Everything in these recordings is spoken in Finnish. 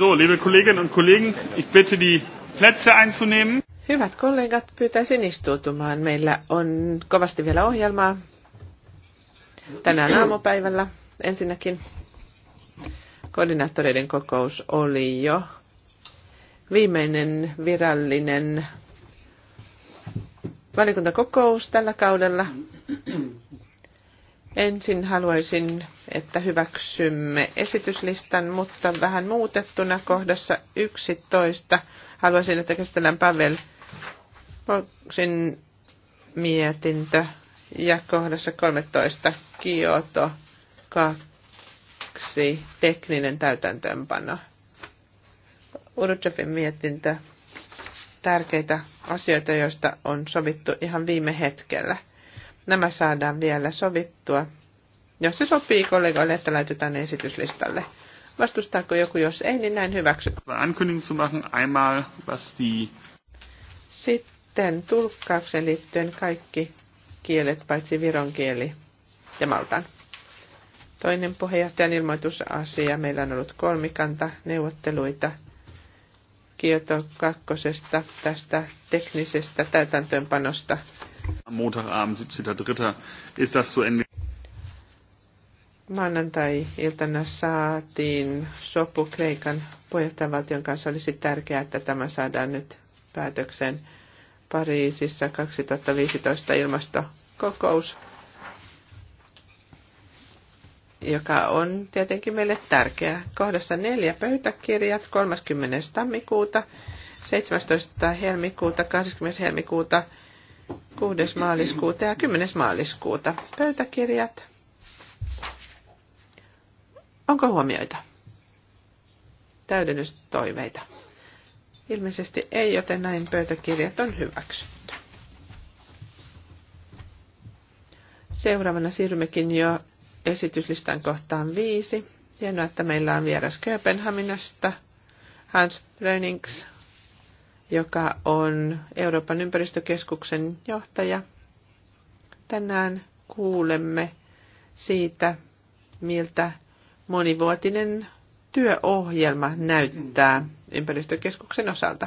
So, liebe Kolleginnen und Kollegen, ich bitte die Plätze einzunehmen. Hyvät kollegat, pyytäisin istuutumaan. Meillä on kovasti vielä ohjelmaa tänään aamupäivällä. Ensinnäkin koordinaattoreiden kokous oli jo viimeinen virallinen valikuntakokous tällä kaudella. Ensin haluaisin että hyväksymme esityslistan, mutta vähän muutettuna kohdassa 11. Haluaisin, että käsitellään Pavel Boksin mietintö ja kohdassa 13 Kioto 2 tekninen täytäntöönpano. Urutsefin mietintö tärkeitä asioita, joista on sovittu ihan viime hetkellä. Nämä saadaan vielä sovittua jos se sopii kollegoille, että laitetaan esityslistalle. Vastustaako joku, jos ei, niin näin hyväksy. Sitten tulkkaukseen liittyen kaikki kielet, paitsi viron kieli ja maltan. Toinen puheenjohtajan ilmoitusasia. Meillä on ollut kolmikanta neuvotteluita Kioto kakkosesta tästä teknisestä täytäntöönpanosta. Montagabend 17.3. ist das zu ennen? maanantai-iltana saatiin sopu Kreikan puheenjohtajavaltion kanssa. Olisi tärkeää, että tämä saadaan nyt päätökseen Pariisissa 2015 ilmastokokous, joka on tietenkin meille tärkeä. Kohdassa neljä pöytäkirjat 30. tammikuuta, 17. helmikuuta, 20. helmikuuta, 6. maaliskuuta ja 10. maaliskuuta. Pöytäkirjat Onko huomioita? Täydennystoiveita? Ilmeisesti ei, joten näin pöytäkirjat on hyväksytty. Seuraavana siirrymmekin jo esityslistan kohtaan viisi. Hienoa, että meillä on vieras Kööpenhaminasta Hans Brönings, joka on Euroopan ympäristökeskuksen johtaja. Tänään kuulemme siitä, miltä monivuotinen työohjelma näyttää ympäristökeskuksen osalta.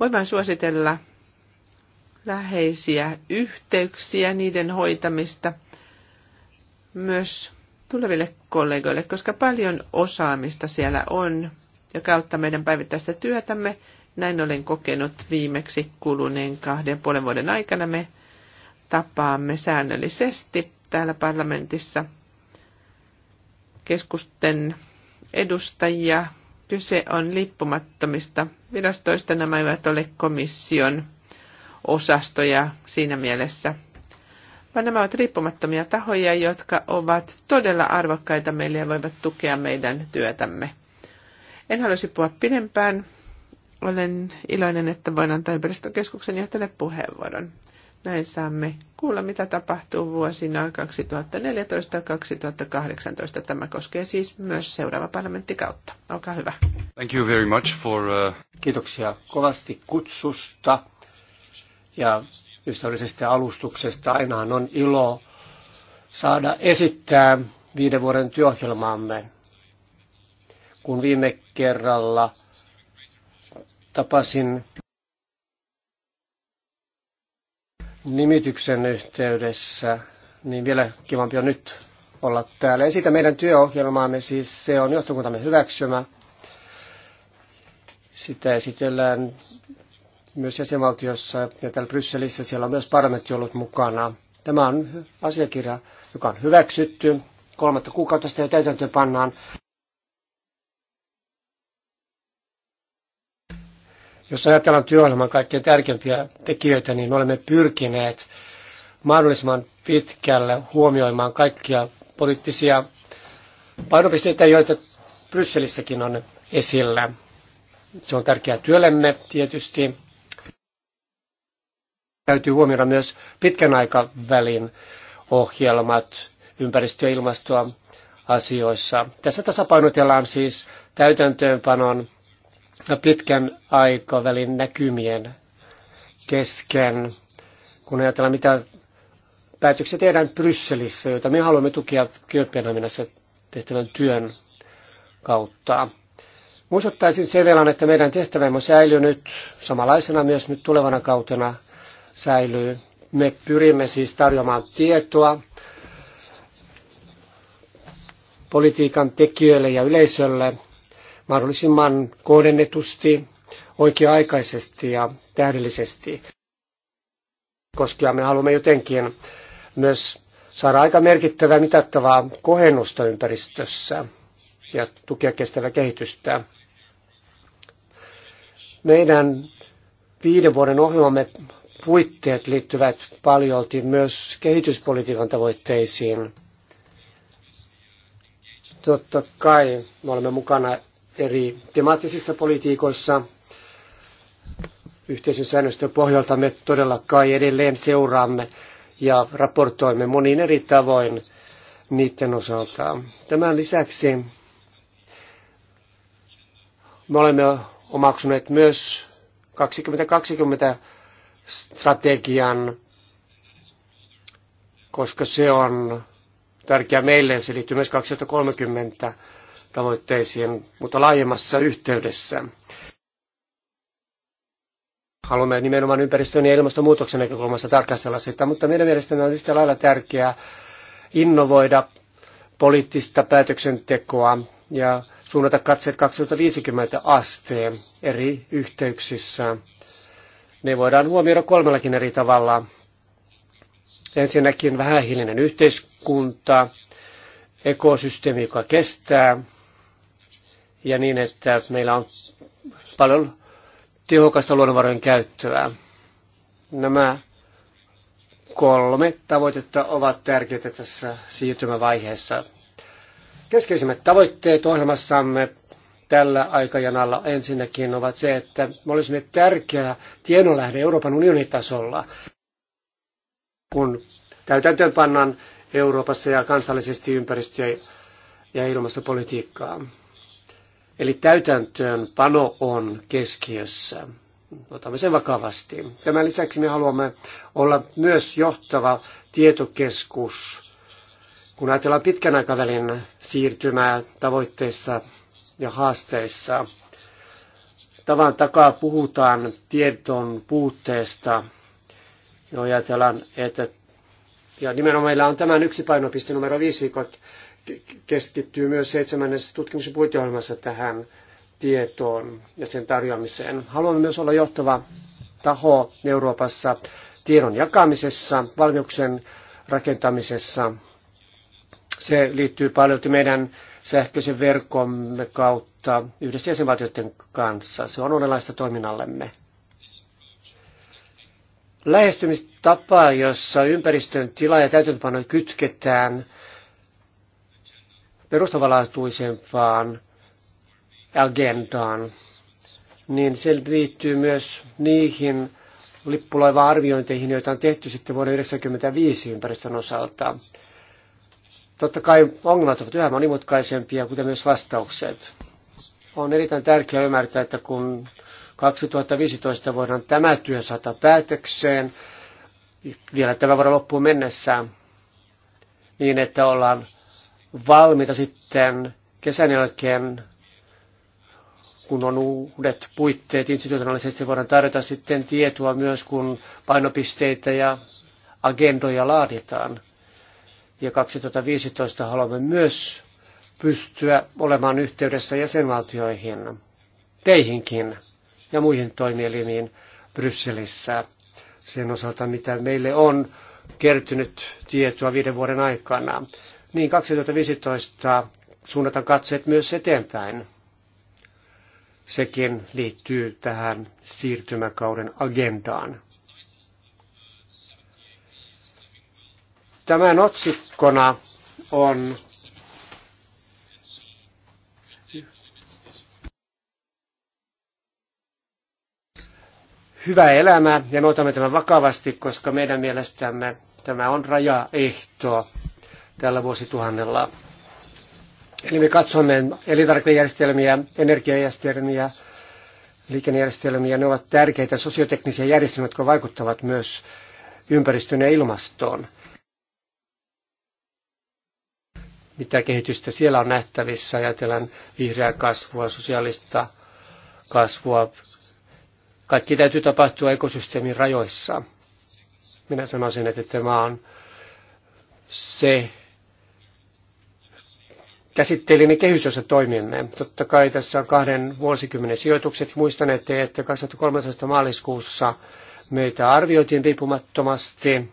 Voin vain suositella läheisiä yhteyksiä, niiden hoitamista myös tuleville kollegoille, koska paljon osaamista siellä on, joka auttaa meidän päivittäistä työtämme. Näin olen kokenut viimeksi kuluneen kahden puolen vuoden aikana. Me tapaamme säännöllisesti täällä parlamentissa – keskusten edustajia. Kyse on liippumattomista virastoista. Nämä eivät ole komission osastoja siinä mielessä, vaan nämä ovat riippumattomia tahoja, jotka ovat todella arvokkaita meille ja voivat tukea meidän työtämme. En halusi puhua pidempään. Olen iloinen, että voin antaa ympäristökeskuksen johtajalle puheenvuoron. Näin saamme kuulla, mitä tapahtuu vuosina 2014-2018. Tämä koskee siis myös seuraava parlamenttikautta. Olkaa hyvä. Thank you very much for, uh... Kiitoksia kovasti kutsusta ja ystävällisestä alustuksesta. Ainahan on ilo saada esittää viiden vuoden työohjelmaamme. Kun viime kerralla tapasin nimityksen yhteydessä, niin vielä kivampi on nyt olla täällä. Esitä meidän työohjelmaamme, siis se on johtokuntamme hyväksymä. Sitä esitellään myös jäsenvaltiossa ja täällä Brysselissä. Siellä on myös parlamentti ollut mukana. Tämä on asiakirja, joka on hyväksytty. Kolmatta kuukautta sitä jo täytäntöön pannaan. Jos ajatellaan työohjelman kaikkein tärkeimpiä tekijöitä, niin me olemme pyrkineet mahdollisimman pitkälle huomioimaan kaikkia poliittisia painopisteitä, joita Brysselissäkin on esillä. Se on tärkeää työlemme tietysti. Täytyy huomioida myös pitkän aikavälin ohjelmat ympäristö- ja ilmastoasioissa. Tässä tasapainotellaan siis täytäntöönpanon ja no, pitkän aikavälin näkymien kesken, kun ajatellaan mitä päätöksiä tehdään Brysselissä, joita me haluamme tukea Kööpenhaminassa tehtävän työn kautta. Muistuttaisin sen verran, että meidän tehtävämme säilyy nyt samanlaisena myös nyt tulevana kautena säilyy. Me pyrimme siis tarjoamaan tietoa politiikan tekijöille ja yleisölle – mahdollisimman kohdennetusti, oikea-aikaisesti ja täydellisesti. Koska me haluamme jotenkin myös saada aika merkittävää mitattavaa kohennusta ympäristössä ja tukea kestävää kehitystä. Meidän viiden vuoden ohjelmamme puitteet liittyvät paljolti myös kehityspolitiikan tavoitteisiin. Totta kai me olemme mukana eri temaattisissa politiikoissa. Yhteisön säännöstön pohjalta me todella kai edelleen seuraamme ja raportoimme monin eri tavoin niiden osalta. Tämän lisäksi me olemme omaksuneet myös 2020 strategian, koska se on tärkeä meille, se liittyy myös 2030 tavoitteisiin, mutta laajemmassa yhteydessä. Haluamme nimenomaan ympäristön ja ilmastonmuutoksen näkökulmassa tarkastella sitä, mutta meidän mielestämme on yhtä lailla tärkeää innovoida poliittista päätöksentekoa ja suunnata katseet 2050 asteen eri yhteyksissä. Ne voidaan huomioida kolmellakin eri tavalla. Ensinnäkin vähähiilinen yhteiskunta, ekosysteemi, joka kestää, ja niin, että meillä on paljon tehokasta luonnonvarojen käyttöä. Nämä kolme tavoitetta ovat tärkeitä tässä siirtymävaiheessa. Keskeisimmät tavoitteet ohjelmassamme tällä aikajanalla ensinnäkin ovat se, että me olisimme tärkeä tiedonlähde Euroopan unionin tasolla, kun täytäntöönpannan Euroopassa ja kansallisesti ympäristö- ja ilmastopolitiikkaa. Eli täytäntöönpano on keskiössä. Otamme sen vakavasti. Tämän lisäksi me haluamme olla myös johtava tietokeskus, kun ajatellaan pitkän aikavälin siirtymää tavoitteissa ja haasteissa. Tavan takaa puhutaan tiedon puutteesta ja ajatellaan, että ja nimenomaan meillä on tämän yksi painopiste numero viisi viikot keskittyy myös seitsemännessä tutkimuksen puitteohjelmassa tähän tietoon ja sen tarjoamiseen. Haluan myös olla johtava taho Euroopassa tiedon jakamisessa, valmiuksen rakentamisessa. Se liittyy paljon meidän sähköisen verkkomme kautta yhdessä jäsenvaltioiden kanssa. Se on onnellaista toiminnallemme. Lähestymistapa, jossa ympäristön tila ja täytäntöpano kytketään perustavanlaatuisempaan agendaan, niin se liittyy myös niihin lippulaiva-arviointeihin, joita on tehty sitten vuoden 1995 ympäristön osalta. Totta kai ongelmat ovat yhä monimutkaisempia, kuten myös vastaukset. On erittäin tärkeää ymmärtää, että kun 2015 voidaan tämä työ saada päätökseen, vielä tämä vuoden loppuun mennessä, niin että ollaan valmiita sitten kesän jälkeen, kun on uudet puitteet institutionaalisesti, voidaan tarjota sitten tietoa myös, kun painopisteitä ja agendoja laaditaan. Ja 2015 haluamme myös pystyä olemaan yhteydessä jäsenvaltioihin, teihinkin ja muihin toimielimiin Brysselissä sen osalta, mitä meille on kertynyt tietoa viiden vuoden aikana niin 2015 suunnataan katseet myös eteenpäin. Sekin liittyy tähän siirtymäkauden agendaan. Tämän otsikkona on hyvä elämä ja me otamme tämän vakavasti, koska meidän mielestämme tämä on rajaehto tällä vuosituhannella. Eli me katsomme elintarvikejärjestelmiä, energiajärjestelmiä, liikennejärjestelmiä. Ne ovat tärkeitä sosioteknisiä järjestelmiä, jotka vaikuttavat myös ympäristön ja ilmastoon. Mitä kehitystä siellä on nähtävissä? Ajatellaan vihreää kasvua, sosiaalista kasvua. Kaikki täytyy tapahtua ekosysteemin rajoissa. Minä sanoisin, että tämä on se Käsitteli kehys, jossa toimimme. Totta kai tässä on kahden vuosikymmenen sijoitukset. Muistanette, että 2013 maaliskuussa meitä arvioitiin riippumattomasti.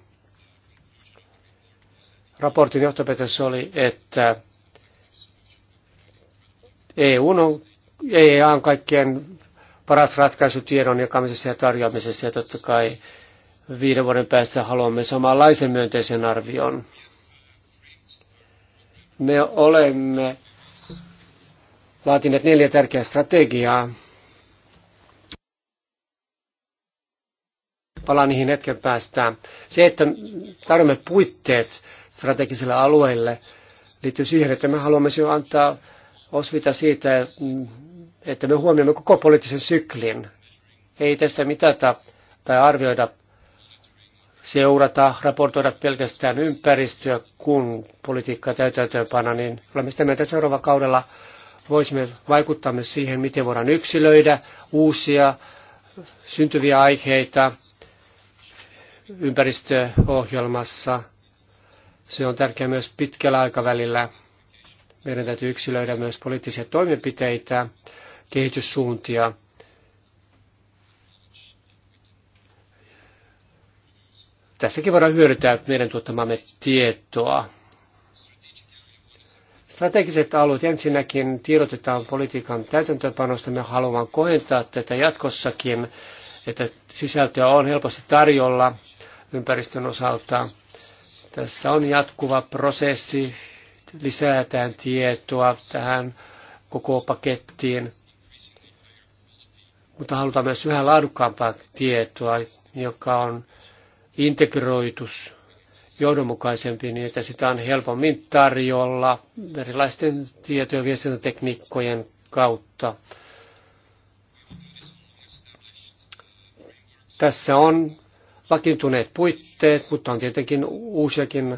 Raportin johtopäätös oli, että EU on, EEA on kaikkien paras ratkaisu tiedon jakamisessa ja tarjoamisessa ja totta kai viiden vuoden päästä haluamme samanlaisen myönteisen arvion me olemme laatineet neljä tärkeää strategiaa. Palaan niihin hetken päästä. Se, että tarvitsemme puitteet strategisille alueille, liittyy siihen, että me haluamme jo antaa osvita siitä, että me huomioimme koko poliittisen syklin. Ei tässä mitata tai arvioida seurata, raportoida pelkästään ympäristöä, kun politiikka täytäntöönpana, niin olemme sitä mieltä, että seuraavalla kaudella voisimme vaikuttaa myös siihen, miten voidaan yksilöidä uusia syntyviä aiheita ympäristöohjelmassa. Se on tärkeää myös pitkällä aikavälillä. Meidän täytyy yksilöidä myös poliittisia toimenpiteitä, kehityssuuntia, Tässäkin voidaan hyödyntää meidän tuottamamme tietoa. Strategiset alueet ensinnäkin tiedotetaan politiikan täytäntöönpanosta. Me haluamme kohentaa tätä jatkossakin, että sisältöä on helposti tarjolla ympäristön osalta. Tässä on jatkuva prosessi, lisätään tietoa tähän koko pakettiin, mutta halutaan myös yhä laadukkaampaa tietoa, joka on integroitus johdonmukaisempi niin, että sitä on helpommin tarjolla erilaisten tieto- ja viestintätekniikkojen kautta. Tässä on vakiintuneet puitteet, mutta on tietenkin uusiakin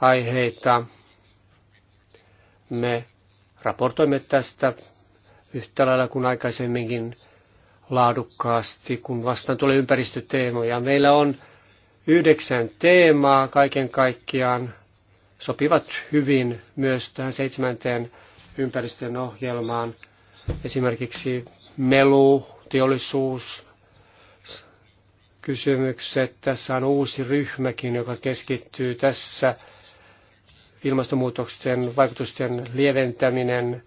aiheita. Me raportoimme tästä yhtä lailla kuin aikaisemminkin laadukkaasti, kun vastaan tulee ympäristöteemoja. Meillä on Yhdeksän teemaa kaiken kaikkiaan sopivat hyvin myös tähän seitsemänteen ympäristön ohjelmaan. Esimerkiksi melu, teollisuus, kysymykset. Tässä on uusi ryhmäkin, joka keskittyy tässä ilmastonmuutoksen vaikutusten lieventäminen,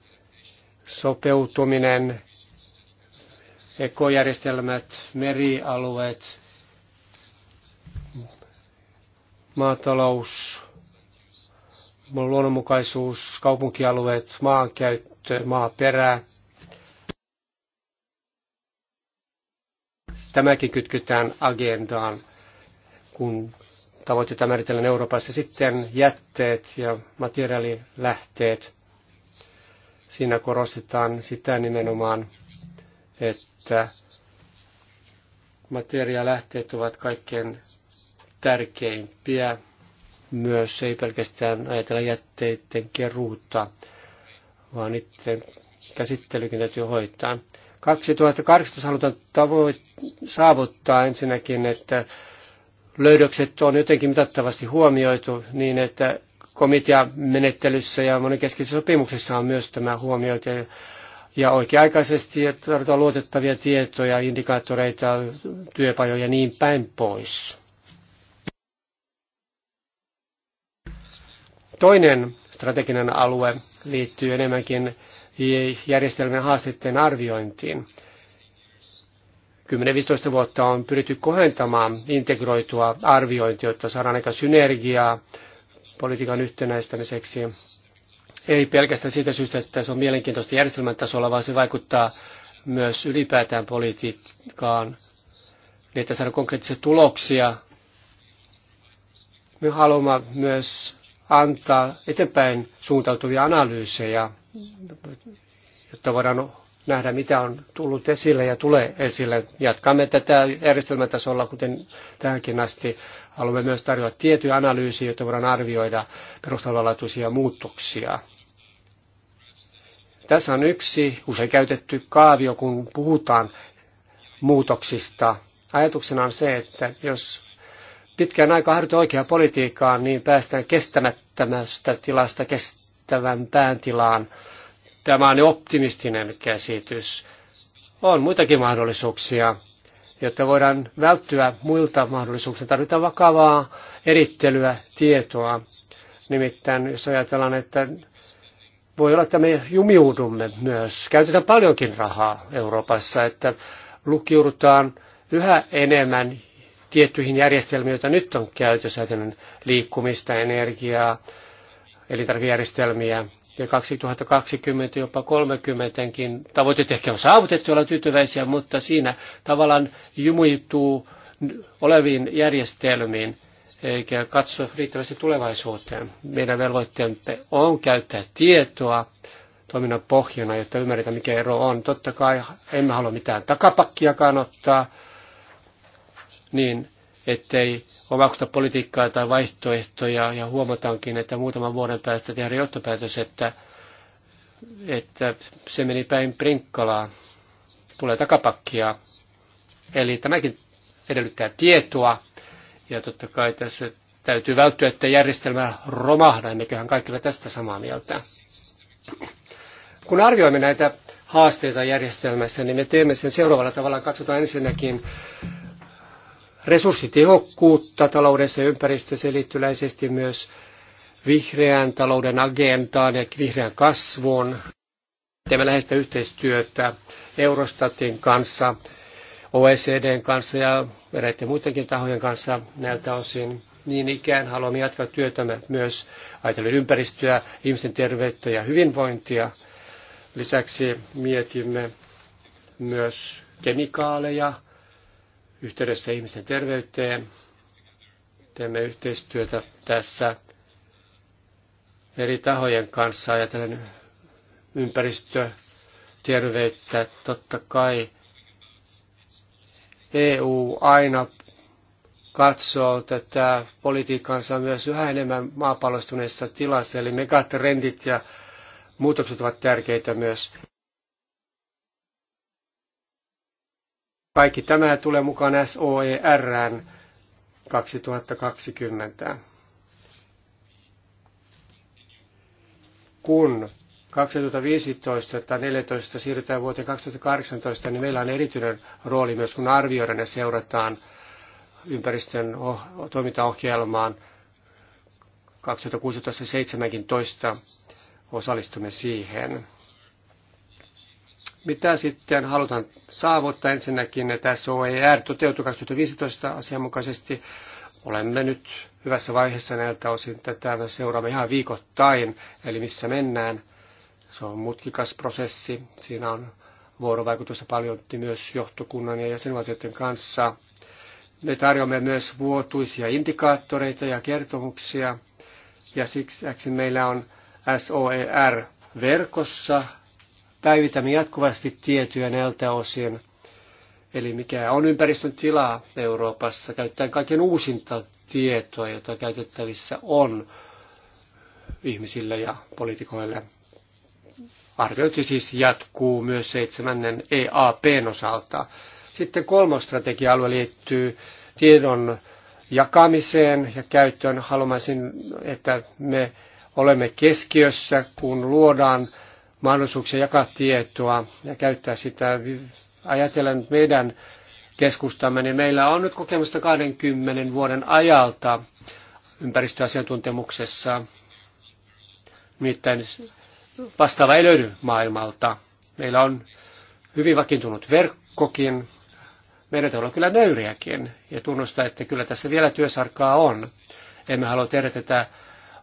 sopeutuminen, ekojärjestelmät, merialueet, maatalous, luonnonmukaisuus, kaupunkialueet, maankäyttö, maaperä. Tämäkin kytketään agendaan, kun tavoitteita määritellään Euroopassa. Sitten jätteet ja materiaalilähteet. Siinä korostetaan sitä nimenomaan, että materiaalilähteet ovat kaikkein tärkeimpiä myös, ei pelkästään ajatella jätteiden keruuta, vaan niiden käsittelykin täytyy hoitaa. 2018 halutaan tavoit- saavuttaa ensinnäkin, että löydökset on jotenkin mitattavasti huomioitu niin, että komiteamenettelyssä ja monenkeskisissä sopimuksessa on myös tämä huomioitu ja oikea-aikaisesti tarvitaan luotettavia tietoja, indikaattoreita, työpajoja ja niin päin pois. Toinen strateginen alue liittyy enemmänkin järjestelmän haasteiden arviointiin. 10-15 vuotta on pyritty kohentamaan integroitua arviointia, jotta saadaan aika synergiaa politiikan yhtenäistämiseksi. Ei pelkästään siitä syystä, että se on mielenkiintoista järjestelmän tasolla, vaan se vaikuttaa myös ylipäätään politiikkaan, niin että saadaan konkreettisia tuloksia. Me haluamme myös antaa eteenpäin suuntautuvia analyysejä, jotta voidaan nähdä, mitä on tullut esille ja tulee esille. Jatkamme tätä järjestelmätasolla, kuten tähänkin asti. Haluamme myös tarjota tiettyjä analyysiä, jotta voidaan arvioida perustavanlaatuisia muutoksia. Tässä on yksi usein käytetty kaavio, kun puhutaan muutoksista. Ajatuksena on se, että jos pitkään aikaa harjoitu oikeaa politiikkaa, niin päästään kestämättömästä tilasta kestävämpään tilaan. Tämä on optimistinen käsitys. On muitakin mahdollisuuksia, jotta voidaan välttyä muilta mahdollisuuksilta. Tarvitaan vakavaa erittelyä, tietoa. Nimittäin jos ajatellaan, että voi olla, että me jumiudumme myös. Käytetään paljonkin rahaa Euroopassa, että lukiudutaan yhä enemmän tiettyihin järjestelmiin, joita nyt on käytössä, joten liikkumista, energiaa, elintarvijärjestelmiä. Ja 2020 jopa 30kin tavoitteet ehkä on saavutettu, olla tyytyväisiä, mutta siinä tavallaan jumuituu oleviin järjestelmiin eikä katso riittävästi tulevaisuuteen. Meidän velvoitteemme on käyttää tietoa toiminnan pohjana, jotta ymmärretään mikä ero on. Totta kai emme halua mitään takapakkiakaan ottaa, niin, ettei omaksuta politiikkaa tai vaihtoehtoja ja huomataankin, että muutaman vuoden päästä tehdään johtopäätös, että, että se meni päin prinkkalaa, tulee takapakkia. Eli tämäkin edellyttää tietoa ja totta kai tässä täytyy välttyä, että järjestelmä romahda, emmeköhän kaikilla tästä samaa mieltä. Kun arvioimme näitä haasteita järjestelmässä, niin me teemme sen seuraavalla tavalla. Katsotaan ensinnäkin resurssitehokkuutta taloudessa ja ympäristössä liittyväisesti myös vihreän talouden agendaan ja vihreän kasvuun. Teemme läheistä yhteistyötä Eurostatin kanssa, OECDn kanssa ja eräiden muidenkin tahojen kanssa näiltä osin. Niin ikään haluamme jatkaa työtämme myös ajatellen ympäristöä, ihmisten terveyttä ja hyvinvointia. Lisäksi mietimme myös kemikaaleja, yhteydessä ihmisten terveyteen. Teemme yhteistyötä tässä eri tahojen kanssa ajatellen terveyttä Totta kai EU aina katsoo tätä politiikkaansa myös yhä enemmän maapallostuneessa tilassa, eli megatrendit ja muutokset ovat tärkeitä myös Kaikki tämä tulee mukaan SOER 2020. Kun 2015 tai 2014 siirrytään vuoteen 2018, niin meillä on erityinen rooli myös, kun arvioidaan ja seurataan ympäristön oh-, toimintaohjelmaan 2016-2017 osallistumme siihen. Mitä sitten halutaan saavuttaa ensinnäkin, että SOER toteutui 2015 asianmukaisesti. Olemme nyt hyvässä vaiheessa näiltä osin tätä me seuraamme ihan viikoittain, eli missä mennään. Se on mutkikas prosessi. Siinä on vuorovaikutusta paljon niin myös johtokunnan ja jäsenvaltioiden kanssa. Me tarjoamme myös vuotuisia indikaattoreita ja kertomuksia, ja siksi meillä on SOER verkossa päivitämme jatkuvasti tietoja näiltä osin, eli mikä on ympäristön tila Euroopassa, käyttäen kaiken uusinta tietoa, jota käytettävissä on ihmisille ja poliitikoille. Arviointi siis jatkuu myös seitsemännen EAPn osalta. Sitten kolmas strategia-alue liittyy tiedon jakamiseen ja käyttöön. Haluaisin, että me olemme keskiössä, kun luodaan mahdollisuuksia jakaa tietoa ja käyttää sitä. Ajatellen meidän keskustamme, niin meillä on nyt kokemusta 20 vuoden ajalta ympäristöasiantuntemuksessa. Nimittäin vastaava ei löydy maailmalta. Meillä on hyvin vakiintunut verkkokin. Meidän on kyllä nöyriäkin ja tunnustaa, että kyllä tässä vielä työsarkaa on. Emme halua tehdä tätä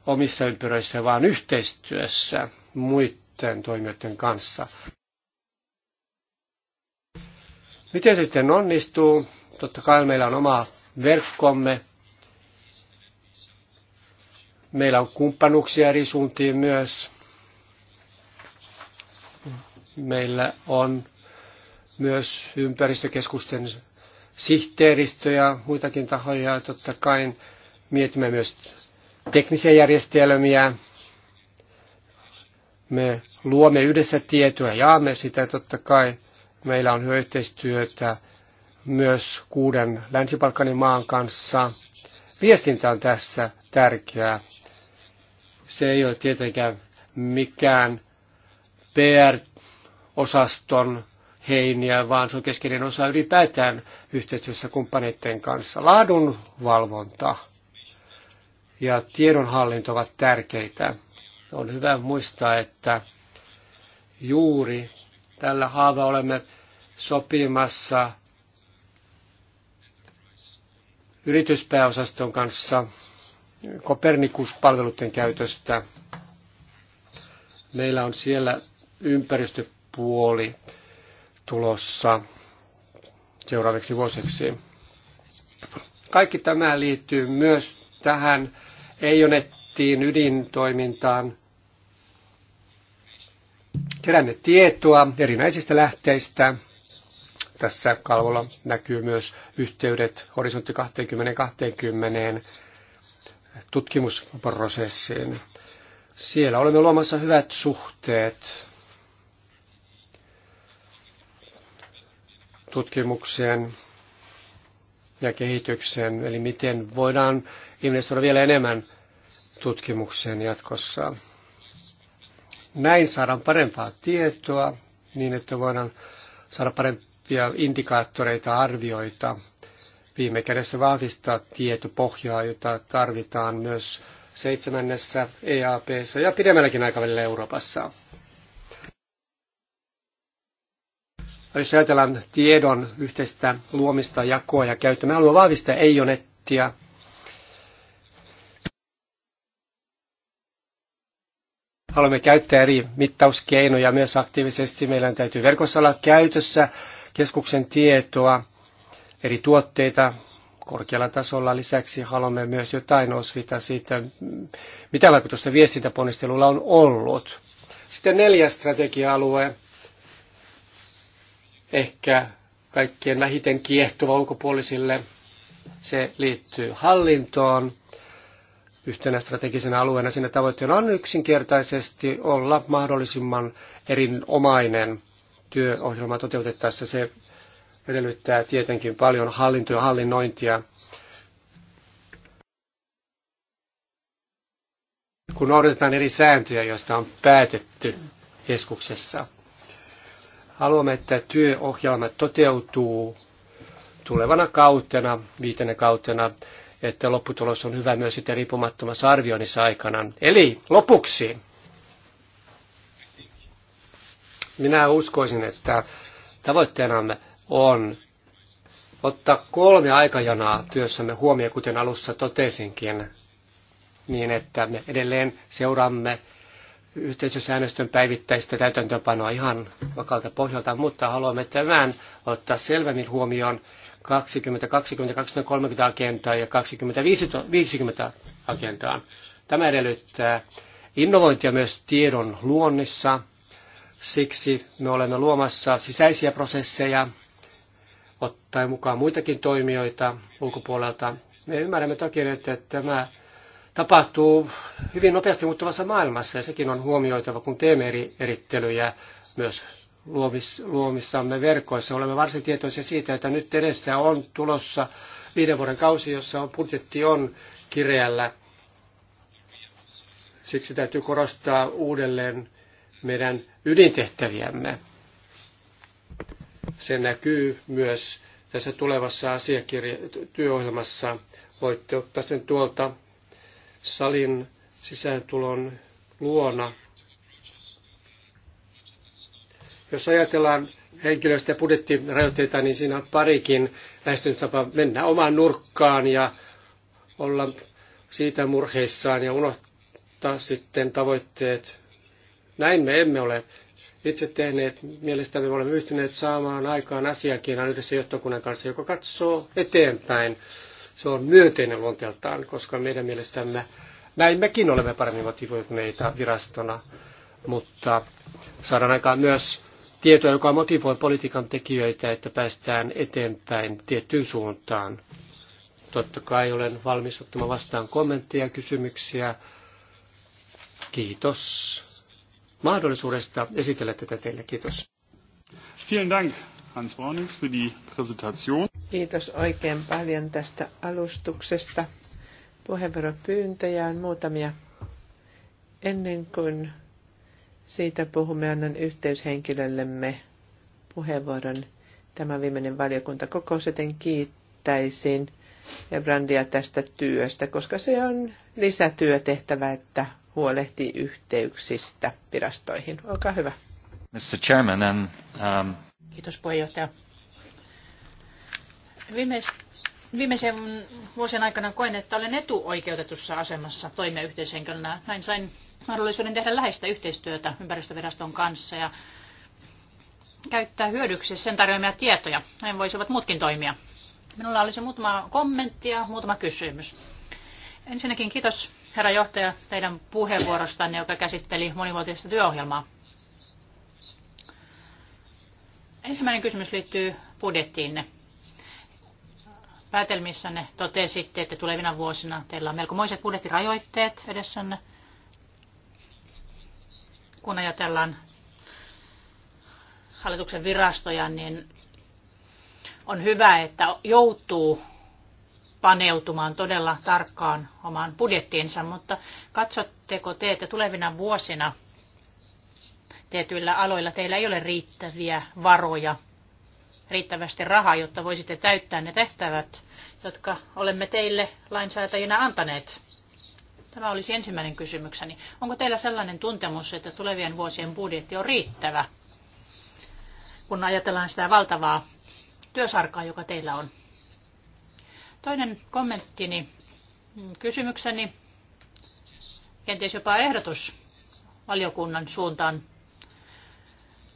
omissa ympyröissä, vaan yhteistyössä muiden muiden toimijoiden kanssa. Miten se sitten onnistuu? Totta kai meillä on oma verkkomme. Meillä on kumppanuuksia eri suuntiin myös. Meillä on myös ympäristökeskusten sihteeristö ja muitakin tahoja. Totta kai mietimme myös teknisiä järjestelmiä, me luomme yhdessä tietoa ja jaamme sitä. Totta kai meillä on yhteistyötä myös kuuden länsi maan kanssa. Viestintä on tässä tärkeää. Se ei ole tietenkään mikään PR-osaston heiniä, vaan se on keskeinen osa ylipäätään yhteistyössä kumppaneiden kanssa. Laadun valvonta ja tiedonhallinto ovat tärkeitä on hyvä muistaa, että juuri tällä haava olemme sopimassa yrityspääosaston kanssa Kopernikus-palveluiden käytöstä. Meillä on siellä ympäristöpuoli tulossa seuraaviksi vuosiksi. Kaikki tämä liittyy myös tähän ei ole pakettiin, ydintoimintaan. Keräämme tietoa erinäisistä lähteistä. Tässä kalvolla näkyy myös yhteydet horisontti 20 20-20 tutkimusprosessiin. Siellä olemme luomassa hyvät suhteet tutkimukseen ja kehitykseen, eli miten voidaan investoida vielä enemmän tutkimukseen jatkossa. Näin saadaan parempaa tietoa niin, että voidaan saada parempia indikaattoreita, arvioita. Viime kädessä vahvistaa tietopohjaa, jota tarvitaan myös seitsemännessä EAP ja pidemmälläkin aikavälillä Euroopassa. Jos ajatellaan tiedon yhteistä luomista, jakoa ja käyttöä, me haluamme vahvistaa ei-jonettia, haluamme käyttää eri mittauskeinoja myös aktiivisesti. Meillä täytyy verkossa olla käytössä keskuksen tietoa, eri tuotteita korkealla tasolla. Lisäksi haluamme myös jotain osvita siitä, mitä vaikutusta viestintäponnistelulla on ollut. Sitten neljäs strategia-alue, ehkä kaikkien vähiten kiehtova ulkopuolisille, se liittyy hallintoon yhtenä strategisena alueena. Siinä tavoitteena on yksinkertaisesti olla mahdollisimman erinomainen työohjelma toteutettaessa. Se edellyttää tietenkin paljon hallinto- ja hallinnointia. kun noudatetaan eri sääntöjä, joista on päätetty keskuksessa. Haluamme, että työohjelma toteutuu tulevana kautena, viitenä kautena että lopputulos on hyvä myös sitten riippumattomassa arvioinnissa aikana. Eli lopuksi minä uskoisin, että tavoitteenamme on ottaa kolme aikajanaa työssämme huomioon, kuten alussa totesinkin, niin että me edelleen seuraamme yhteisösäännöstön päivittäistä täytäntöönpanoa ihan vakalta pohjalta, mutta haluamme tämän ottaa selvemmin huomioon 2020-2030 agendaa ja 2050 agendaan. Tämä edellyttää innovointia myös tiedon luonnissa. Siksi me olemme luomassa sisäisiä prosesseja, ottaen mukaan muitakin toimijoita ulkopuolelta. Me ymmärrämme toki, että tämä tapahtuu hyvin nopeasti muuttuvassa maailmassa ja sekin on huomioitava, kun teemme eri erittelyjä myös luomissamme verkoissa. Olemme varsin tietoisia siitä, että nyt edessä on tulossa viiden vuoden kausi, jossa on budjetti on kireällä. Siksi täytyy korostaa uudelleen meidän ydintehtäviämme. Se näkyy myös tässä tulevassa asiakirja, työohjelmassa. Voitte ottaa sen tuolta salin sisääntulon luona Jos ajatellaan henkilöstä ja budjettirajoitteita, niin siinä on parikin lähestymistapa mennä omaan nurkkaan ja olla siitä murheissaan ja unohtaa sitten tavoitteet. Näin me emme ole itse tehneet. Mielestäni me olemme yhtyneet saamaan aikaan asiakin yhdessä johtokunnan kanssa, joka katsoo eteenpäin. Se on myönteinen luonteeltaan, koska meidän mielestämme näin mekin olemme paremmin motivoituneita virastona, mutta saadaan aikaan myös tietoa, joka motivoi politiikan tekijöitä, että päästään eteenpäin tiettyyn suuntaan. Totta kai olen valmis ottamaan vastaan kommentteja ja kysymyksiä. Kiitos mahdollisuudesta esitellä tätä teille. Kiitos. Vielen Dank, Hans Bornes, für die Präsentation. Kiitos oikein paljon tästä alustuksesta. Puheenvuoropyyntöjä on muutamia. Ennen kuin siitä puhumme annan yhteyshenkilöllemme puheenvuoron. Tämä viimeinen valiokuntakokous, joten kiittäisin ja brandia tästä työstä, koska se on lisätyötehtävä, että huolehtii yhteyksistä virastoihin. Olkaa hyvä. Mr. Chairman, and, um... Kiitos puheenjohtaja. Viimeis, viimeisen vuosien aikana koen, että olen etuoikeutetussa asemassa toimia yhteishenkilönä. Näin sain mahdollisuuden tehdä läheistä yhteistyötä ympäristöviraston kanssa ja käyttää hyödyksi sen tarjoamia tietoja. Näin voisivat muutkin toimia. Minulla olisi muutama kommentti ja muutama kysymys. Ensinnäkin kiitos herra johtaja teidän puheenvuorostanne, joka käsitteli monivuotista työohjelmaa. Ensimmäinen kysymys liittyy budjettiinne. Päätelmissänne totesitte, että tulevina vuosina teillä on melkomoiset budjettirajoitteet edessänne – kun ajatellaan hallituksen virastoja, niin on hyvä, että joutuu paneutumaan todella tarkkaan omaan budjettiinsa, mutta katsotteko te, että tulevina vuosina tietyillä aloilla teillä ei ole riittäviä varoja, riittävästi rahaa, jotta voisitte täyttää ne tehtävät, jotka olemme teille lainsäätäjinä antaneet? Tämä olisi ensimmäinen kysymykseni. Onko teillä sellainen tuntemus, että tulevien vuosien budjetti on riittävä, kun ajatellaan sitä valtavaa työsarkaa, joka teillä on? Toinen kommenttini, kysymykseni, kenties jopa ehdotus valiokunnan suuntaan,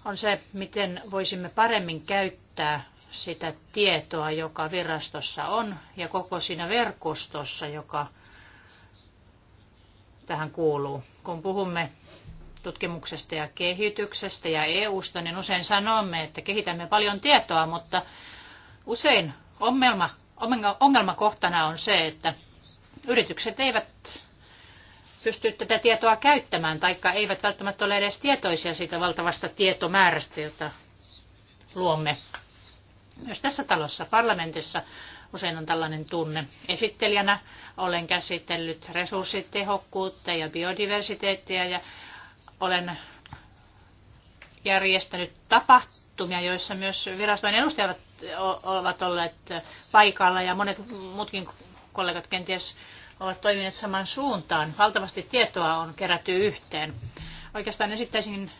on se, miten voisimme paremmin käyttää sitä tietoa, joka virastossa on ja koko siinä verkostossa, joka tähän kuuluu. Kun puhumme tutkimuksesta ja kehityksestä ja EUsta, niin usein sanomme, että kehitämme paljon tietoa, mutta usein ongelma, ongelmakohtana on se, että yritykset eivät pysty tätä tietoa käyttämään, taikka eivät välttämättä ole edes tietoisia siitä valtavasta tietomäärästä, jota luomme. Myös tässä talossa, parlamentissa, Usein on tällainen tunne. Esittelijänä olen käsitellyt resurssitehokkuutta ja biodiversiteettiä ja olen järjestänyt tapahtumia, joissa myös virastojen edustajat ovat olleet paikalla ja monet muutkin kollegat kenties ovat toimineet saman suuntaan. Valtavasti tietoa on kerätty yhteen. Oikeastaan esittäisin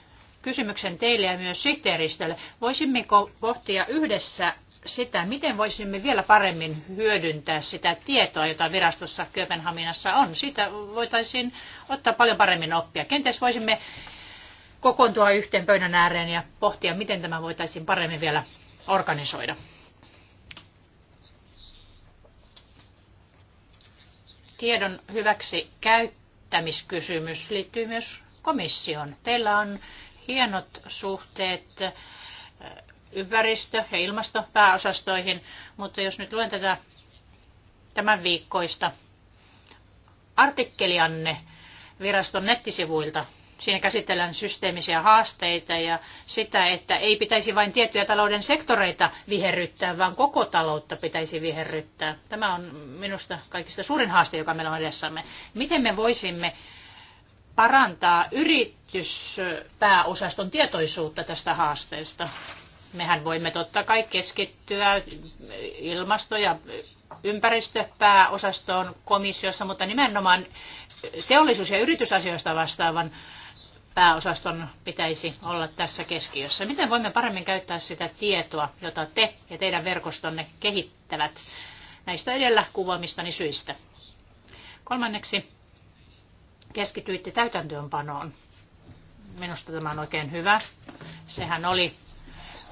kysymyksen teille ja myös sihteeristölle. Voisimmeko pohtia yhdessä sitä, miten voisimme vielä paremmin hyödyntää sitä tietoa, jota virastossa Kööpenhaminassa on. Siitä voitaisiin ottaa paljon paremmin oppia. Kenties voisimme kokoontua yhteen pöydän ääreen ja pohtia, miten tämä voitaisiin paremmin vielä organisoida. Tiedon hyväksi käyttämiskysymys liittyy myös komission. Teillä on hienot suhteet ympäristö- ja ilmastopääosastoihin, mutta jos nyt luen tätä tämän viikkoista artikkelianne viraston nettisivuilta, siinä käsitellään systeemisiä haasteita ja sitä, että ei pitäisi vain tiettyjä talouden sektoreita viherryttää, vaan koko taloutta pitäisi viherryttää. Tämä on minusta kaikista suurin haaste, joka meillä on edessämme. Miten me voisimme parantaa yrityspääosaston tietoisuutta tästä haasteesta? Mehän voimme totta kai keskittyä ilmasto- ja ympäristöpääosastoon komissiossa, mutta nimenomaan teollisuus- ja yritysasioista vastaavan pääosaston pitäisi olla tässä keskiössä. Miten voimme paremmin käyttää sitä tietoa, jota te ja teidän verkostonne kehittävät näistä edellä kuvaamistani syistä? Kolmanneksi keskityitte täytäntöönpanoon. Minusta tämä on oikein hyvä. Sehän oli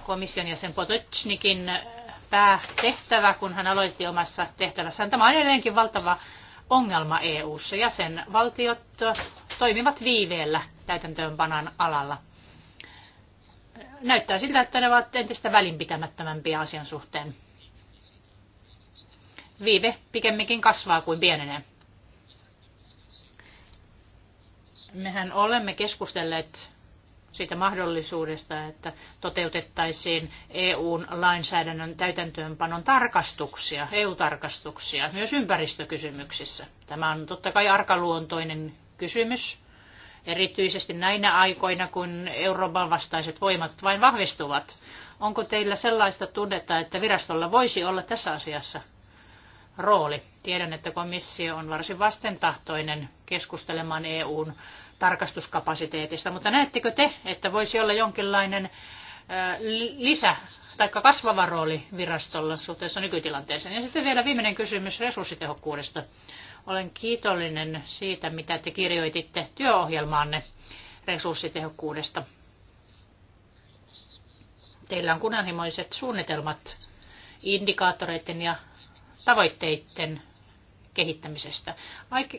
komission jäsen Potocnikin äh, päätehtävä, kun hän aloitti omassa tehtävässään. Tämä on edelleenkin valtava ongelma EU-ssa. Jäsenvaltiot äh, toimivat viiveellä täytäntöönpanan alalla. Näyttää siltä, että ne ovat entistä välinpitämättömämpiä asian suhteen. Viive pikemminkin kasvaa kuin pienenee. Mehän olemme keskustelleet siitä mahdollisuudesta, että toteutettaisiin EUn lainsäädännön täytäntöönpanon tarkastuksia, EU-tarkastuksia, myös ympäristökysymyksissä. Tämä on totta kai arkaluontoinen kysymys, erityisesti näinä aikoina, kun Euroopan vastaiset voimat vain vahvistuvat. Onko teillä sellaista tunnetta, että virastolla voisi olla tässä asiassa rooli? Tiedän, että komissio on varsin vastentahtoinen keskustelemaan EUn tarkastuskapasiteetista, mutta näettekö te, että voisi olla jonkinlainen lisä tai kasvava rooli virastolla suhteessa nykytilanteeseen? Ja sitten vielä viimeinen kysymys resurssitehokkuudesta. Olen kiitollinen siitä, mitä te kirjoititte työohjelmaanne resurssitehokkuudesta. Teillä on kunnanhimoiset suunnitelmat indikaattoreiden ja tavoitteiden kehittämisestä.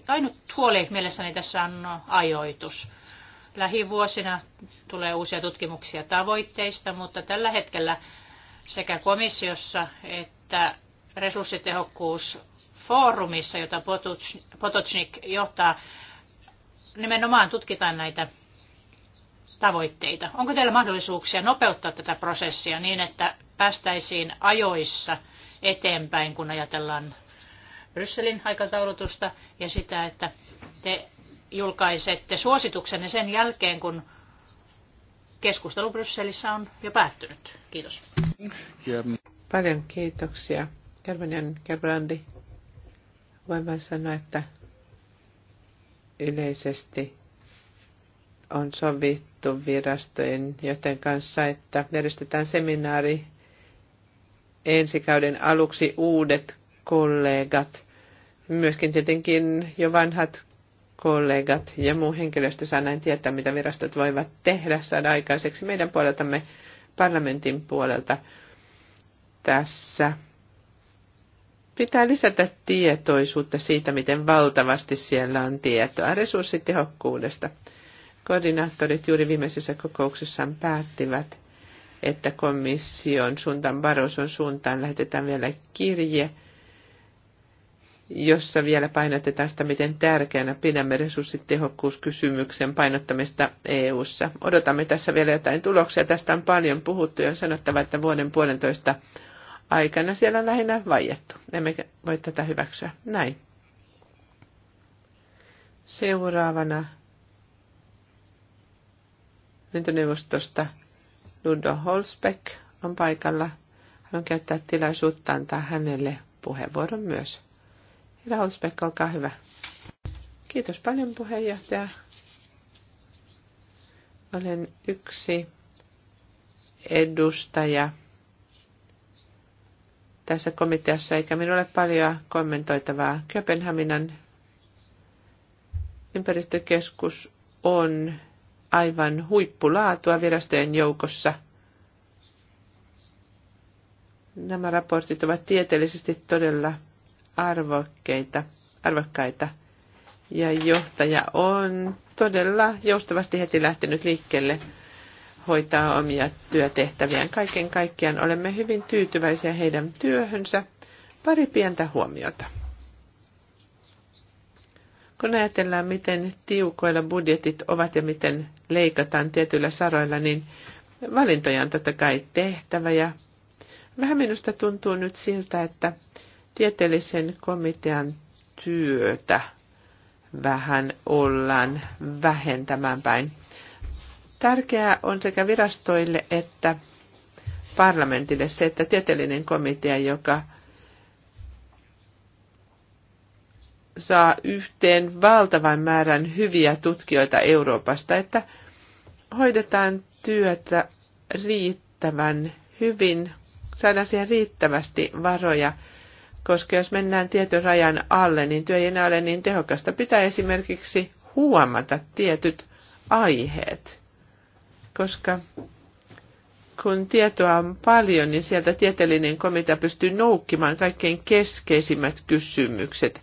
Ainut huoli mielessäni tässä on ajoitus. Lähivuosina tulee uusia tutkimuksia tavoitteista, mutta tällä hetkellä sekä komissiossa että resurssitehokkuusfoorumissa, jota Potocnik johtaa, nimenomaan tutkitaan näitä tavoitteita. Onko teillä mahdollisuuksia nopeuttaa tätä prosessia niin, että päästäisiin ajoissa eteenpäin, kun ajatellaan Brysselin aikataulutusta ja sitä, että te julkaisette suosituksenne sen jälkeen, kun keskustelu Brysselissä on jo päättynyt. Kiitos. Paljon kiitoksia. Germanian Gerbrandi. Voin vain sanoa, että yleisesti on sovittu virastojen, joten kanssa, että järjestetään seminaari ensi kauden aluksi uudet kollegat myöskin tietenkin jo vanhat kollegat ja muu henkilöstö saa näin tietää, mitä virastot voivat tehdä, saada aikaiseksi meidän puoleltamme parlamentin puolelta tässä. Pitää lisätä tietoisuutta siitä, miten valtavasti siellä on tietoa resurssitehokkuudesta. Koordinaattorit juuri viimeisessä kokouksessaan päättivät, että komission suuntaan Baroson suuntaan lähetetään vielä kirje – jossa vielä painotetaan sitä, miten tärkeänä pidämme resurssitehokkuuskysymyksen painottamista EU-ssa. Odotamme tässä vielä jotain tuloksia. Tästä on paljon puhuttu ja on sanottava, että vuoden puolentoista aikana siellä on lähinnä vaiettu. Emme voi tätä hyväksyä. Näin. Seuraavana lentoneuvostosta Ludo Holsbeck on paikalla. Haluan käyttää tilaisuutta antaa hänelle puheenvuoron myös. Rausbeck, olkaa hyvä. Kiitos paljon puheenjohtaja. Olen yksi edustaja tässä komiteassa, eikä minulle ole paljon kommentoitavaa. Kööpenhaminan ympäristökeskus on aivan huippulaatua virastojen joukossa. Nämä raportit ovat tieteellisesti todella arvokkeita, arvokkaita. Ja johtaja on todella joustavasti heti lähtenyt liikkeelle hoitaa omia työtehtäviään. Kaiken kaikkiaan olemme hyvin tyytyväisiä heidän työhönsä. Pari pientä huomiota. Kun ajatellaan, miten tiukoilla budjetit ovat ja miten leikataan tietyillä saroilla, niin valintoja on totta kai tehtävä. Ja vähän minusta tuntuu nyt siltä, että tieteellisen komitean työtä vähän ollaan vähentämään päin. Tärkeää on sekä virastoille että parlamentille se, että tieteellinen komitea, joka saa yhteen valtavan määrän hyviä tutkijoita Euroopasta, että hoidetaan työtä riittävän hyvin, saadaan siihen riittävästi varoja koska jos mennään tietyn rajan alle, niin työ ei enää ole niin tehokasta. Pitää esimerkiksi huomata tietyt aiheet, koska kun tietoa on paljon, niin sieltä tieteellinen komitea pystyy noukkimaan kaikkein keskeisimmät kysymykset.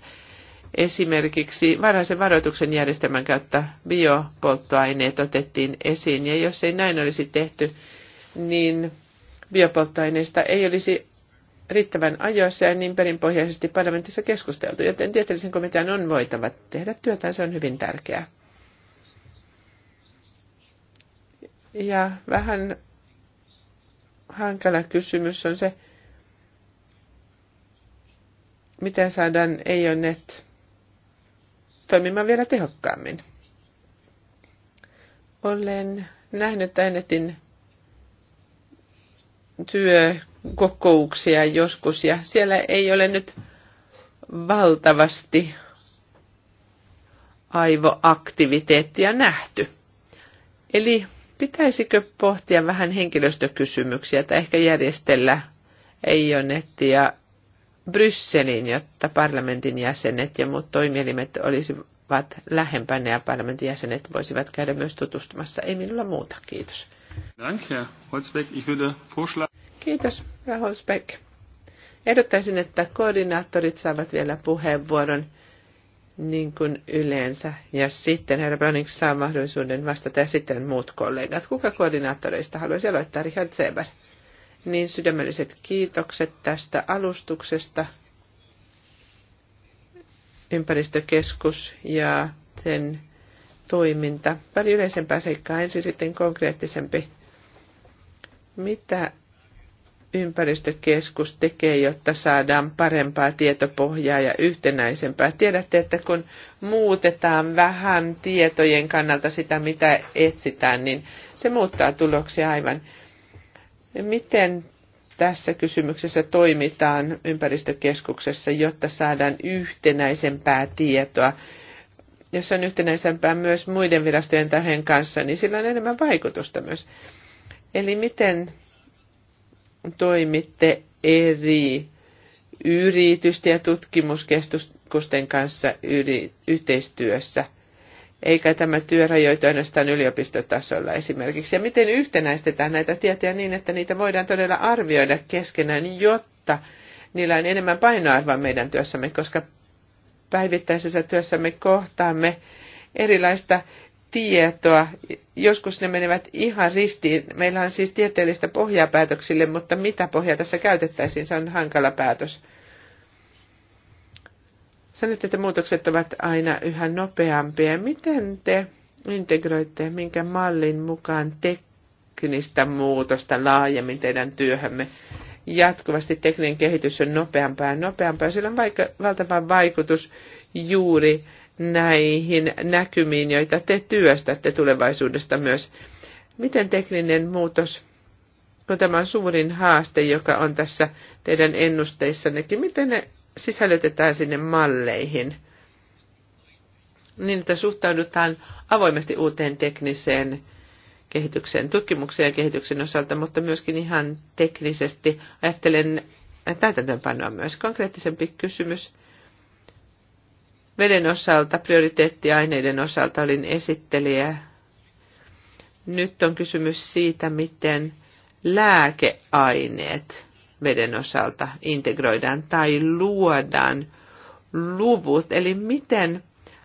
Esimerkiksi varhaisen varoituksen järjestelmän kautta biopolttoaineet otettiin esiin, ja jos ei näin olisi tehty, niin biopolttoaineista ei olisi riittävän ajoissa ja niin perinpohjaisesti parlamentissa keskusteltu, joten tieteellisen komitean on voitava tehdä työtään, se on hyvin tärkeää. Ja vähän hankala kysymys on se, miten saadaan EONet toimimaan vielä tehokkaammin. Olen nähnyt Ainetin työ kokouksia joskus ja siellä ei ole nyt valtavasti aivoaktiviteettia nähty. Eli pitäisikö pohtia vähän henkilöstökysymyksiä tai ehkä järjestellä EIONettia Brysseliin, jotta parlamentin jäsenet ja muut toimielimet olisivat lähempänä ja parlamentin jäsenet voisivat käydä myös tutustumassa. Ei minulla muuta, kiitos. Danke, Holzbeck. Ich würde vorschlagen... Kiitos, Rahousbeck. Ehdottaisin, että koordinaattorit saavat vielä puheenvuoron niin kuin yleensä. Ja sitten herra Browning saa mahdollisuuden vastata ja sitten muut kollegat. Kuka koordinaattoreista haluaisi aloittaa? Richard Seber. Niin sydämelliset kiitokset tästä alustuksesta. Ympäristökeskus ja sen toiminta. Pari yleisempää seikkaa, ensin sitten konkreettisempi. Mitä ympäristökeskus tekee, jotta saadaan parempaa tietopohjaa ja yhtenäisempää. Tiedätte, että kun muutetaan vähän tietojen kannalta sitä, mitä etsitään, niin se muuttaa tuloksia aivan. Miten tässä kysymyksessä toimitaan ympäristökeskuksessa, jotta saadaan yhtenäisempää tietoa? Jos on yhtenäisempää myös muiden virastojen tähän kanssa, niin sillä on enemmän vaikutusta myös. Eli miten toimitte eri yritysten ja tutkimuskeskusten kanssa yli, yhteistyössä, eikä tämä työ rajoitu ainoastaan yliopistotasolla esimerkiksi. Ja miten yhtenäistetään näitä tietoja niin, että niitä voidaan todella arvioida keskenään, jotta niillä on enemmän painoarvoa meidän työssämme, koska päivittäisessä työssämme kohtaamme erilaista tietoa. Joskus ne menevät ihan ristiin. Meillä on siis tieteellistä pohjaa päätöksille, mutta mitä pohjaa tässä käytettäisiin, se on hankala päätös. Sanoitte, että muutokset ovat aina yhä nopeampia. Miten te integroitte, minkä mallin mukaan teknistä muutosta laajemmin teidän työhömme? Jatkuvasti tekninen kehitys on nopeampaa ja nopeampaa. Sillä on vaikka, valtava vaikutus juuri näihin näkymiin, joita te työstätte tulevaisuudesta myös. Miten tekninen muutos, kun tämä on suurin haaste, joka on tässä teidän ennusteissannekin, miten ne sisällytetään sinne malleihin? Niin, että suhtaudutaan avoimesti uuteen tekniseen kehitykseen, tutkimukseen ja kehityksen osalta, mutta myöskin ihan teknisesti ajattelen täytäntöönpanoa myös. Konkreettisempi kysymys Veden osalta, prioriteettiaineiden osalta olin esittelijä. Nyt on kysymys siitä, miten lääkeaineet veden osalta integroidaan tai luodaan luvut. Eli miten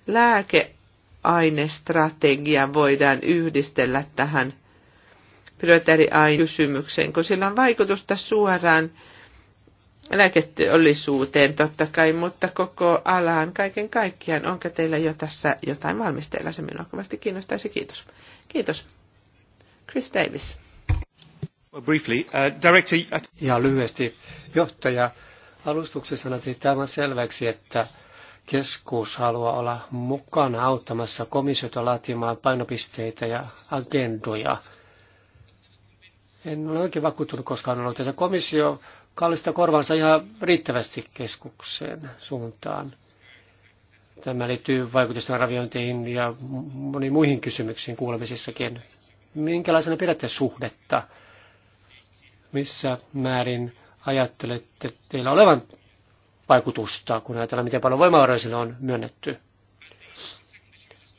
lääkeainestrategia voidaan yhdistellä tähän prioriteettiainekysymykseen, kun sillä on vaikutusta suoraan lääketeollisuuteen totta kai, mutta koko alaan kaiken kaikkiaan. Onko teillä jo tässä jotain valmisteilla? Se minua kovasti kiinnostaisi. Kiitos. Kiitos. Chris Davis. Well, briefly, uh, director... Ja lyhyesti johtaja alustuksessa sanottiin tämän selväksi, että keskus haluaa olla mukana auttamassa komissiota laatimaan painopisteitä ja agendoja. En ole oikein vakuuttunut koskaan ollut, että komissio kallista korvansa ihan riittävästi keskuksen suuntaan. Tämä liittyy vaikutusten arviointeihin ja moniin muihin kysymyksiin kuulemisissakin. Minkälaisena pidätte suhdetta? Missä määrin ajattelette teillä olevan vaikutusta, kun ajatellaan, miten paljon voimavaroja sille on myönnetty?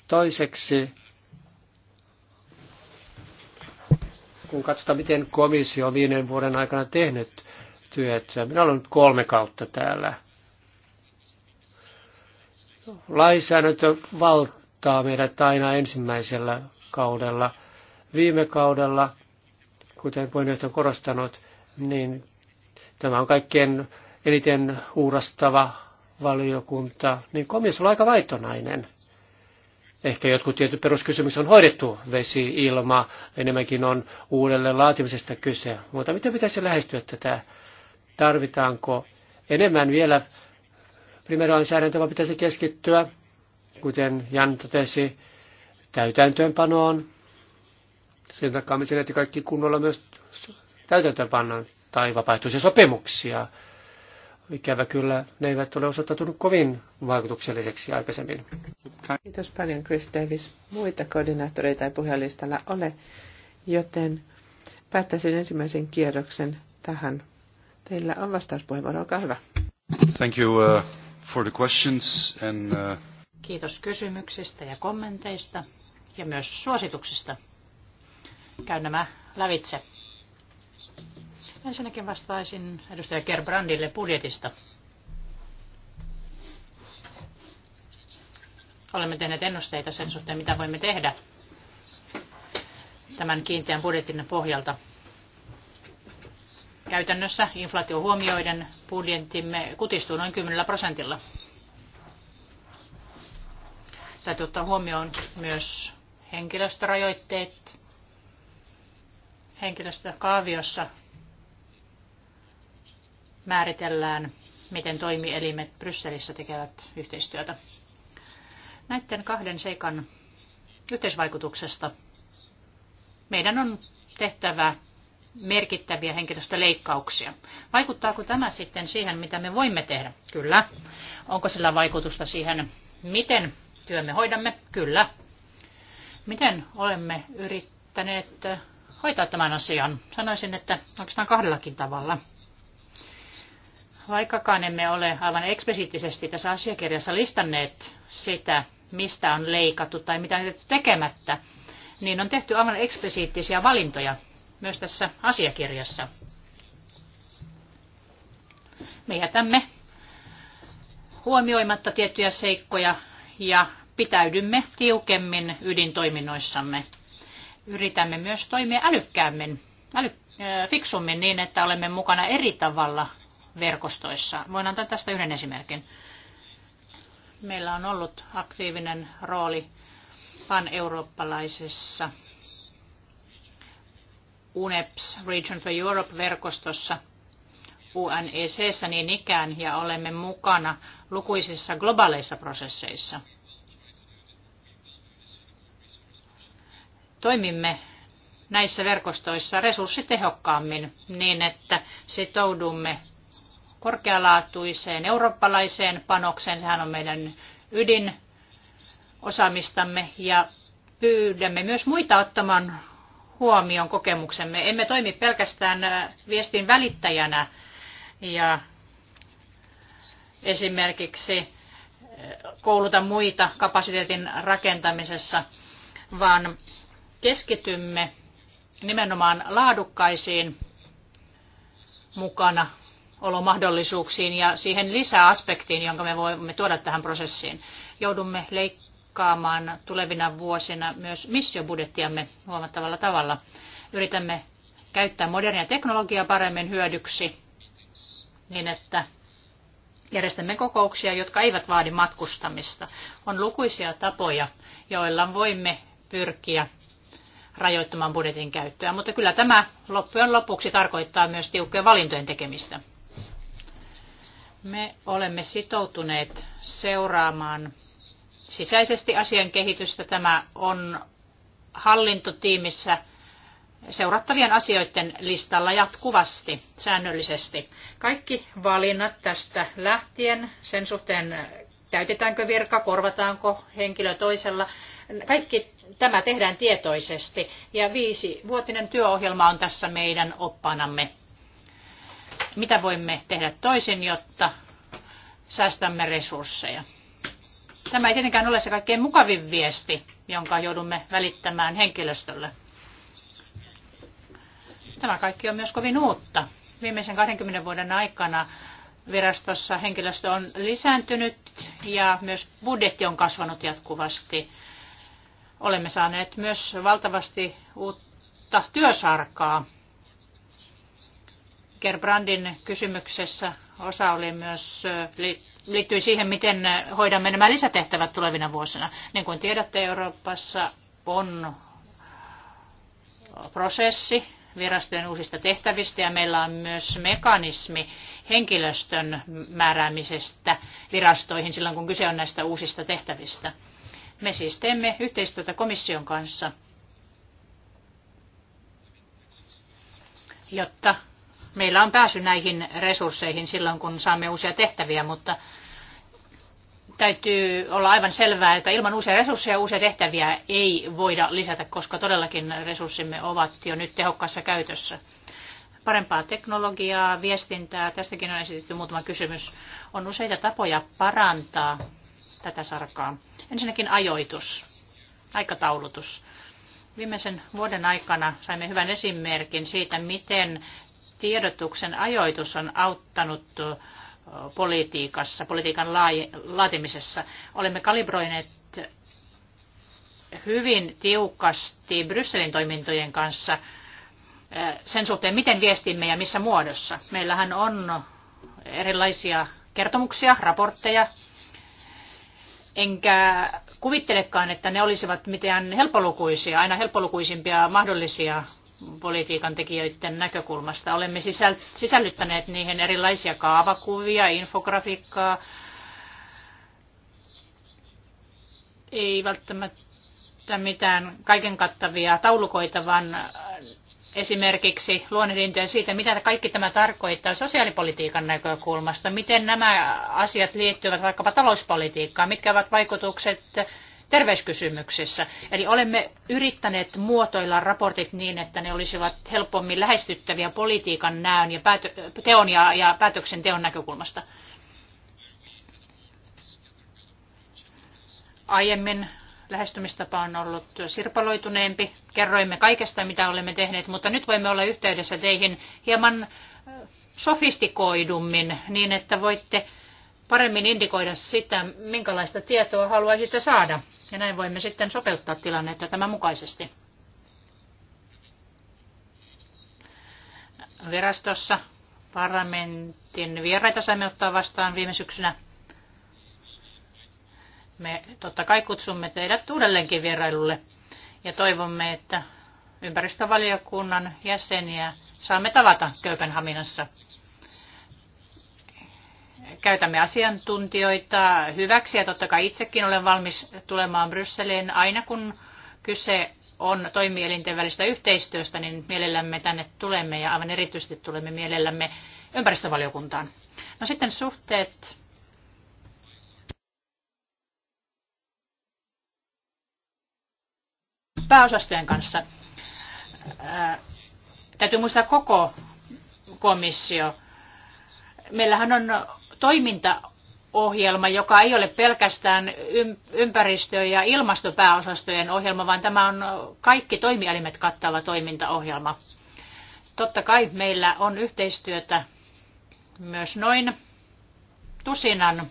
Toiseksi, kun katsotaan, miten komissio on viiden vuoden aikana tehnyt työtä. Minä olen kolme kautta täällä. Lainsäädäntö valtaa meidät aina ensimmäisellä kaudella. Viime kaudella, kuten puheenjohtaja on korostanut, niin tämä on kaikkein eniten uurastava valiokunta, niin komissio on aika vaitonainen. Ehkä jotkut tietyt peruskysymys on hoidettu, vesi, ilma, enemmänkin on uudelleen laatimisesta kyse. Mutta miten pitäisi lähestyä tätä Tarvitaanko enemmän vielä primerilainsäädäntöä, vaan pitäisi keskittyä, kuten Jan totesi, täytäntöönpanoon, sen takaamisen, että kaikki kunnolla myös täytäntöönpannaan, tai vapaaehtoisia sopimuksia. Ikävä kyllä, ne eivät ole osoittautunut kovin vaikutukselliseksi aikaisemmin. Kiitos paljon Chris Davis. Muita koordinaattoreita ei puhelistalla ole, joten päättäisin ensimmäisen kierroksen tähän Teillä on vastauspuheenvuoro, olkaa hyvä. Thank you uh, for the questions and, uh... Kiitos kysymyksistä ja kommenteista ja myös suosituksista. Käyn nämä lävitse. Ensinnäkin vastaisin edustaja Gerbrandille budjetista. Olemme tehneet ennusteita sen suhteen, mitä voimme tehdä tämän kiinteän budjetin pohjalta – Käytännössä inflaatio huomioiden budjettimme kutistuu noin 10 prosentilla. Täytyy ottaa huomioon myös henkilöstörajoitteet. Henkilöstökaaviossa määritellään, miten toimielimet Brysselissä tekevät yhteistyötä. Näiden kahden seikan yhteisvaikutuksesta meidän on tehtävä merkittäviä henkilöstöleikkauksia. Vaikuttaako tämä sitten siihen, mitä me voimme tehdä? Kyllä. Onko sillä vaikutusta siihen, miten työmme hoidamme? Kyllä. Miten olemme yrittäneet hoitaa tämän asian? Sanoisin, että oikeastaan kahdellakin tavalla. Vaikkakaan emme ole aivan eksplisiittisesti tässä asiakirjassa listanneet sitä, mistä on leikattu tai mitä on tehty tekemättä, niin on tehty aivan eksplisiittisiä valintoja myös tässä asiakirjassa. Me jätämme huomioimatta tiettyjä seikkoja ja pitäydymme tiukemmin ydintoiminnoissamme. Yritämme myös toimia älykkäämmin, äly, fiksummin niin, että olemme mukana eri tavalla verkostoissa. Voin antaa tästä yhden esimerkin. Meillä on ollut aktiivinen rooli pan-eurooppalaisessa UNEPS Region for Europe-verkostossa UNECssä niin ikään ja olemme mukana lukuisissa globaaleissa prosesseissa. Toimimme näissä verkostoissa resurssitehokkaammin niin, että sitoudumme korkealaatuiseen eurooppalaiseen panokseen. Sehän on meidän ydinosaamistamme ja pyydämme myös muita ottamaan huomioon kokemuksemme. Emme toimi pelkästään äh, viestin välittäjänä ja esimerkiksi äh, kouluta muita kapasiteetin rakentamisessa, vaan keskitymme nimenomaan laadukkaisiin mukana olomahdollisuuksiin ja siihen lisäaspektiin, jonka me voimme tuoda tähän prosessiin. Joudumme leik- muokkaamaan tulevina vuosina myös missiobudjettiamme huomattavalla tavalla. Yritämme käyttää modernia teknologiaa paremmin hyödyksi niin, että järjestämme kokouksia, jotka eivät vaadi matkustamista. On lukuisia tapoja, joilla voimme pyrkiä rajoittamaan budjetin käyttöä, mutta kyllä tämä loppujen lopuksi tarkoittaa myös tiukkojen valintojen tekemistä. Me olemme sitoutuneet seuraamaan sisäisesti asian kehitystä. Tämä on hallintotiimissä seurattavien asioiden listalla jatkuvasti, säännöllisesti. Kaikki valinnat tästä lähtien sen suhteen, täytetäänkö virka, korvataanko henkilö toisella, kaikki tämä tehdään tietoisesti. Ja viisi vuotinen työohjelma on tässä meidän oppaanamme. Mitä voimme tehdä toisin, jotta säästämme resursseja? Tämä ei tietenkään ole se kaikkein mukavin viesti, jonka joudumme välittämään henkilöstölle. Tämä kaikki on myös kovin uutta. Viimeisen 20 vuoden aikana virastossa henkilöstö on lisääntynyt ja myös budjetti on kasvanut jatkuvasti. Olemme saaneet myös valtavasti uutta työsarkaa. Gerbrandin kysymyksessä osa oli myös liittyy siihen, miten hoidamme nämä lisätehtävät tulevina vuosina. Niin kuin tiedätte, Euroopassa on prosessi virastojen uusista tehtävistä ja meillä on myös mekanismi henkilöstön määräämisestä virastoihin silloin, kun kyse on näistä uusista tehtävistä. Me siis teemme yhteistyötä komission kanssa, jotta Meillä on pääsy näihin resursseihin silloin, kun saamme uusia tehtäviä, mutta täytyy olla aivan selvää, että ilman uusia resursseja uusia tehtäviä ei voida lisätä, koska todellakin resurssimme ovat jo nyt tehokkaassa käytössä. Parempaa teknologiaa, viestintää, tästäkin on esitetty muutama kysymys. On useita tapoja parantaa tätä sarkaa. Ensinnäkin ajoitus, aikataulutus. Viimeisen vuoden aikana saimme hyvän esimerkin siitä, miten tiedotuksen ajoitus on auttanut politiikassa, politiikan laatimisessa. Olemme kalibroineet hyvin tiukasti Brysselin toimintojen kanssa sen suhteen, miten viestimme ja missä muodossa. Meillähän on erilaisia kertomuksia, raportteja, enkä kuvittelekaan, että ne olisivat mitään helpolukuisia, aina helpolukuisimpia mahdollisia politiikan tekijöiden näkökulmasta. Olemme sisällyttäneet niihin erilaisia kaavakuvia, infografiikkaa. Ei välttämättä mitään kaiken kattavia taulukoita, vaan esimerkiksi luonnehdintoja siitä, mitä kaikki tämä tarkoittaa sosiaalipolitiikan näkökulmasta, miten nämä asiat liittyvät vaikkapa talouspolitiikkaan, mitkä ovat vaikutukset Terveyskysymyksessä. Eli olemme yrittäneet muotoilla raportit niin, että ne olisivat helpommin lähestyttäviä politiikan näön ja päätö- teon ja, ja päätöksenteon näkökulmasta. Aiemmin lähestymistapa on ollut sirpaloituneempi. Kerroimme kaikesta, mitä olemme tehneet, mutta nyt voimme olla yhteydessä teihin hieman sofistikoidummin, niin että voitte paremmin indikoida sitä, minkälaista tietoa haluaisitte saada. Ja näin voimme sitten sopeuttaa tilannetta tämän mukaisesti. Virastossa parlamentin vieraita saimme ottaa vastaan viime syksynä. Me totta kai kutsumme teidät uudelleenkin vierailulle ja toivomme, että ympäristövaliokunnan jäseniä saamme tavata Kööpenhaminassa käytämme asiantuntijoita hyväksi ja totta kai itsekin olen valmis tulemaan Brysseliin aina kun kyse on toimielinten välistä yhteistyöstä, niin mielellämme tänne tulemme ja aivan erityisesti tulemme mielellämme ympäristövaliokuntaan. No sitten suhteet pääosastojen kanssa. Ää, äh, täytyy muistaa koko komissio. Meillähän on toiminta ohjelma, joka ei ole pelkästään ympäristö- ja ilmastopääosastojen ohjelma, vaan tämä on kaikki toimielimet kattava toimintaohjelma. Totta kai meillä on yhteistyötä myös noin tusinan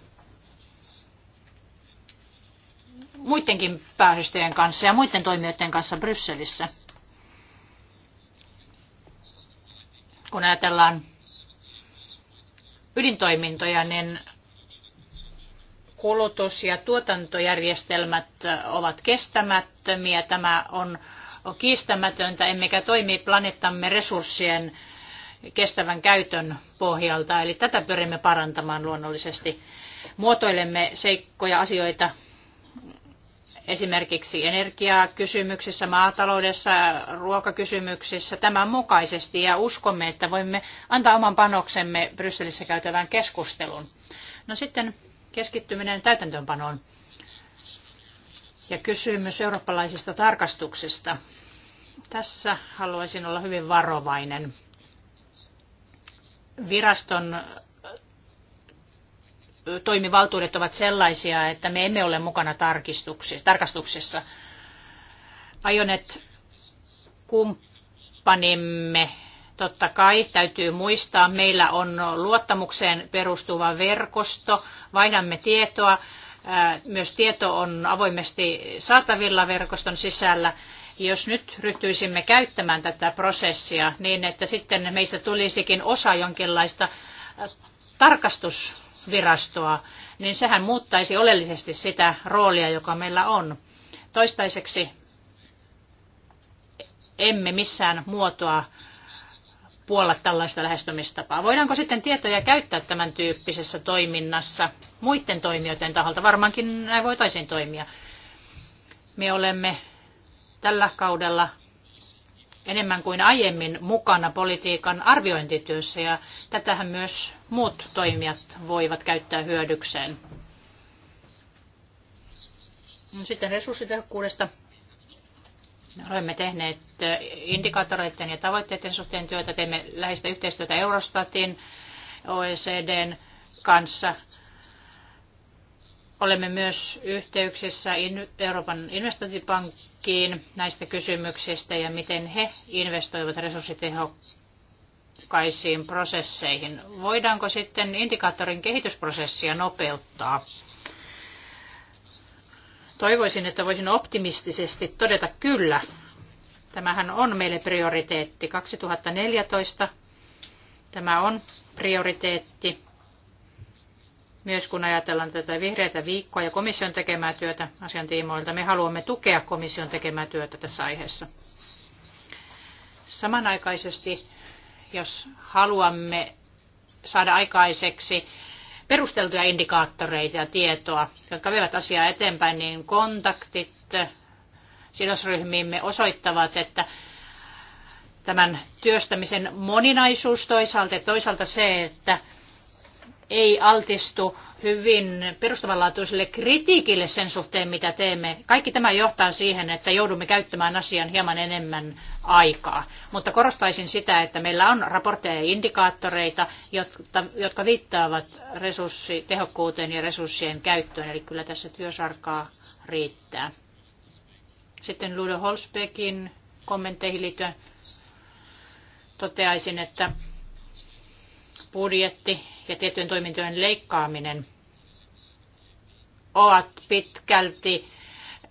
muidenkin pääsystöjen kanssa ja muiden toimijoiden kanssa Brysselissä. Kun ajatellaan ydintoimintoja, niin kulutus- ja tuotantojärjestelmät ovat kestämättömiä. Tämä on kiistämätöntä, emmekä toimi planeettamme resurssien kestävän käytön pohjalta. Eli tätä pyrimme parantamaan luonnollisesti. Muotoilemme seikkoja, asioita esimerkiksi energiakysymyksissä, maataloudessa, ruokakysymyksissä tämän mukaisesti ja uskomme, että voimme antaa oman panoksemme Brysselissä käytävään keskusteluun. No sitten keskittyminen täytäntöönpanoon ja kysymys eurooppalaisista tarkastuksista. Tässä haluaisin olla hyvin varovainen. Viraston toimivaltuudet ovat sellaisia, että me emme ole mukana tarkastuksessa. Ajonet kumppanimme totta kai täytyy muistaa, meillä on luottamukseen perustuva verkosto, vaihdamme tietoa, myös tieto on avoimesti saatavilla verkoston sisällä. Jos nyt ryhtyisimme käyttämään tätä prosessia niin, että sitten meistä tulisikin osa jonkinlaista tarkastus virastoa, niin sehän muuttaisi oleellisesti sitä roolia, joka meillä on. Toistaiseksi emme missään muotoa puolla tällaista lähestymistapaa. Voidaanko sitten tietoja käyttää tämän tyyppisessä toiminnassa muiden toimijoiden taholta? Varmaankin näin voitaisiin toimia. Me olemme tällä kaudella enemmän kuin aiemmin mukana politiikan arviointityössä ja tätähän myös muut toimijat voivat käyttää hyödykseen. No sitten resurssitehokkuudesta. Olemme tehneet indikaattoreiden ja tavoitteiden suhteen työtä, teemme läheistä yhteistyötä Eurostatin, OECDn kanssa Olemme myös yhteyksissä Euroopan investointipankkiin näistä kysymyksistä ja miten he investoivat resurssitehokkaisiin prosesseihin. Voidaanko sitten indikaattorin kehitysprosessia nopeuttaa? Toivoisin, että voisin optimistisesti todeta kyllä. Tämähän on meille prioriteetti. 2014 tämä on prioriteetti myös kun ajatellaan tätä vihreitä viikkoa ja komission tekemää työtä asian tiimoilta. Me haluamme tukea komission tekemää työtä tässä aiheessa. Samanaikaisesti, jos haluamme saada aikaiseksi perusteltuja indikaattoreita ja tietoa, jotka vievät asiaa eteenpäin, niin kontaktit sidosryhmiimme osoittavat, että tämän työstämisen moninaisuus toisaalta ja toisaalta se, että ei altistu hyvin perustavanlaatuiselle kritiikille sen suhteen, mitä teemme. Kaikki tämä johtaa siihen, että joudumme käyttämään asian hieman enemmän aikaa. Mutta korostaisin sitä, että meillä on raportteja ja indikaattoreita, jotka, jotka viittaavat resurssitehokkuuteen ja resurssien käyttöön. Eli kyllä tässä työsarkaa riittää. Sitten Ludo Holsbeckin kommentteihin liittyen toteaisin, että budjetti ja tiettyjen toimintojen leikkaaminen ovat pitkälti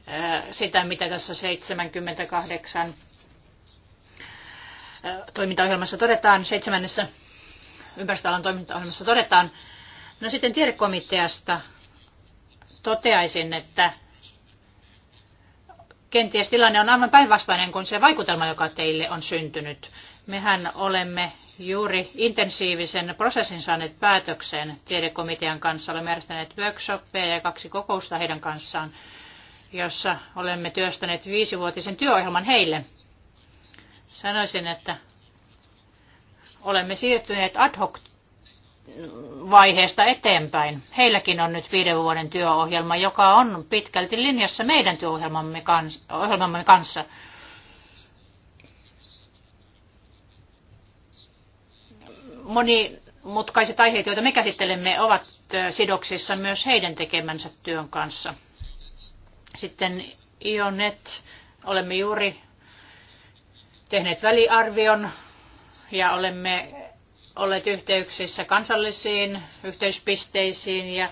äh, sitä, mitä tässä 78 äh, toimintaohjelmassa todetaan, seitsemännessä ympäristöalan toimintaohjelmassa todetaan. No sitten tiedekomiteasta toteaisin, että kenties tilanne on aivan päinvastainen kuin se vaikutelma, joka teille on syntynyt. Mehän olemme juuri intensiivisen prosessin saaneet päätökseen tiedekomitean kanssa. Olemme järjestäneet workshoppeja ja kaksi kokousta heidän kanssaan, jossa olemme työstäneet viisivuotisen työohjelman heille. Sanoisin, että olemme siirtyneet ad hoc vaiheesta eteenpäin. Heilläkin on nyt viiden vuoden työohjelma, joka on pitkälti linjassa meidän työohjelmamme kanssa monimutkaiset aiheet, joita me käsittelemme, ovat sidoksissa myös heidän tekemänsä työn kanssa. Sitten Ionet, olemme juuri tehneet väliarvion ja olemme olleet yhteyksissä kansallisiin yhteyspisteisiin ja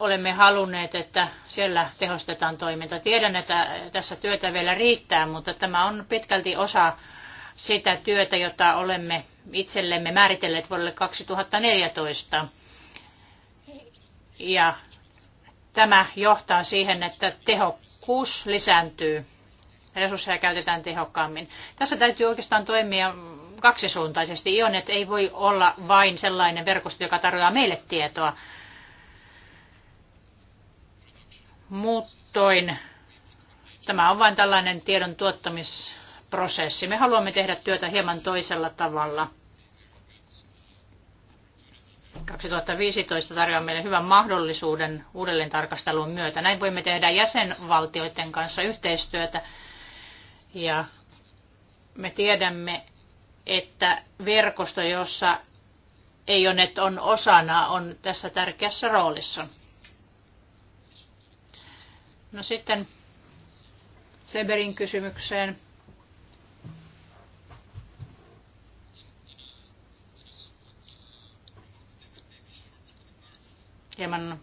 olemme halunneet, että siellä tehostetaan toiminta. Tiedän, että tässä työtä vielä riittää, mutta tämä on pitkälti osa sitä työtä, jota olemme itsellemme määritelleet vuodelle 2014. Ja tämä johtaa siihen, että tehokkuus lisääntyy. Resursseja käytetään tehokkaammin. Tässä täytyy oikeastaan toimia kaksisuuntaisesti. Ionet ei voi olla vain sellainen verkosto, joka tarjoaa meille tietoa. Muuttoin tämä on vain tällainen tiedon tuottamis prosessi. Me haluamme tehdä työtä hieman toisella tavalla. 2015 tarjoaa meille hyvän mahdollisuuden uudelleen tarkastelun myötä. Näin voimme tehdä jäsenvaltioiden kanssa yhteistyötä ja me tiedämme, että verkosto, jossa EONET on osana, on tässä tärkeässä roolissa. No sitten Seberin kysymykseen. hieman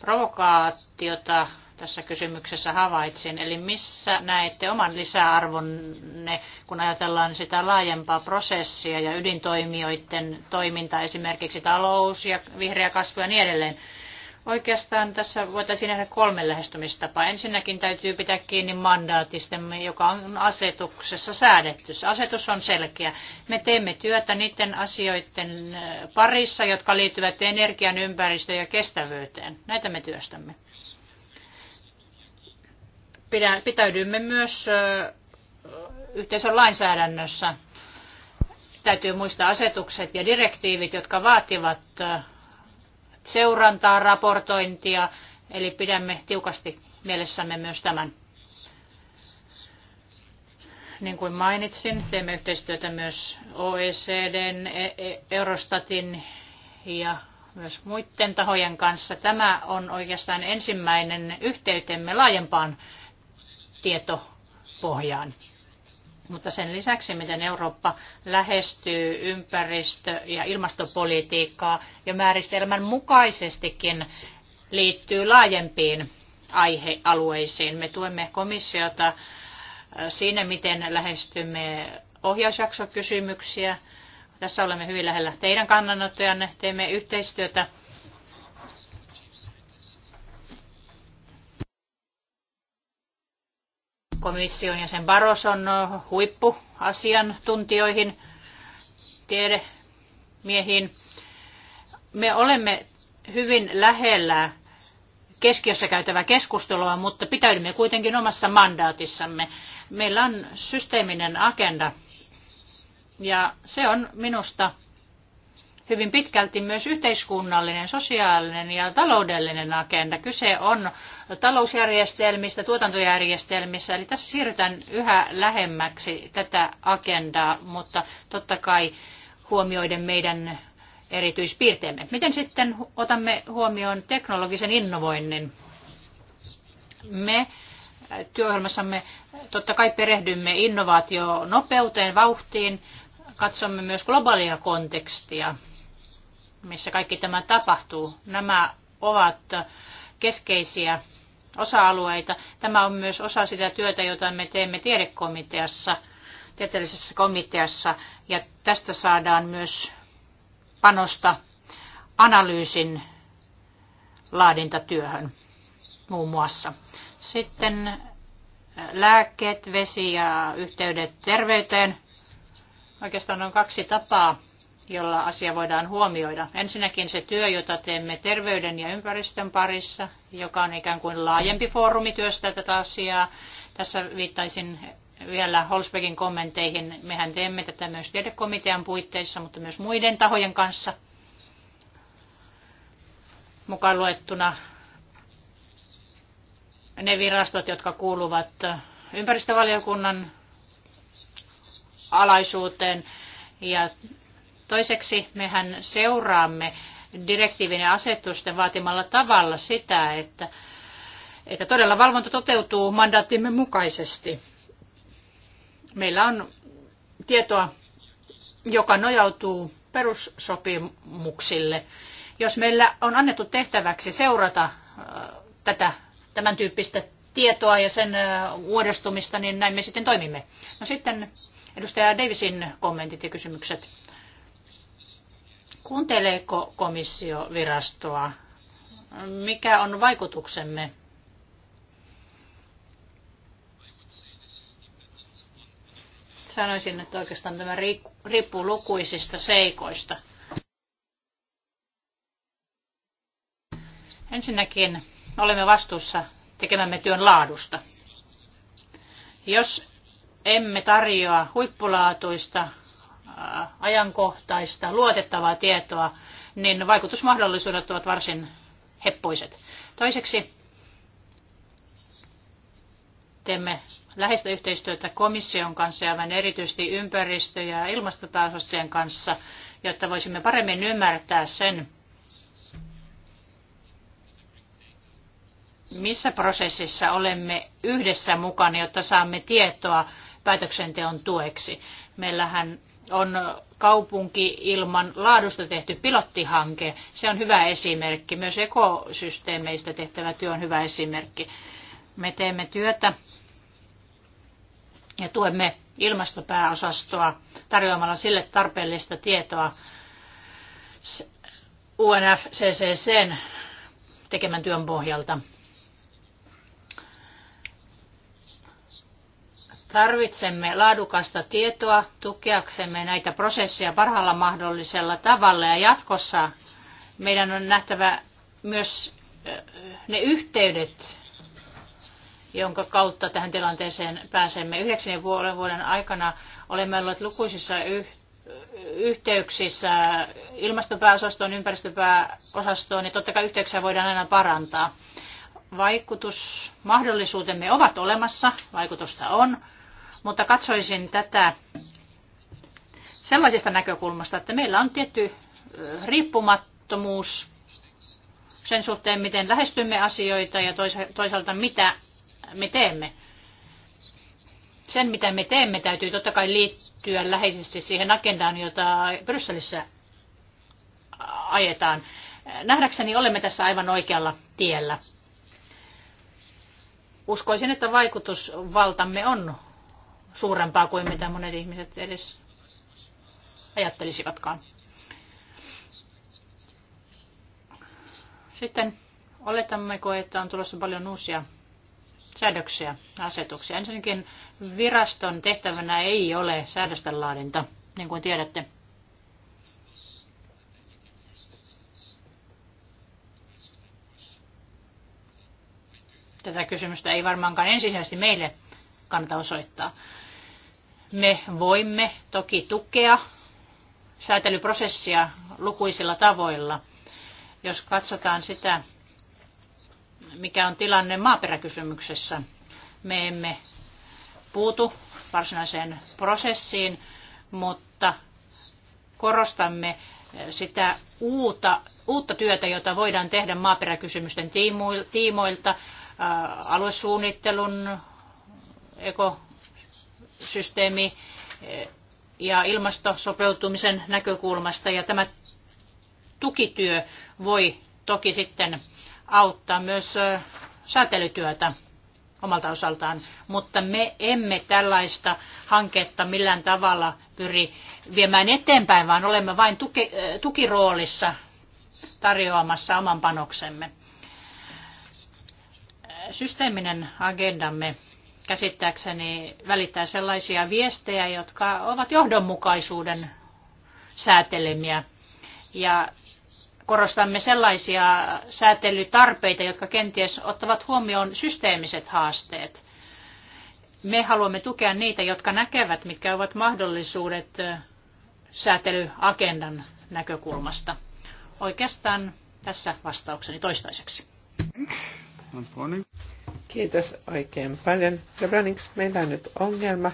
provokaatiota tässä kysymyksessä havaitsin. Eli missä näette oman lisäarvonne, kun ajatellaan sitä laajempaa prosessia ja ydintoimijoiden toiminta, esimerkiksi talous ja vihreä kasvu ja niin edelleen. Oikeastaan tässä voitaisiin nähdä kolme lähestymistapaa. Ensinnäkin täytyy pitää kiinni mandaatistamme, joka on asetuksessa säädetty. Se asetus on selkeä. Me teemme työtä niiden asioiden parissa, jotka liittyvät energian, ympäristöön ja kestävyyteen. Näitä me työstämme. Pitäydymme myös yhteisön lainsäädännössä. Täytyy muistaa asetukset ja direktiivit, jotka vaativat seurantaa, raportointia, eli pidämme tiukasti mielessämme myös tämän. Niin kuin mainitsin, teemme yhteistyötä myös OECDn, e- e- Eurostatin ja myös muiden tahojen kanssa. Tämä on oikeastaan ensimmäinen yhteytemme laajempaan tietopohjaan. Mutta sen lisäksi, miten Eurooppa lähestyy ympäristö- ja ilmastopolitiikkaa ja määristelmän mukaisestikin liittyy laajempiin aihealueisiin. Me tuemme komissiota äh, siinä, miten lähestymme ohjausjaksokysymyksiä. Tässä olemme hyvin lähellä teidän kannanottojanne. Teemme yhteistyötä komission ja sen Baroson huippuasiantuntijoihin, tiedemiehiin. Me olemme hyvin lähellä keskiössä käytävää keskustelua, mutta pitäydymme kuitenkin omassa mandaatissamme. Meillä on systeeminen agenda ja se on minusta hyvin pitkälti myös yhteiskunnallinen, sosiaalinen ja taloudellinen agenda. Kyse on talousjärjestelmistä, tuotantojärjestelmissä, eli tässä siirrytään yhä lähemmäksi tätä agendaa, mutta totta kai huomioiden meidän erityispiirteemme. Miten sitten otamme huomioon teknologisen innovoinnin? Me työohjelmassamme totta kai perehdymme innovaationopeuteen, nopeuteen, vauhtiin, katsomme myös globaalia kontekstia missä kaikki tämä tapahtuu. Nämä ovat keskeisiä osa-alueita. Tämä on myös osa sitä työtä, jota me teemme tiedekomiteassa, tieteellisessä komiteassa, ja tästä saadaan myös panosta analyysin laadintatyöhön muun muassa. Sitten äh, lääkkeet, vesi ja yhteydet terveyteen. Oikeastaan on kaksi tapaa jolla asia voidaan huomioida. Ensinnäkin se työ, jota teemme terveyden ja ympäristön parissa, joka on ikään kuin laajempi foorumi työstää tätä asiaa. Tässä viittaisin vielä Holsbeckin kommenteihin. Mehän teemme tätä myös tiedekomitean puitteissa, mutta myös muiden tahojen kanssa. Mukaan luettuna ne virastot, jotka kuuluvat ympäristövaliokunnan alaisuuteen ja Toiseksi mehän seuraamme direktiivin ja asetusten vaatimalla tavalla sitä, että, että todella valvonta toteutuu mandaattimme mukaisesti. Meillä on tietoa, joka nojautuu perussopimuksille. Jos meillä on annettu tehtäväksi seurata äh, tätä, tämän tyyppistä tietoa ja sen äh, uudistumista, niin näin me sitten toimimme. No sitten edustaja Davisin kommentit ja kysymykset. Kuunteleeko komissio virastoa? Mikä on vaikutuksemme? Sanoisin, että oikeastaan tämä riippuu lukuisista seikoista. Ensinnäkin olemme vastuussa tekemämme työn laadusta. Jos emme tarjoa huippulaatuista Äh, ajankohtaista, luotettavaa tietoa, niin vaikutusmahdollisuudet ovat varsin heppoiset. Toiseksi teemme läheistä yhteistyötä komission kanssa ja erityisesti ympäristö- ja ilmastopääosastojen kanssa, jotta voisimme paremmin ymmärtää sen, missä prosessissa olemme yhdessä mukana, jotta saamme tietoa päätöksenteon tueksi. Meillähän on kaupunki-ilman laadusta tehty pilottihanke. Se on hyvä esimerkki. Myös ekosysteemeistä tehtävä työ on hyvä esimerkki. Me teemme työtä ja tuemme ilmastopääosastoa tarjoamalla sille tarpeellista tietoa UNFCCCn tekemän työn pohjalta. Tarvitsemme laadukasta tietoa tukeaksemme näitä prosesseja parhaalla mahdollisella tavalla ja jatkossa meidän on nähtävä myös ne yhteydet, jonka kautta tähän tilanteeseen pääsemme. Yhdeksän vuoden, vuoden aikana olemme olleet lukuisissa yhteyksissä yhteyksissä ilmastopääosastoon, ympäristöpääosastoon ja totta kai yhteyksiä voidaan aina parantaa. Vaikutusmahdollisuutemme ovat olemassa, vaikutusta on, mutta katsoisin tätä sellaisesta näkökulmasta, että meillä on tietty riippumattomuus sen suhteen, miten lähestymme asioita ja toisaalta mitä me teemme. Sen, mitä me teemme, täytyy totta kai liittyä läheisesti siihen agendaan, jota Brysselissä ajetaan. Nähdäkseni olemme tässä aivan oikealla tiellä. Uskoisin, että vaikutusvaltamme on suurempaa kuin mitä monet ihmiset edes ajattelisivatkaan. Sitten oletammeko, että on tulossa paljon uusia säädöksiä, asetuksia. Ensinnäkin viraston tehtävänä ei ole säädösten laadinta, niin kuin tiedätte. Tätä kysymystä ei varmaankaan ensisijaisesti meille kannata osoittaa. Me voimme toki tukea säätelyprosessia lukuisilla tavoilla. Jos katsotaan sitä, mikä on tilanne maaperäkysymyksessä, me emme puutu varsinaiseen prosessiin, mutta korostamme sitä uutta, uutta työtä, jota voidaan tehdä maaperäkysymysten tiimoilta, aluesuunnittelun ekosysteemi eh, ja ilmastosopeutumisen näkökulmasta. Ja tämä tukityö voi toki sitten auttaa myös eh, säätelytyötä omalta osaltaan, mutta me emme tällaista hanketta millään tavalla pyri viemään eteenpäin, vaan olemme vain tuki, eh, tukiroolissa tarjoamassa oman panoksemme. Systeeminen agendamme käsittääkseni välittää sellaisia viestejä, jotka ovat johdonmukaisuuden säätelemiä. Ja korostamme sellaisia säätelytarpeita, jotka kenties ottavat huomioon systeemiset haasteet. Me haluamme tukea niitä, jotka näkevät, mitkä ovat mahdollisuudet säätelyagendan näkökulmasta. Oikeastaan tässä vastaukseni toistaiseksi. Kiitos oikein paljon. Dobranix, meillä on nyt ongelma,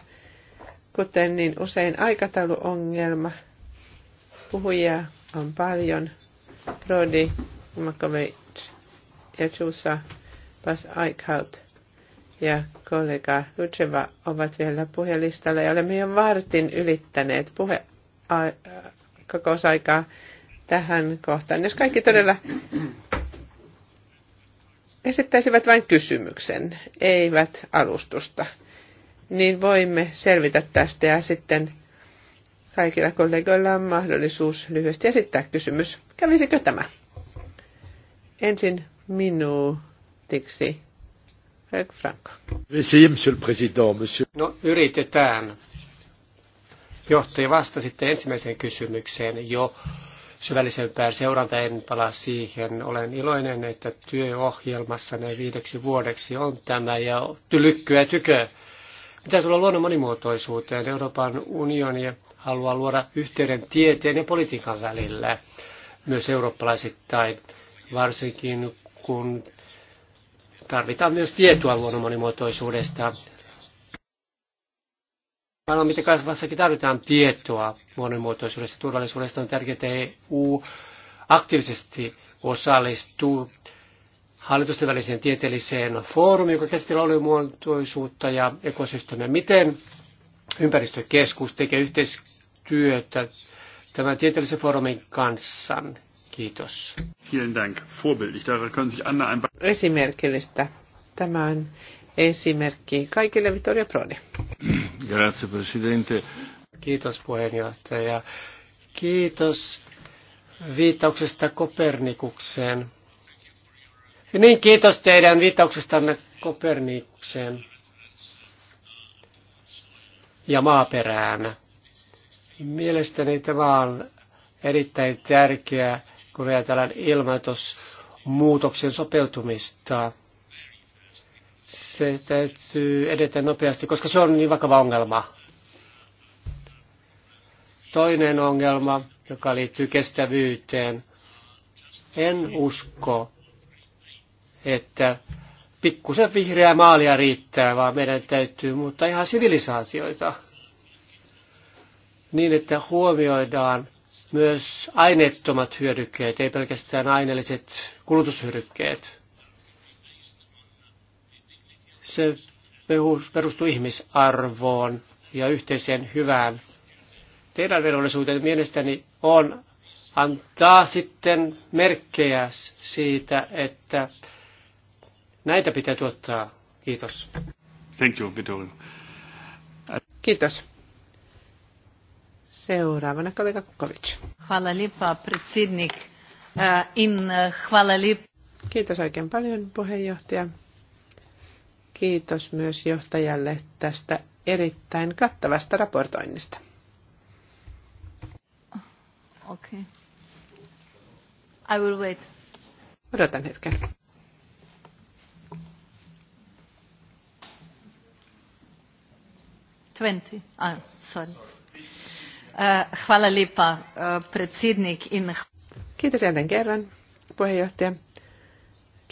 kuten niin usein aikatauluongelma. Puhujia on paljon. Brody, Makovic ja Chusa Bas Eichhout ja kollega Lucheva ovat vielä puhelistalla ja olemme jo vartin ylittäneet puhe kokousaikaa tähän kohtaan. Jos kaikki todella esittäisivät vain kysymyksen, eivät alustusta, niin voimme selvitä tästä ja sitten kaikilla kollegoilla on mahdollisuus lyhyesti esittää kysymys. Kävisikö tämä? Ensin minuutiksi. Franco. monsieur le président, monsieur. No yritetään. Johtaja vastasitte ensimmäiseen kysymykseen jo syvällisempään seuranta, en palaa siihen. Olen iloinen, että työohjelmassa ne viideksi vuodeksi on tämä ja tylykkyä tykö. Mitä tulee luonnon monimuotoisuuteen, Euroopan unioni haluaa luoda yhteyden tieteen ja politiikan välillä, myös eurooppalaisittain, varsinkin kun tarvitaan myös tietoa luonnon monimuotoisuudesta. Maailman kasvassakin tarvitaan tietoa monimuotoisuudesta ja turvallisuudesta. On tärkeää, että EU aktiivisesti osallistuu hallitusten väliseen tieteelliseen foorumiin, joka käsittelee aluemuotoisuutta ja ekosysteemiä. Miten ympäristökeskus tekee yhteistyötä tämän tieteellisen foorumin kanssa? Kiitos. Esimerkillistä. tämän esimerkki kaikille Vittoria Prodi. Grazie, presidente. Kiitos puheenjohtaja. Kiitos viittauksesta Kopernikukseen. Ja niin, kiitos teidän viittauksestanne Kopernikukseen ja maaperään. Mielestäni tämä on erittäin tärkeää, kun ajatellaan ilmoitusmuutoksen sopeutumista se täytyy edetä nopeasti, koska se on niin vakava ongelma. Toinen ongelma, joka liittyy kestävyyteen. En usko, että pikkusen vihreää maalia riittää, vaan meidän täytyy muuttaa ihan sivilisaatioita niin, että huomioidaan myös aineettomat hyödykkeet, ei pelkästään aineelliset kulutushyödykkeet. Se perustuu ihmisarvoon ja yhteiseen hyvään. Teidän velvollisuuteen mielestäni on antaa sitten merkkejä siitä, että näitä pitää tuottaa. Kiitos. Thank you, Vittorio. Kiitos. Seuraavana kollega Kukovic. Hvala lipa, predsidnik. E, in e, hvala lipa. Kiitos oikein paljon, puheenjohtaja. Kiitos myös johtajalle tästä erittäin kattavasta raportoinnista. Okay. I will wait. Odotan hetken. Twenty. Ah, sorry. Eh, hvala lipa, eh, Kiitos jälleen kerran, puheenjohtaja.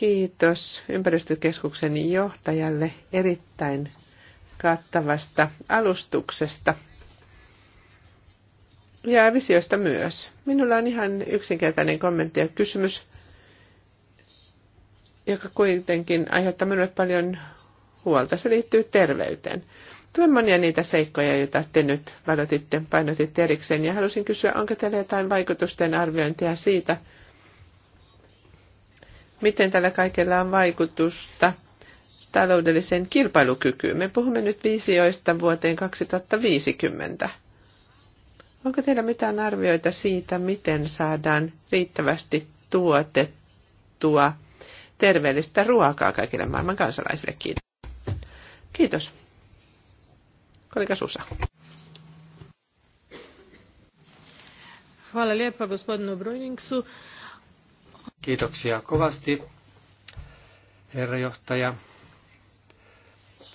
Kiitos ympäristökeskuksen johtajalle erittäin kattavasta alustuksesta ja visioista myös. Minulla on ihan yksinkertainen kommentti ja kysymys, joka kuitenkin aiheuttaa minulle paljon huolta. Se liittyy terveyteen. Tuen monia niitä seikkoja, joita te nyt valotitte, painotitte erikseen, ja halusin kysyä, onko teillä jotain vaikutusten arviointia siitä, miten tällä kaikella on vaikutusta taloudelliseen kilpailukykyyn. Me puhumme nyt viisioista vuoteen 2050. Onko teillä mitään arvioita siitä, miten saadaan riittävästi tuotettua terveellistä ruokaa kaikille maailman kansalaisille? Kiitos. Kiitos. Kollega Susa. Hvala lijepa gospodinu Brojningsu. Kiitoksia kovasti, herra johtaja.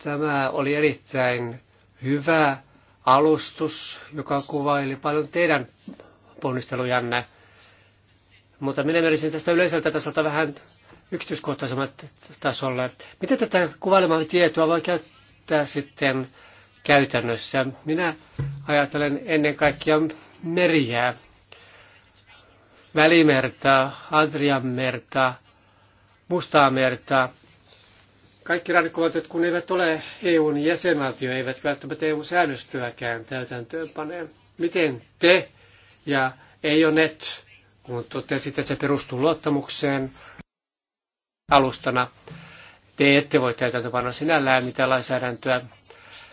Tämä oli erittäin hyvä alustus, joka kuvaili paljon teidän ponnistelujanne. Mutta minä menisin tästä yleiseltä tasolta vähän yksityiskohtaisemmalle tasolle. Miten tätä kuvailemaan tietoa voi käyttää sitten käytännössä? Minä ajattelen ennen kaikkea meriä. Välimerta, Adrianmerta, Mustaa merta. Kaikki rannikkovaltiot, kun eivät ole EUn jäsenvaltio, eivät välttämättä EU-säännöstöäkään täytäntöönpaneen. Miten te ja ei ole net, kun totesit, että se perustuu luottamukseen alustana, te ette voi täytäntöpanna sinällään mitään lainsäädäntöä,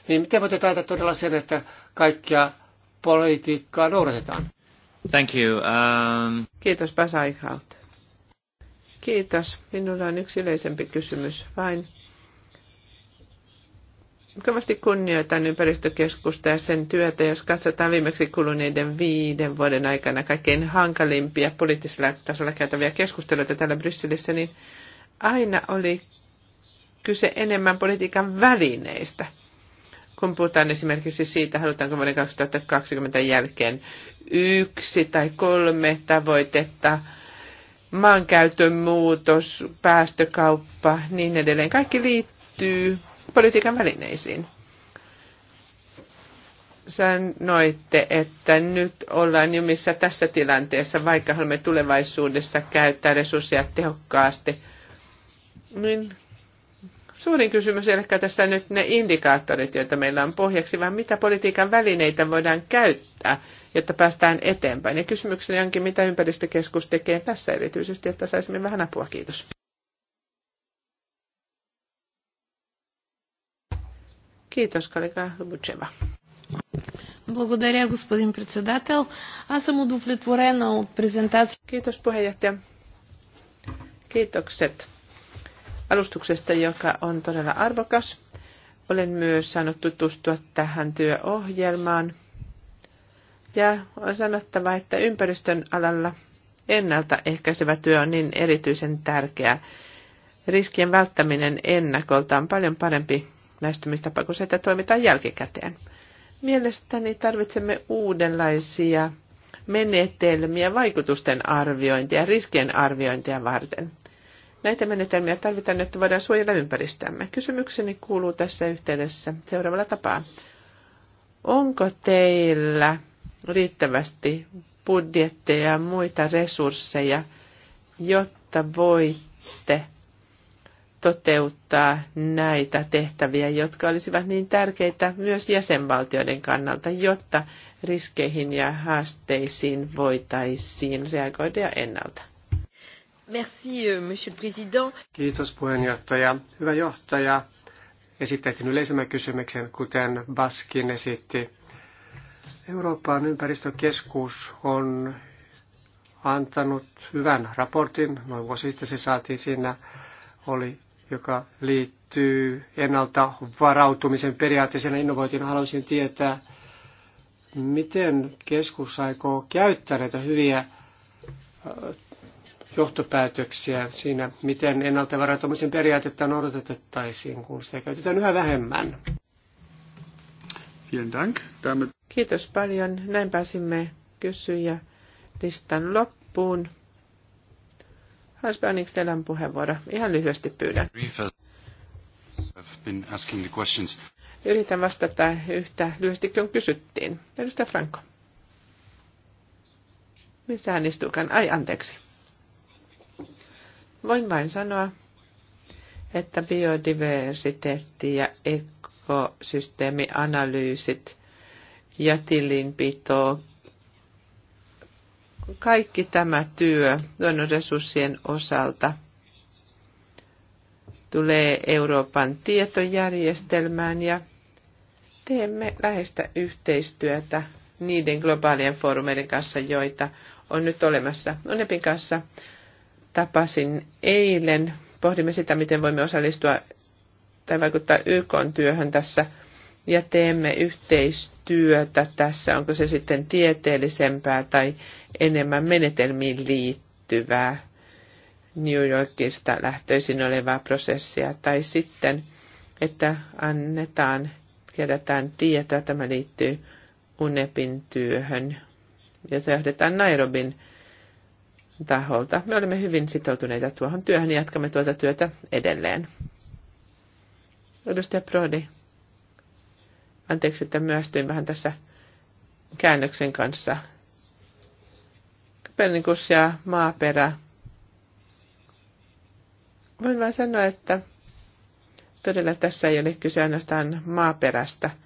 niin miten voitte taita todella sen, että kaikkia politiikkaa noudatetaan? Thank you. Um... Kiitos Basaihalt. Kiitos. Minulla on yksi yleisempi kysymys vain. Kovasti kunnioitan ympäristökeskusta ja sen työtä, jos katsotaan viimeksi kuluneiden viiden vuoden aikana kaikkein hankalimpia poliittisella tasolla käytäviä keskusteluita täällä Brysselissä, niin aina oli kyse enemmän politiikan välineistä – kun puhutaan esimerkiksi siitä, halutaanko vuoden 2020 jälkeen yksi tai kolme tavoitetta, maankäytön muutos, päästökauppa, niin edelleen. Kaikki liittyy politiikan välineisiin. Sanoitte, että nyt ollaan missä tässä tilanteessa, vaikka haluamme tulevaisuudessa käyttää resursseja tehokkaasti. Niin Suurin kysymys ei olekaan tässä nyt ne indikaattorit, joita meillä on pohjaksi, vaan mitä politiikan välineitä voidaan käyttää, jotta päästään eteenpäin. Ja kysymykseni onkin, mitä ympäristökeskus tekee tässä erityisesti, että saisimme vähän apua. Kiitos. Kiitos, kollega Lubutseva. Kiitos, puheenjohtaja. Kiitokset alustuksesta, joka on todella arvokas. Olen myös saanut tutustua tähän työohjelmaan. Ja on sanottava, että ympäristön alalla ennaltaehkäisevä työ on niin erityisen tärkeää. Riskien välttäminen ennakolta on paljon parempi lähestymistapa kuin se, että toimitaan jälkikäteen. Mielestäni tarvitsemme uudenlaisia menetelmiä vaikutusten arviointia, riskien arviointia varten – Näitä menetelmiä tarvitaan, että voidaan suojata ympäristöämme. Kysymykseni kuuluu tässä yhteydessä seuraavalla tapaa. Onko teillä riittävästi budjetteja ja muita resursseja, jotta voitte toteuttaa näitä tehtäviä, jotka olisivat niin tärkeitä myös jäsenvaltioiden kannalta, jotta riskeihin ja haasteisiin voitaisiin reagoida ennalta. Euh, Kiitos puheenjohtaja. Hyvä johtaja. Esittäisin yleisemmän kysymyksen, kuten Baskin esitti. Euroopan ympäristökeskus on antanut hyvän raportin, noin vuosi sitten se saatiin siinä, oli, joka liittyy ennalta varautumisen periaatteeseen innovointiin. Haluaisin tietää, miten keskus aikoo käyttää näitä hyviä äh, johtopäätöksiä siinä, miten ennalta periaatetta noudatettaisiin, kun sitä käytetään yhä vähemmän. Kiitos paljon. Näin pääsimme kysyjä listan loppuun. Hans Bernings, teillä on puheenvuoro. Ihan lyhyesti pyydän. Yritän vastata yhtä lyhyesti kuin kysyttiin. Edustaja Franco. Missä hän istuukaan? Ai, anteeksi. Voin vain sanoa, että biodiversiteetti ja ekosysteemianalyysit ja tilinpito, kaikki tämä työ luonnonresurssien osalta tulee Euroopan tietojärjestelmään ja teemme läheistä yhteistyötä niiden globaalien foorumeiden kanssa, joita on nyt olemassa UNEPin kanssa – tapasin eilen. Pohdimme sitä, miten voimme osallistua tai vaikuttaa YK-työhön tässä ja teemme yhteistyötä tässä, onko se sitten tieteellisempää tai enemmän menetelmiin liittyvää New Yorkista lähtöisin olevaa prosessia, tai sitten, että annetaan, kerätään tietoa, tämä liittyy UNEPin työhön, jota johdetaan Nairobin taholta. Me olemme hyvin sitoutuneita tuohon työhön ja jatkamme tuota työtä edelleen. Edustaja Prodi, anteeksi, että myöstyin vähän tässä käännöksen kanssa. Kopernikus ja maaperä. Voin vain sanoa, että todella tässä ei ole kyse ainoastaan maaperästä –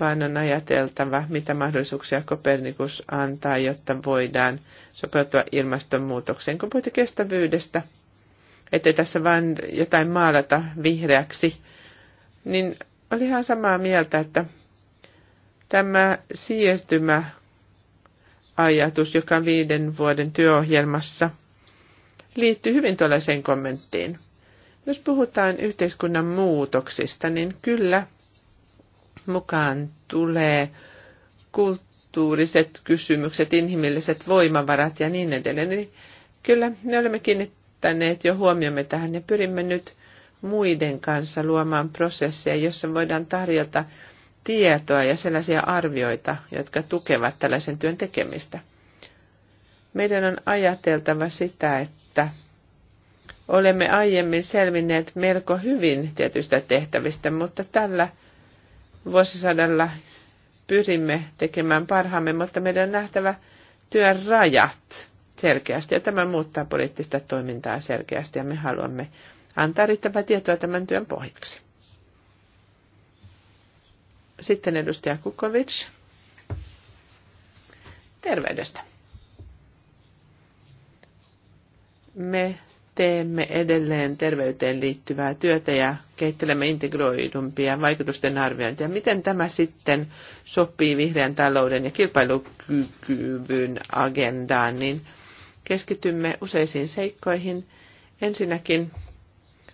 vaan on ajateltava, mitä mahdollisuuksia Kopernikus antaa, jotta voidaan sopeutua ilmastonmuutokseen. Kun puhutaan kestävyydestä, ettei tässä vain jotain maalata vihreäksi, niin oli ihan samaa mieltä, että tämä siirtymä ajatus, joka on viiden vuoden työohjelmassa, liittyy hyvin tuollaiseen kommenttiin. Jos puhutaan yhteiskunnan muutoksista, niin kyllä – mukaan tulee kulttuuriset kysymykset, inhimilliset voimavarat ja niin edelleen. Eli kyllä me olemme kiinnittäneet jo huomiomme tähän ja pyrimme nyt muiden kanssa luomaan prosesseja, jossa voidaan tarjota tietoa ja sellaisia arvioita, jotka tukevat tällaisen työn tekemistä. Meidän on ajateltava sitä, että olemme aiemmin selvinneet melko hyvin tietystä tehtävistä, mutta tällä vuosisadalla pyrimme tekemään parhaamme, mutta meidän on nähtävä työn rajat selkeästi ja tämä muuttaa poliittista toimintaa selkeästi ja me haluamme antaa riittävää tietoa tämän työn pohjaksi. Sitten edustaja Kukovic. Terveydestä. Me teemme edelleen terveyteen liittyvää työtä ja kehittelemme integroidumpia vaikutusten arviointia. Miten tämä sitten sopii vihreän talouden ja kilpailukyvyn agendaan, niin keskitymme useisiin seikkoihin. Ensinnäkin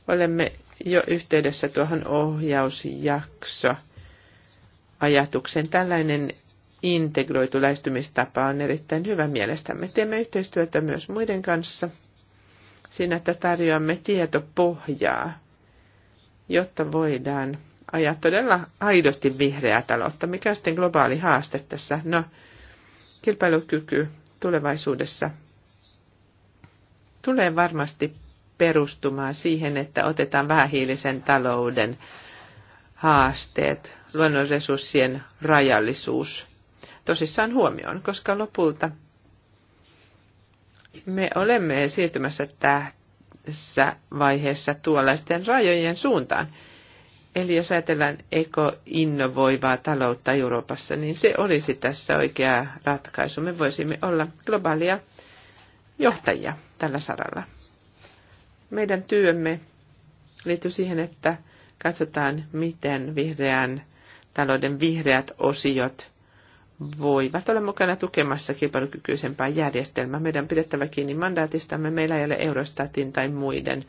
olemme jo yhteydessä tuohon ohjausjakso ajatuksen. Tällainen integroitu lähestymistapa on erittäin hyvä mielestämme. Teemme yhteistyötä myös muiden kanssa – siinä, että tarjoamme tietopohjaa, jotta voidaan ajaa todella aidosti vihreää taloutta. Mikä on sitten globaali haaste tässä? No, kilpailukyky tulevaisuudessa tulee varmasti perustumaan siihen, että otetaan vähähiilisen talouden haasteet, luonnonresurssien rajallisuus tosissaan huomioon, koska lopulta me olemme siirtymässä tässä vaiheessa tuollaisten rajojen suuntaan. Eli jos ajatellaan ekoinnovoivaa taloutta Euroopassa, niin se olisi tässä oikea ratkaisu. Me voisimme olla globaalia johtajia tällä saralla. Meidän työmme liittyy siihen, että katsotaan, miten vihreän talouden vihreät osiot voivat olla mukana tukemassa kilpailukykyisempää järjestelmää. Meidän on pidettävä kiinni mandaatistamme. Meillä ei ole Eurostatin tai muiden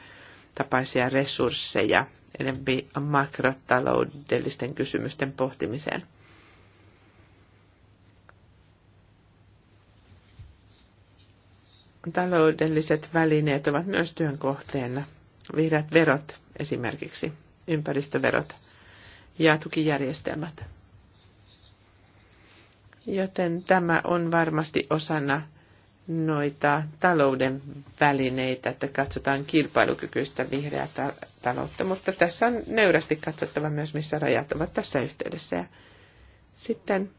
tapaisia resursseja enempi makrotaloudellisten kysymysten pohtimiseen. Taloudelliset välineet ovat myös työn kohteena. Vihreät verot esimerkiksi, ympäristöverot ja tukijärjestelmät. Joten tämä on varmasti osana noita talouden välineitä, että katsotaan kilpailukykyistä vihreää ta- taloutta, mutta tässä on nöyrästi katsottava myös, missä rajat ovat tässä yhteydessä. Ja sitten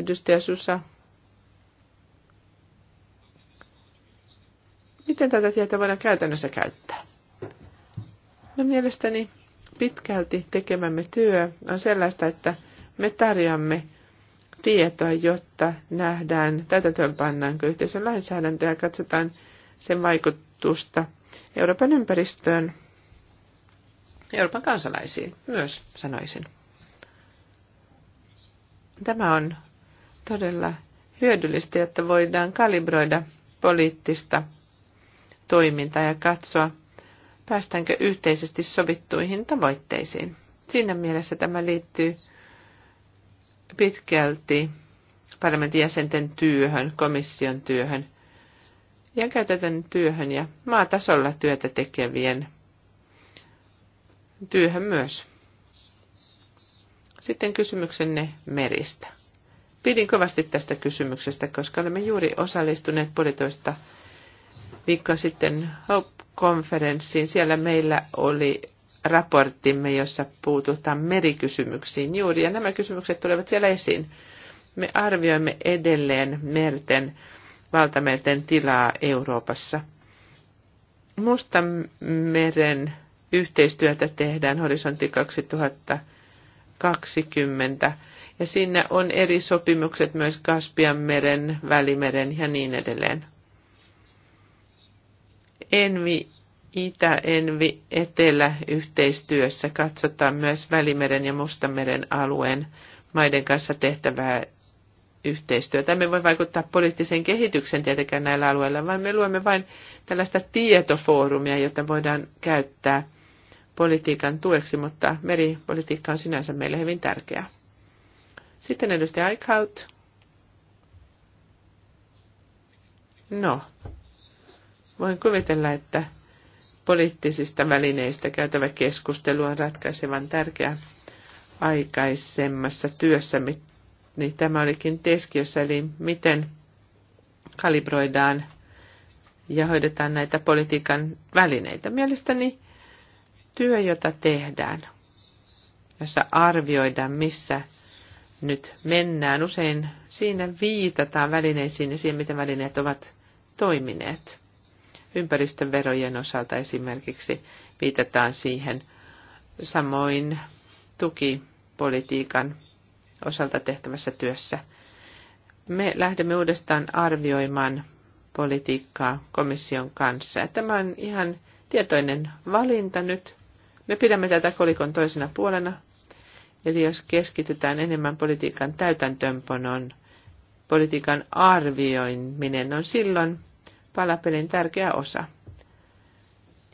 edustaja Susa, miten tätä tietoa voidaan käytännössä käyttää? No mielestäni pitkälti tekemämme työ on sellaista, että – me tarjoamme tietoa, jotta nähdään, tätä täytäntöönpannaanko yhteisön lainsäädäntöä ja katsotaan sen vaikutusta Euroopan ympäristöön, Euroopan kansalaisiin myös, sanoisin. Tämä on todella hyödyllistä, että voidaan kalibroida poliittista toimintaa ja katsoa, päästäänkö yhteisesti sovittuihin tavoitteisiin. Siinä mielessä tämä liittyy pitkälti parlamentin jäsenten työhön, komission työhön ja käytetään työhön ja maatasolla työtä tekevien työhön myös. Sitten kysymyksenne meristä. Pidin kovasti tästä kysymyksestä, koska olemme juuri osallistuneet puolitoista viikkoa sitten Hope-konferenssiin. Siellä meillä oli raporttimme, jossa puututaan merikysymyksiin juuri, ja nämä kysymykset tulevat siellä esiin. Me arvioimme edelleen merten, valtamerten tilaa Euroopassa. meren yhteistyötä tehdään horisontti 2020, ja siinä on eri sopimukset myös Kaspian meren, Välimeren ja niin edelleen. Envi Itä-Envi-Etelä-yhteistyössä katsotaan myös Välimeren ja Mustameren alueen maiden kanssa tehtävää yhteistyötä. Me voi vaikuttaa poliittiseen kehitykseen tietenkään näillä alueilla, vaan me luomme vain tällaista tietofoorumia, jota voidaan käyttää politiikan tueksi, mutta meripolitiikka on sinänsä meille hyvin tärkeää. Sitten edustaja Eichhout. No, voin kuvitella, että poliittisista välineistä käytävä keskustelu on ratkaisevan tärkeä aikaisemmassa työssä, Niin tämä olikin teskiössä, eli miten kalibroidaan ja hoidetaan näitä politiikan välineitä. Mielestäni työ, jota tehdään, jossa arvioidaan, missä nyt mennään. Usein siinä viitataan välineisiin ja siihen, miten välineet ovat toimineet ympäristöverojen osalta esimerkiksi viitataan siihen. Samoin tukipolitiikan osalta tehtävässä työssä. Me lähdemme uudestaan arvioimaan politiikkaa komission kanssa. Tämä on ihan tietoinen valinta nyt. Me pidämme tätä kolikon toisena puolena. Eli jos keskitytään enemmän politiikan täytäntöönpanoon, politiikan arvioiminen on silloin palapelin tärkeä osa.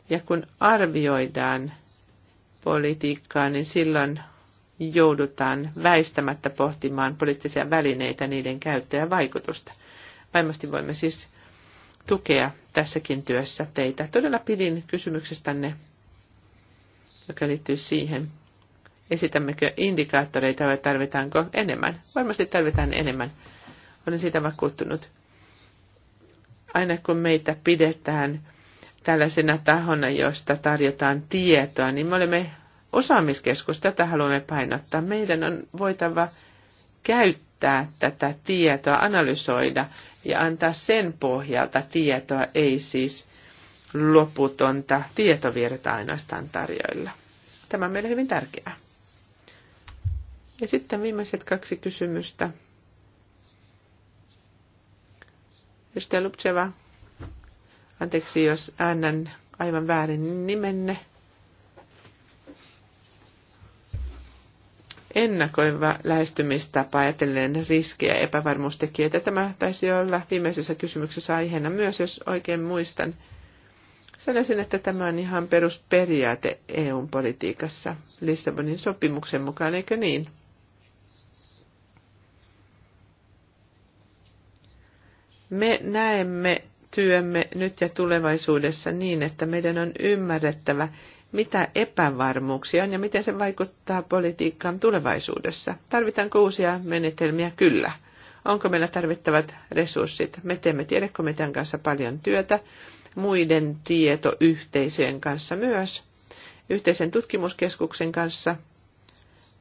Ja kun arvioidaan politiikkaa, niin silloin joudutaan väistämättä pohtimaan poliittisia välineitä, niiden käyttöä ja vaikutusta. Varmasti voimme siis tukea tässäkin työssä teitä. Todella pidin kysymyksestänne, joka liittyy siihen, esitämmekö indikaattoreita vai tarvitaanko enemmän. Varmasti tarvitaan enemmän. Olen siitä vakuuttunut aina kun meitä pidetään tällaisena tahona, josta tarjotaan tietoa, niin me olemme osaamiskeskus, tätä haluamme painottaa. Meidän on voitava käyttää tätä tietoa, analysoida ja antaa sen pohjalta tietoa, ei siis loputonta tietovirta ainoastaan tarjoilla. Tämä on meille hyvin tärkeää. Ja sitten viimeiset kaksi kysymystä Ystävä Lupceva, anteeksi jos annan aivan väärin nimenne. ennakoiva lähestymistapa ajatellen riskejä ja epävarmuustekijöitä. Tämä taisi olla viimeisessä kysymyksessä aiheena myös, jos oikein muistan. Sanoisin, että tämä on ihan perusperiaate eu politiikassa Lissabonin sopimuksen mukaan, eikö niin? Me näemme työmme nyt ja tulevaisuudessa niin, että meidän on ymmärrettävä, mitä epävarmuuksia on ja miten se vaikuttaa politiikkaan tulevaisuudessa. Tarvitaanko uusia menetelmiä? Kyllä. Onko meillä tarvittavat resurssit? Me teemme tiedekomitean kanssa paljon työtä, muiden tietoyhteisöjen kanssa myös, yhteisen tutkimuskeskuksen kanssa.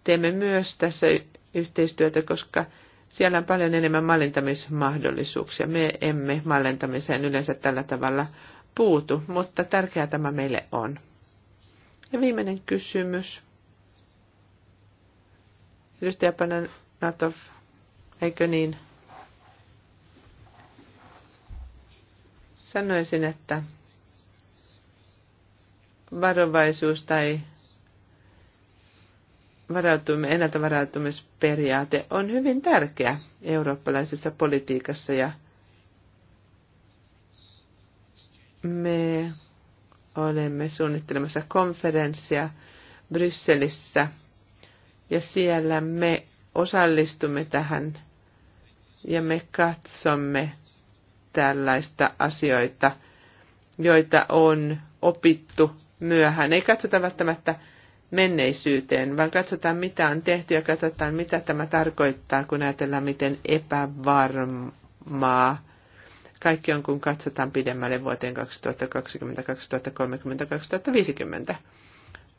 Teemme myös tässä yhteistyötä, koska siellä on paljon enemmän mallintamismahdollisuuksia. Me emme mallintamiseen yleensä tällä tavalla puutu, mutta tärkeää tämä meille on. Ja viimeinen kysymys. Edustaja Pananatov, eikö niin? Sanoisin, että varovaisuus tai varautumme, ennaltavarautumisperiaate on hyvin tärkeä eurooppalaisessa politiikassa ja me olemme suunnittelemassa konferenssia Brysselissä ja siellä me osallistumme tähän ja me katsomme tällaista asioita, joita on opittu myöhään. Ei katsota välttämättä menneisyyteen, vaan katsotaan mitä on tehty ja katsotaan mitä tämä tarkoittaa, kun ajatellaan miten epävarmaa kaikki on, kun katsotaan pidemmälle vuoteen 2020, 2030, 2050.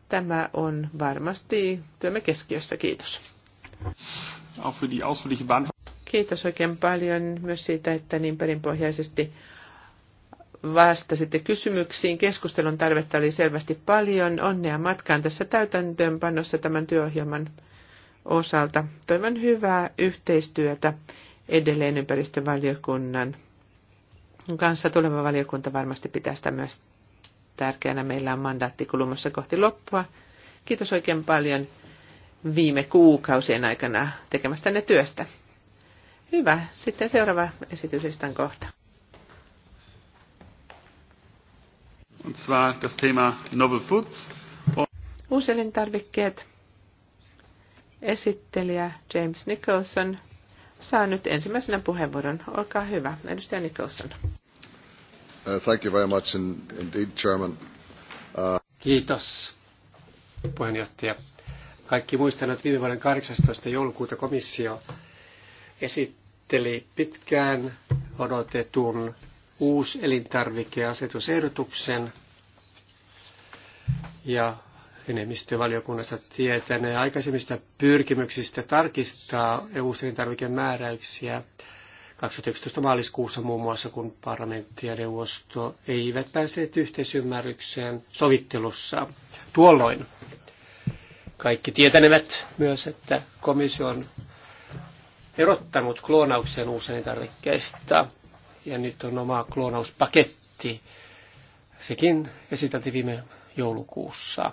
Tämä on varmasti työmme keskiössä. Kiitos. Kiitos oikein paljon myös siitä, että niin perinpohjaisesti vastasitte kysymyksiin. Keskustelun tarvetta oli selvästi paljon. Onnea matkaan tässä täytäntöönpanossa tämän työohjelman osalta. Toivon hyvää yhteistyötä edelleen ympäristövaliokunnan kanssa. Tuleva valiokunta varmasti pitää sitä myös tärkeänä. Meillä on mandaatti kulumassa kohti loppua. Kiitos oikein paljon viime kuukausien aikana tekemästänne työstä. Hyvä. Sitten seuraava esitys kohta. und zwar das Thema Novel Foods. Uuselintarvikkeet. Esittelijä James Nicholson saa nyt ensimmäisenä puheenvuoron. Olkaa hyvä, edustaja Nicholson. Uh, thank you very much indeed, Chairman. Uh... Kiitos, puheenjohtaja. Kaikki muistan, että viime vuoden 18. joulukuuta komissio esitteli pitkään odotetun uusi elintarvikeasetusehdotuksen ja enemmistövaliokunnassa tietäneen aikaisemmista pyrkimyksistä tarkistaa uusi elintarvikemääräyksiä 2011 maaliskuussa muun muassa, kun parlamentti ja neuvosto eivät päässeet yhteisymmärrykseen sovittelussa. Tuolloin kaikki tietänevät myös, että komission erottanut kloonauksen uusien tarvikkeista ja nyt on oma kloonauspaketti. Sekin esiteltiin viime joulukuussa.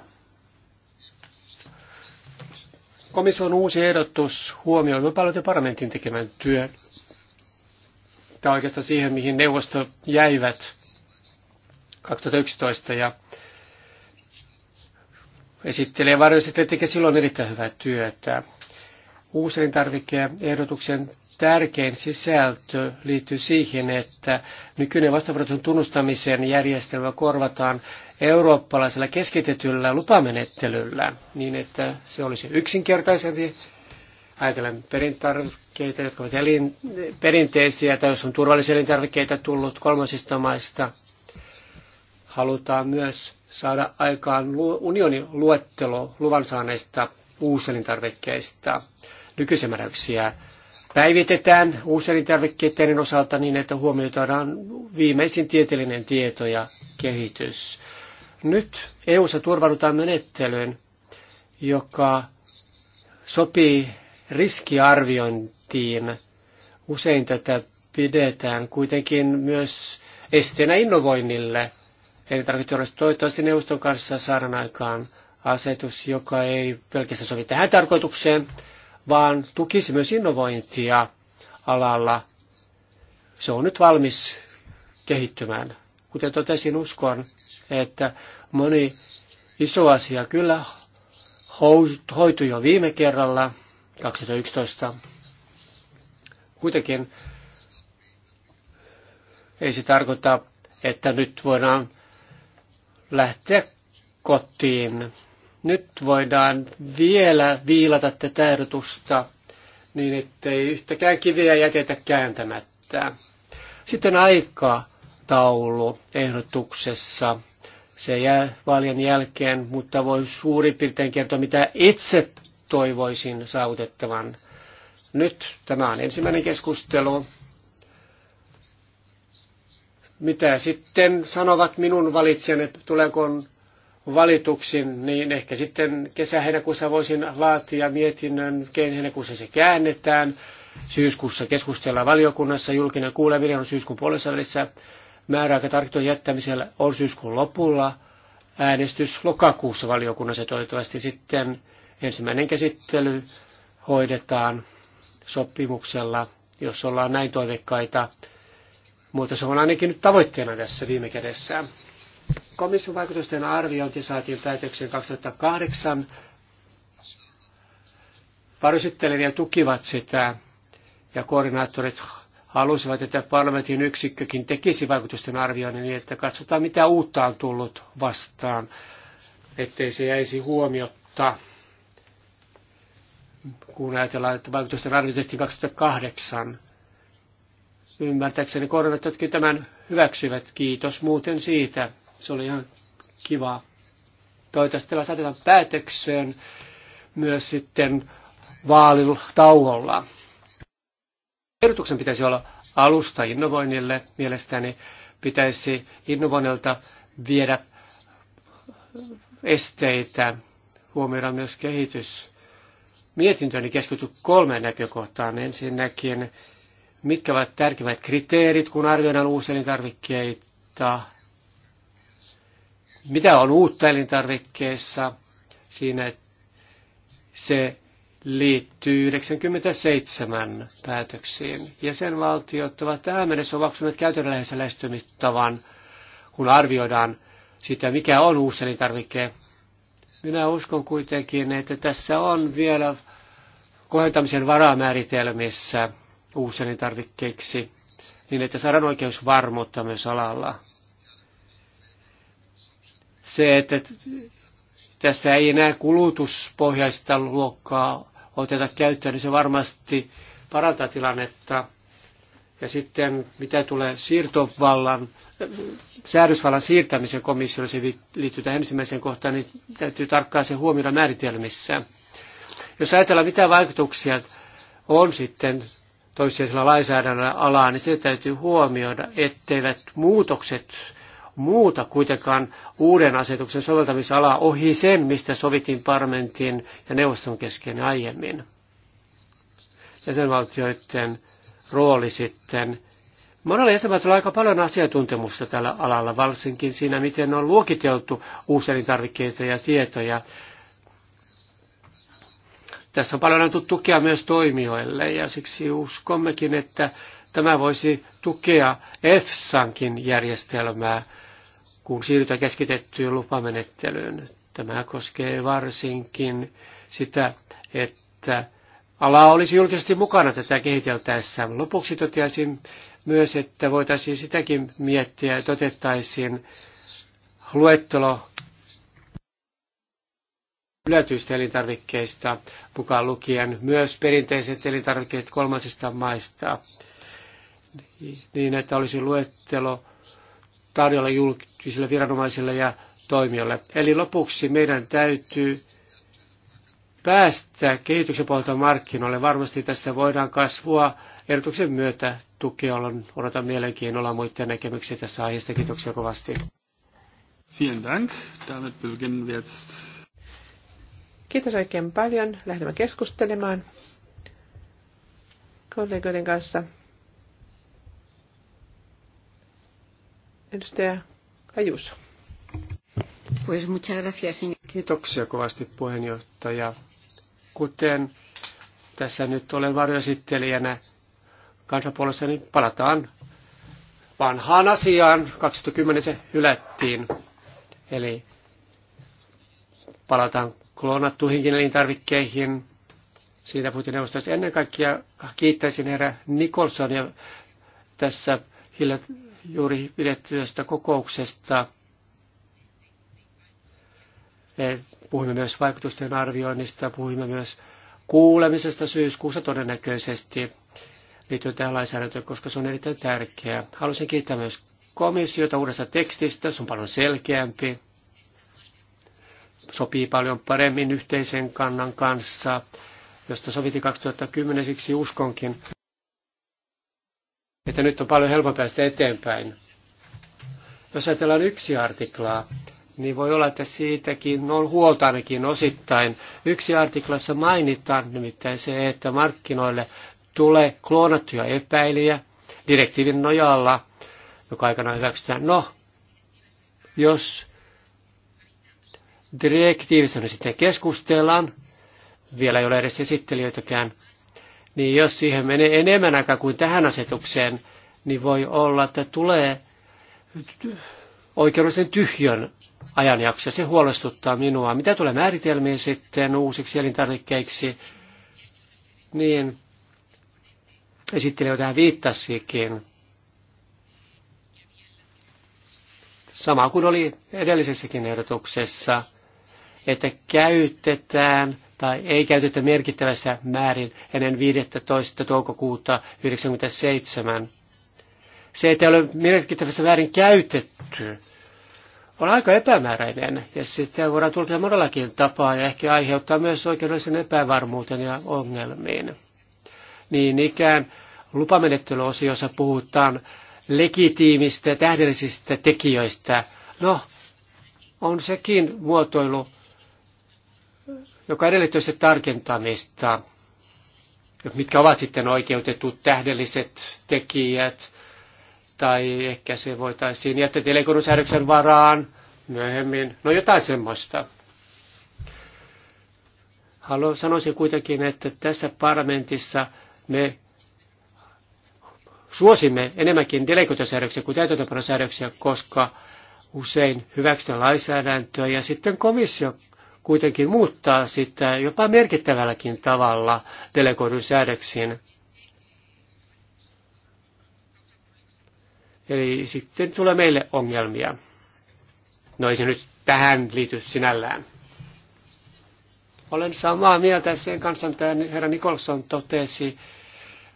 Komission uusi ehdotus huomioi paljon parlamentin tekemän työn. Tämä on oikeastaan siihen, mihin neuvosto jäivät 2011 ja esittelee varjoisesti, että tekee silloin erittäin hyvää työtä. Uusien tarvikkeen ehdotuksen tärkein sisältö liittyy siihen, että nykyinen vastavuoroisen tunnustamisen järjestelmä korvataan eurooppalaisella keskitetyllä lupamenettelyllä niin, että se olisi yksinkertaisempi. Ajatellaan perintarvikkeita, jotka ovat elin, perinteisiä, tai jos on turvallisia elintarvikkeita tullut kolmansista maista, halutaan myös saada aikaan unionin luettelo luvan saaneista uuselintarvikkeista. Nykyisemmäräyksiä päivitetään uuselintarvikkeiden osalta niin, että huomioidaan viimeisin tieteellinen tieto ja kehitys. Nyt EU-ssa turvaudutaan menettelyyn, joka sopii riskiarviointiin. Usein tätä pidetään kuitenkin myös esteenä innovoinnille. Eli tarkoitus toivottavasti neuvoston kanssa saadaan aikaan asetus, joka ei pelkästään sovi tähän tarkoitukseen, vaan tukisi myös innovointia alalla. Se on nyt valmis kehittymään. Kuten totesin, uskon, että moni iso asia kyllä hoitui jo viime kerralla 2011. Kuitenkin ei se tarkoita, että nyt voidaan lähteä kotiin nyt voidaan vielä viilata tätä ehdotusta niin, ettei yhtäkään kiveä jätetä kääntämättä. Sitten aikataulu ehdotuksessa. Se jää vaalien jälkeen, mutta voin suurin piirtein kertoa, mitä itse toivoisin saavutettavan. Nyt tämä on ensimmäinen keskustelu. Mitä sitten sanovat minun valitsijani, tuleeko valituksin, niin ehkä sitten kesä-heinäkuussa voisin laatia mietinnön, heinäkuussa se käännetään. Syyskuussa keskustellaan valiokunnassa, julkinen kuuleminen on syyskuun puolessa välissä, määräaika tarkiton jättämisellä on syyskuun lopulla, äänestys lokakuussa valiokunnassa toivottavasti sitten ensimmäinen käsittely hoidetaan sopimuksella, jos ollaan näin toiveikkaita. Mutta se on ainakin nyt tavoitteena tässä viime kädessä. Komission vaikutusten arviointi saatiin päätökseen 2008. Varosyttelijät tukivat sitä ja koordinaattorit halusivat, että parlamentin yksikkökin tekisi vaikutusten arvioinnin niin, että katsotaan mitä uutta on tullut vastaan, ettei se jäisi huomiotta, kun ajatellaan, että vaikutusten arviointi tehtiin 2008. Ymmärtääkseni koordinaattoritkin tämän hyväksyvät. Kiitos muuten siitä. Se oli ihan kiva. Toivottavasti tällä saatetaan päätökseen myös sitten vaalitauolla. Ehdotuksen pitäisi olla alusta innovoinnille. Mielestäni pitäisi innovoinnilta viedä esteitä, huomioida myös kehitys. Mietintöni keskityt kolmeen näkökohtaan. Ensinnäkin, mitkä ovat tärkeimmät kriteerit, kun arvioidaan uusia tarvikkeita mitä on uutta elintarvikkeessa. Siinä se liittyy 97 päätöksiin. Jäsenvaltiot ovat tähän mennessä omaksuneet käytännöllisen lähestymistavan, kun arvioidaan sitä, mikä on uusi elintarvike. Minä uskon kuitenkin, että tässä on vielä kohentamisen varaa määritelmissä uusi elintarvikkeiksi, niin että saadaan oikeusvarmuutta myös alalla se, että tässä ei enää kulutuspohjaista luokkaa oteta käyttöön, niin se varmasti parantaa tilannetta. Ja sitten mitä tulee siirtovallan, säädösvallan siirtämisen komissiolle, se liittyy tähän ensimmäiseen kohtaan, niin täytyy tarkkaan se huomioida määritelmissä. Jos ajatellaan, mitä vaikutuksia on sitten toissijaisella lainsäädännöllä alaa, niin se täytyy huomioida, etteivät muutokset muuta kuitenkaan uuden asetuksen soveltamisalaa ohi sen, mistä sovittiin parlamentin ja neuvoston kesken aiemmin. Jäsenvaltioiden rooli sitten. Monella jäsenvaltiolla on aika paljon asiantuntemusta tällä alalla, varsinkin siinä, miten on luokiteltu uusia tarvikkeita ja tietoja. Tässä on paljon annettu tukea myös toimijoille ja siksi uskommekin, että Tämä voisi tukea EFSAnkin järjestelmää, kun siirrytään keskitettyyn lupamenettelyyn. Tämä koskee varsinkin sitä, että ala olisi julkisesti mukana tätä kehiteltäessä. Lopuksi toteaisin myös, että voitaisiin sitäkin miettiä, ja totettaisiin luettelo ylätyistä elintarvikkeista, mukaan lukien myös perinteiset elintarvikkeet kolmansista maista niin, että olisi luettelo tarjolla julkisille viranomaisille ja toimijoille. Eli lopuksi meidän täytyy päästä kehityksen pohjalta markkinoille. Varmasti tässä voidaan kasvua ehdotuksen myötä tukea. Olen, odotan mielenkiinnolla muiden näkemyksiä tässä aiheesta. Kiitoksia kovasti. Vielen Dank. Damit beginnen wir jetzt. Kiitos oikein paljon. Lähdemme keskustelemaan kollegoiden kanssa. Edustaja Ajus. Pues muchas gracias. Kiitoksia kovasti puheenjohtaja. Kuten tässä nyt olen varjoesittelijänä kansanpuolessa, niin palataan vanhaan asiaan. 2010 se hylättiin. Eli palataan kloonattuihinkin elintarvikkeihin. Siitä puhuttiin neuvostossa. Ennen kaikkea kiittäisin herra Nikolsonia tässä juuri pidettyästä kokouksesta. Me puhuimme myös vaikutusten arvioinnista, puhuimme myös kuulemisesta syyskuussa todennäköisesti liittyen tähän lainsäädäntöön, koska se on erittäin tärkeää. Haluaisin kiittää myös komissiota uudesta tekstistä, se on paljon selkeämpi, sopii paljon paremmin yhteisen kannan kanssa, josta sovittiin 2010, siksi uskonkin, että nyt on paljon helpompi päästä eteenpäin. Jos ajatellaan yksi artiklaa, niin voi olla, että siitäkin on huolta ainakin osittain. Yksi artiklassa mainitaan nimittäin se, että markkinoille tulee kloonattuja epäilyjä direktiivin nojalla, joka aikana hyväksytään. No, jos direktiivissä sitten keskustellaan, vielä ei ole edes esittelijöitäkään, niin jos siihen menee enemmän aikaa kuin tähän asetukseen, niin voi olla, että tulee oikeudellisen tyhjön ajanjakso. Se huolestuttaa minua. Mitä tulee määritelmiin sitten uusiksi elintarvikkeiksi, niin esittelijä tähän viittasikin. Sama kuin oli edellisessäkin ehdotuksessa että käytetään tai ei käytetä merkittävässä määrin ennen 15. toukokuuta 1997. Se, että ei ole merkittävässä määrin käytetty, on aika epämääräinen ja sitä voidaan tulkita monellakin tapaa ja ehkä aiheuttaa myös oikeudellisen epävarmuuden ja ongelmiin. Niin ikään lupamenettelyosiossa puhutaan legitiimistä ja tähdellisistä tekijöistä. No, on sekin muotoilu, joka edellyttäisi tarkentamista, mitkä ovat sitten oikeutetut tähdelliset tekijät, tai ehkä se voitaisiin jättää telekonosäädöksen varaan myöhemmin, no jotain semmoista. Haluan, sanoisin kuitenkin, että tässä parlamentissa me suosimme enemmänkin delegoitosäädöksiä kuin täytäntöpanosäädöksiä, koska usein hyväksytään lainsäädäntöä ja sitten komissio kuitenkin muuttaa sitä jopa merkittävälläkin tavalla delegoidun säädöksiin. Eli sitten tulee meille ongelmia. No ei se nyt tähän liity sinällään. Olen samaa mieltä sen kanssa, mitä herra Nikolson totesi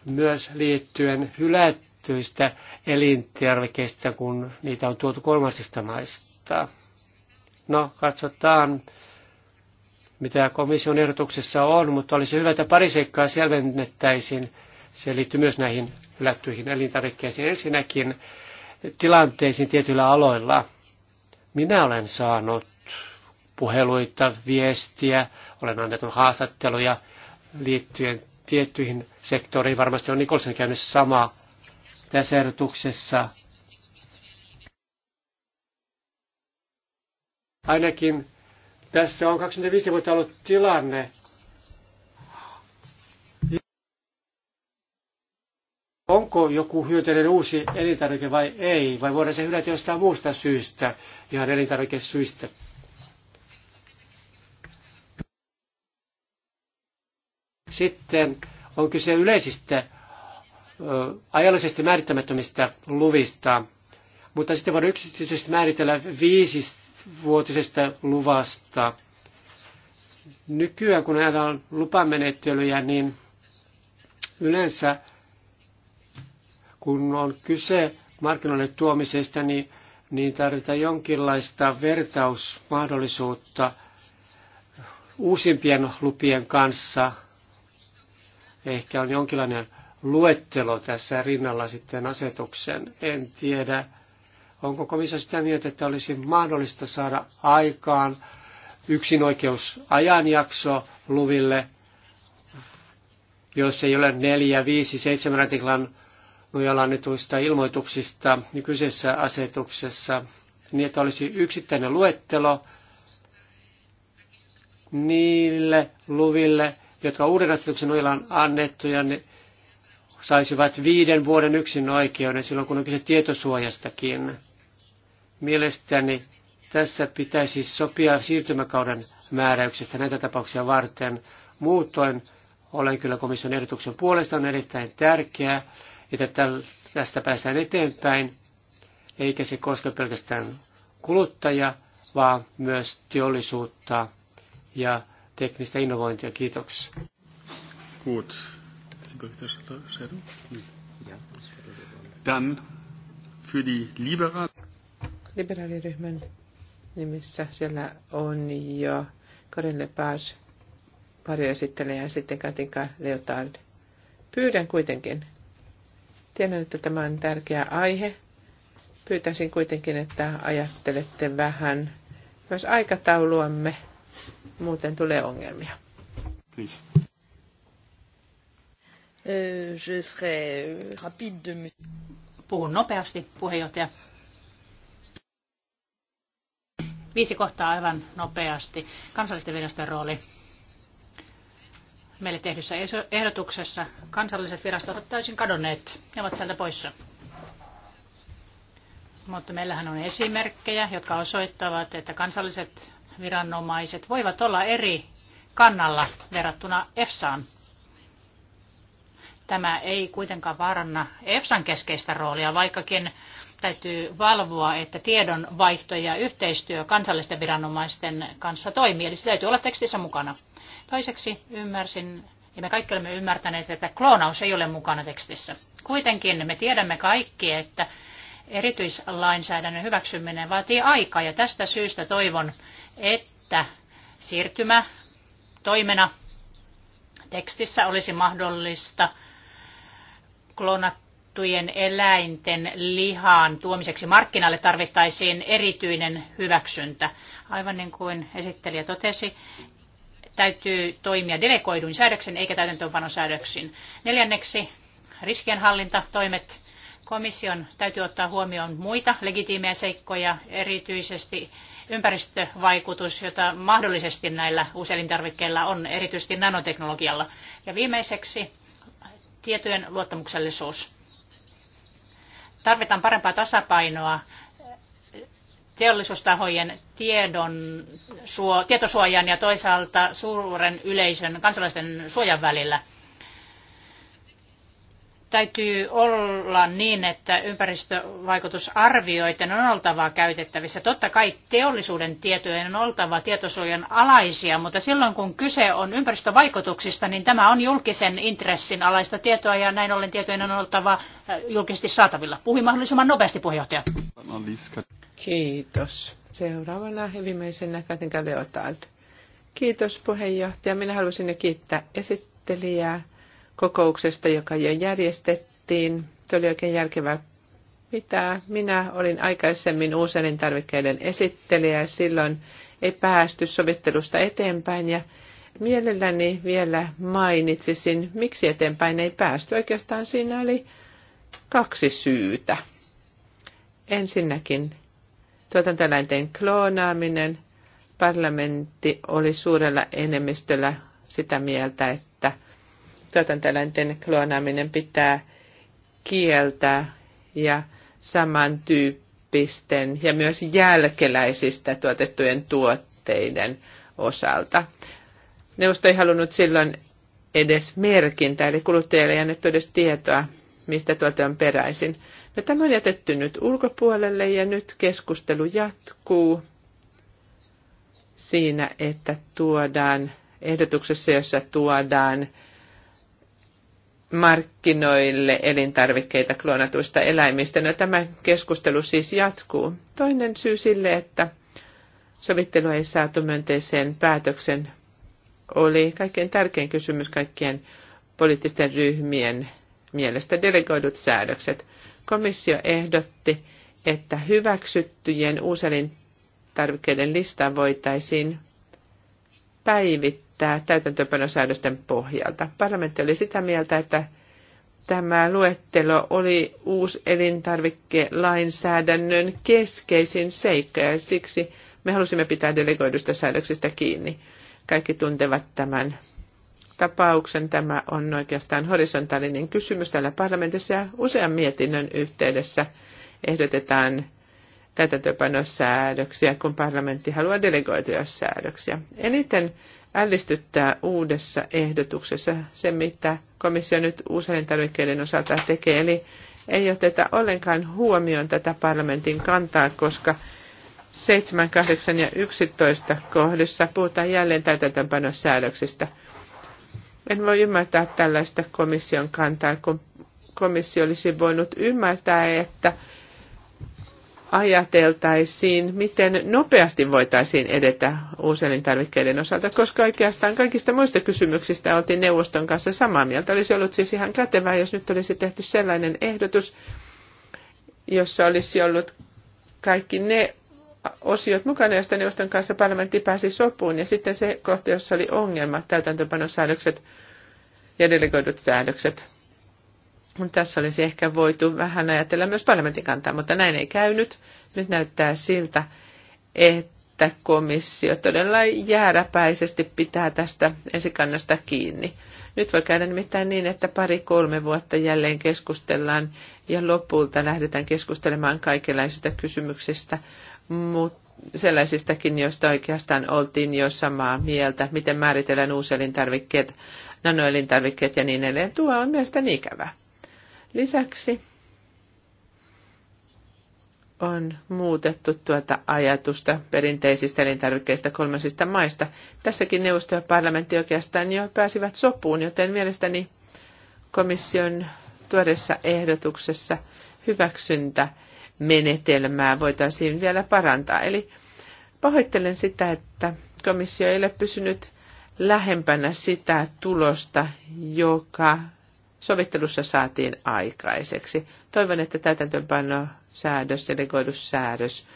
myös liittyen hylättyistä elintarvikeista, kun niitä on tuotu kolmasista maista. No, katsotaan, mitä komission ehdotuksessa on, mutta olisi hyvä, että pari seikkaa selvennettäisiin. Se liittyy myös näihin hylättyihin elintarvikkeisiin. Ensinnäkin tilanteisiin tietyillä aloilla. Minä olen saanut puheluita, viestiä, olen antanut haastatteluja liittyen tiettyihin sektoriin. Varmasti on Nikolsen käynyt sama tässä ehdotuksessa. Ainakin tässä on 25 vuotta ollut tilanne. Onko joku hyötyinen uusi elintarvike vai ei, vai voidaan se hylätä jostain muusta syystä, ihan elintarvikesyistä Sitten on kyse yleisistä ajallisesti määrittämättömistä luvista, mutta sitten voidaan yksityisesti määritellä viisi kaksivuotisesta luvasta. Nykyään kun ajatellaan lupamenettelyjä, niin yleensä kun on kyse markkinoille tuomisesta, niin, niin tarvitaan jonkinlaista vertausmahdollisuutta uusimpien lupien kanssa. Ehkä on jonkinlainen luettelo tässä rinnalla sitten asetuksen. En tiedä, Onko komissio sitä mieltä, että olisi mahdollista saada aikaan yksinoikeusajanjakso luville, jos ei ole neljä, viisi, seitsemän artiklan nojalla annetuista ilmoituksista nykyisessä asetuksessa, niin että olisi yksittäinen luettelo niille luville, jotka uuden asetuksen nojalla on annettu, ja ne saisivat viiden vuoden yksin oikeuden silloin, kun on kyse tietosuojastakin. Mielestäni tässä pitäisi sopia siirtymäkauden määräyksestä näitä tapauksia varten. Muutoin olen kyllä komission ehdotuksen puolesta on erittäin tärkeää, että tästä päästään eteenpäin, eikä se koske pelkästään kuluttaja, vaan myös teollisuutta ja teknistä innovointia. Kiitoksia. Gut. Dann für die Liberalen liberaaliryhmän nimissä. Siellä on jo Karin Lepas, pari esittelijää ja sitten Katinka Leotard. Pyydän kuitenkin. Tiedän, että tämä on tärkeä aihe. Pyytäisin kuitenkin, että ajattelette vähän myös aikatauluamme. Muuten tulee ongelmia. Please. Euh, je serai rapide de... Puhun nopeasti, puheenjohtaja. Viisi kohtaa aivan nopeasti. Kansallisten virastojen rooli. Meille tehdyssä ehdotuksessa kansalliset virastot ovat täysin kadonneet. Ne ovat sieltä poissa. Mutta meillähän on esimerkkejä, jotka osoittavat, että kansalliset viranomaiset voivat olla eri kannalla verrattuna EFSAan. Tämä ei kuitenkaan vaaranna EFSAn keskeistä roolia, vaikkakin täytyy valvoa, että tiedonvaihto ja yhteistyö kansallisten viranomaisten kanssa toimii. Eli se täytyy olla tekstissä mukana. Toiseksi ymmärsin, ja me kaikki olemme ymmärtäneet, että kloonaus ei ole mukana tekstissä. Kuitenkin me tiedämme kaikki, että erityislainsäädännön hyväksyminen vaatii aikaa, ja tästä syystä toivon, että siirtymä toimena tekstissä olisi mahdollista kloonata klonattujen eläinten lihan tuomiseksi markkinalle tarvittaisiin erityinen hyväksyntä. Aivan niin kuin esittelijä totesi, täytyy toimia delegoidun säädöksen eikä täytäntöönpanosäädöksin. Neljänneksi riskienhallintatoimet. Komission täytyy ottaa huomioon muita legitiimejä seikkoja, erityisesti ympäristövaikutus, jota mahdollisesti näillä uuselintarvikkeilla on, erityisesti nanoteknologialla. Ja viimeiseksi tietojen luottamuksellisuus. Tarvitaan parempaa tasapainoa teollisuustahojen tiedon, suo, tietosuojan ja toisaalta suuren yleisön kansalaisten suojan välillä – täytyy olla niin, että ympäristövaikutusarvioiden on oltava käytettävissä. Totta kai teollisuuden tietojen on oltava tietosuojan alaisia, mutta silloin kun kyse on ympäristövaikutuksista, niin tämä on julkisen intressin alaista tietoa ja näin ollen tietojen on oltava äh, julkisesti saatavilla. Puhui mahdollisimman nopeasti puheenjohtaja. Kiitos. Seuraavana viimeisenä Katinka Leotard. Kiitos puheenjohtaja. Minä haluaisin jo kiittää esittelijää kokouksesta, joka jo järjestettiin. Se oli oikein järkevää pitää. Minä olin aikaisemmin uusien tarvikkeiden esittelijä ja silloin ei päästy sovittelusta eteenpäin ja mielelläni vielä mainitsisin, miksi eteenpäin ei päästy. Oikeastaan siinä oli kaksi syytä. Ensinnäkin tuotantoeläinten kloonaaminen. Parlamentti oli suurella enemmistöllä sitä mieltä, että tuotantoeläinten kloonaaminen pitää kieltää ja samantyyppisten ja myös jälkeläisistä tuotettujen tuotteiden osalta. Neuvosto ei halunnut silloin edes merkintä, eli kuluttajille ei annettu edes tietoa, mistä tuote on peräisin. No, tämä on jätetty nyt ulkopuolelle ja nyt keskustelu jatkuu siinä, että tuodaan ehdotuksessa, jossa tuodaan markkinoille elintarvikkeita kloonatuista eläimistä. No, tämä keskustelu siis jatkuu. Toinen syy sille, että sovittelu ei saatu myönteiseen päätöksen, oli kaikkein tärkein kysymys kaikkien poliittisten ryhmien mielestä delegoidut säädökset. Komissio ehdotti, että hyväksyttyjen uuselintarvikkeiden lista voitaisiin päivittää päättää täytäntöpanosäädösten pohjalta. Parlamentti oli sitä mieltä, että tämä luettelo oli uusi elintarvikkelainsäädännön keskeisin seikka ja siksi me halusimme pitää delegoidusta säädöksistä kiinni. Kaikki tuntevat tämän tapauksen. Tämä on oikeastaan horisontaalinen kysymys täällä parlamentissa ja usean mietinnön yhteydessä ehdotetaan täytäntöpanosäädöksiä, kun parlamentti haluaa delegoituja säädöksiä. Eniten ällistyttää uudessa ehdotuksessa se, mitä komissio nyt uusien tarvikkeiden osalta tekee. Eli ei oteta ollenkaan huomioon tätä parlamentin kantaa, koska 7, 8 ja 11 kohdissa puhutaan jälleen täytäntöönpanosäädöksistä. En voi ymmärtää tällaista komission kantaa, kun komissio olisi voinut ymmärtää, että ajateltaisiin, miten nopeasti voitaisiin edetä uuselintarvikkeiden osalta, koska oikeastaan kaikista muista kysymyksistä oltiin neuvoston kanssa samaa mieltä. Olisi ollut siis ihan kätevää, jos nyt olisi tehty sellainen ehdotus, jossa olisi ollut kaikki ne osiot mukana, josta neuvoston kanssa parlamentti pääsi sopuun, ja sitten se kohta, jossa oli ongelma, täytäntöpanosäädökset ja delegoidut säädökset mutta Tässä olisi ehkä voitu vähän ajatella myös parlamentin kantaa, mutta näin ei käynyt. Nyt näyttää siltä, että komissio todella jääräpäisesti pitää tästä ensikannasta kiinni. Nyt voi käydä nimittäin niin, että pari-kolme vuotta jälleen keskustellaan ja lopulta lähdetään keskustelemaan kaikenlaisista kysymyksistä, mutta sellaisistakin, joista oikeastaan oltiin jo samaa mieltä, miten määritellään uuselintarvikkeet, nanoelintarvikkeet ja niin edelleen. Tuo on mielestäni ikävää. Lisäksi on muutettu tuota ajatusta perinteisistä elintarvikkeista kolmansista maista. Tässäkin neuvosto ja parlamentti oikeastaan jo pääsivät sopuun, joten mielestäni komission tuoreessa ehdotuksessa hyväksyntä menetelmää voitaisiin vielä parantaa. Eli pahoittelen sitä, että komissio ei ole pysynyt lähempänä sitä tulosta, joka sovittelussa saatiin aikaiseksi. Toivon, että täytäntöönpano säädös, delegoidus säädös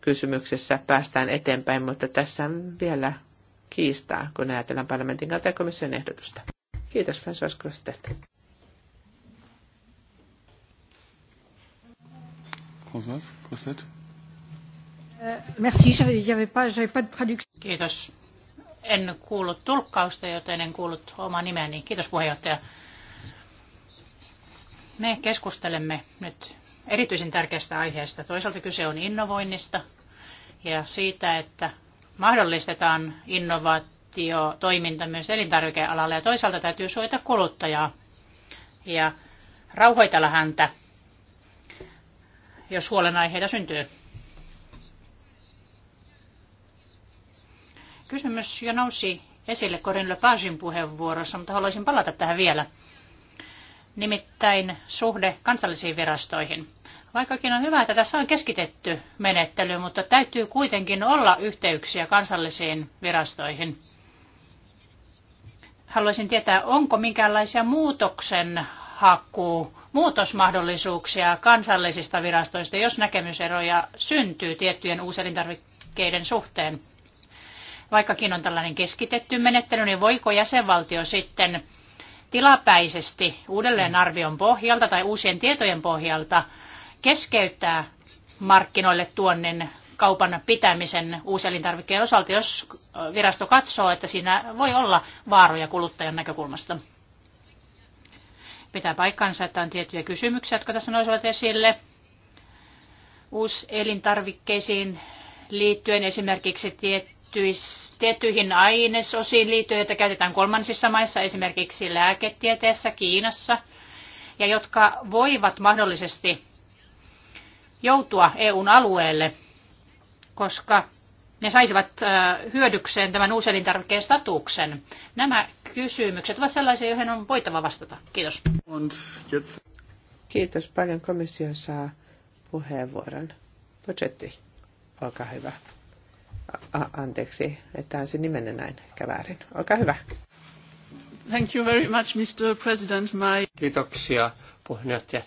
kysymyksessä päästään eteenpäin, mutta tässä on vielä kiistaa, kun ajatellaan parlamentin kautta ja komission ehdotusta. Kiitos, François Grostet. Euh, merci, de traduction. Kiitos. En kuullut tulkkausta, joten en kuullut omaa nimeäni. Kiitos puheenjohtaja. Me keskustelemme nyt erityisen tärkeästä aiheesta. Toisaalta kyse on innovoinnista ja siitä, että mahdollistetaan innovaatiotoiminta myös elintarvikealalla ja toisaalta täytyy suojata kuluttajaa ja rauhoitella häntä, jos huolenaiheita syntyy. Kysymys jo nousi esille Corinne Lepagin puheenvuorossa, mutta haluaisin palata tähän vielä nimittäin suhde kansallisiin virastoihin. Vaikkakin on hyvä, että tässä on keskitetty menettely, mutta täytyy kuitenkin olla yhteyksiä kansallisiin virastoihin. Haluaisin tietää, onko minkäänlaisia muutoksen haku, muutosmahdollisuuksia kansallisista virastoista, jos näkemyseroja syntyy tiettyjen uuselintarvikkeiden suhteen. Vaikkakin on tällainen keskitetty menettely, niin voiko jäsenvaltio sitten tilapäisesti arvion pohjalta tai uusien tietojen pohjalta keskeyttää markkinoille tuonnin kaupan pitämisen uuselintarvikkeen osalta, jos virasto katsoo, että siinä voi olla vaaroja kuluttajan näkökulmasta. Pitää paikkansa, että on tiettyjä kysymyksiä, jotka tässä nousevat esille. Uuselintarvikkeisiin liittyen esimerkiksi tiet tiettyihin ainesosiin liittyen, joita käytetään kolmansissa maissa, esimerkiksi lääketieteessä Kiinassa, ja jotka voivat mahdollisesti joutua EUn alueelle, koska ne saisivat hyödykseen tämän uuselintarvikkeen statuksen. Nämä kysymykset ovat sellaisia, joihin on voitava vastata. Kiitos. Kiitos paljon. Komissio saa puheenvuoron. Budjetti, olkaa hyvä. A, anteeksi, että hän sen nimenne näin käväärin. Olkaa hyvä. Thank you very much, Mr. President. My... Kiitoksia, puheenjohtaja.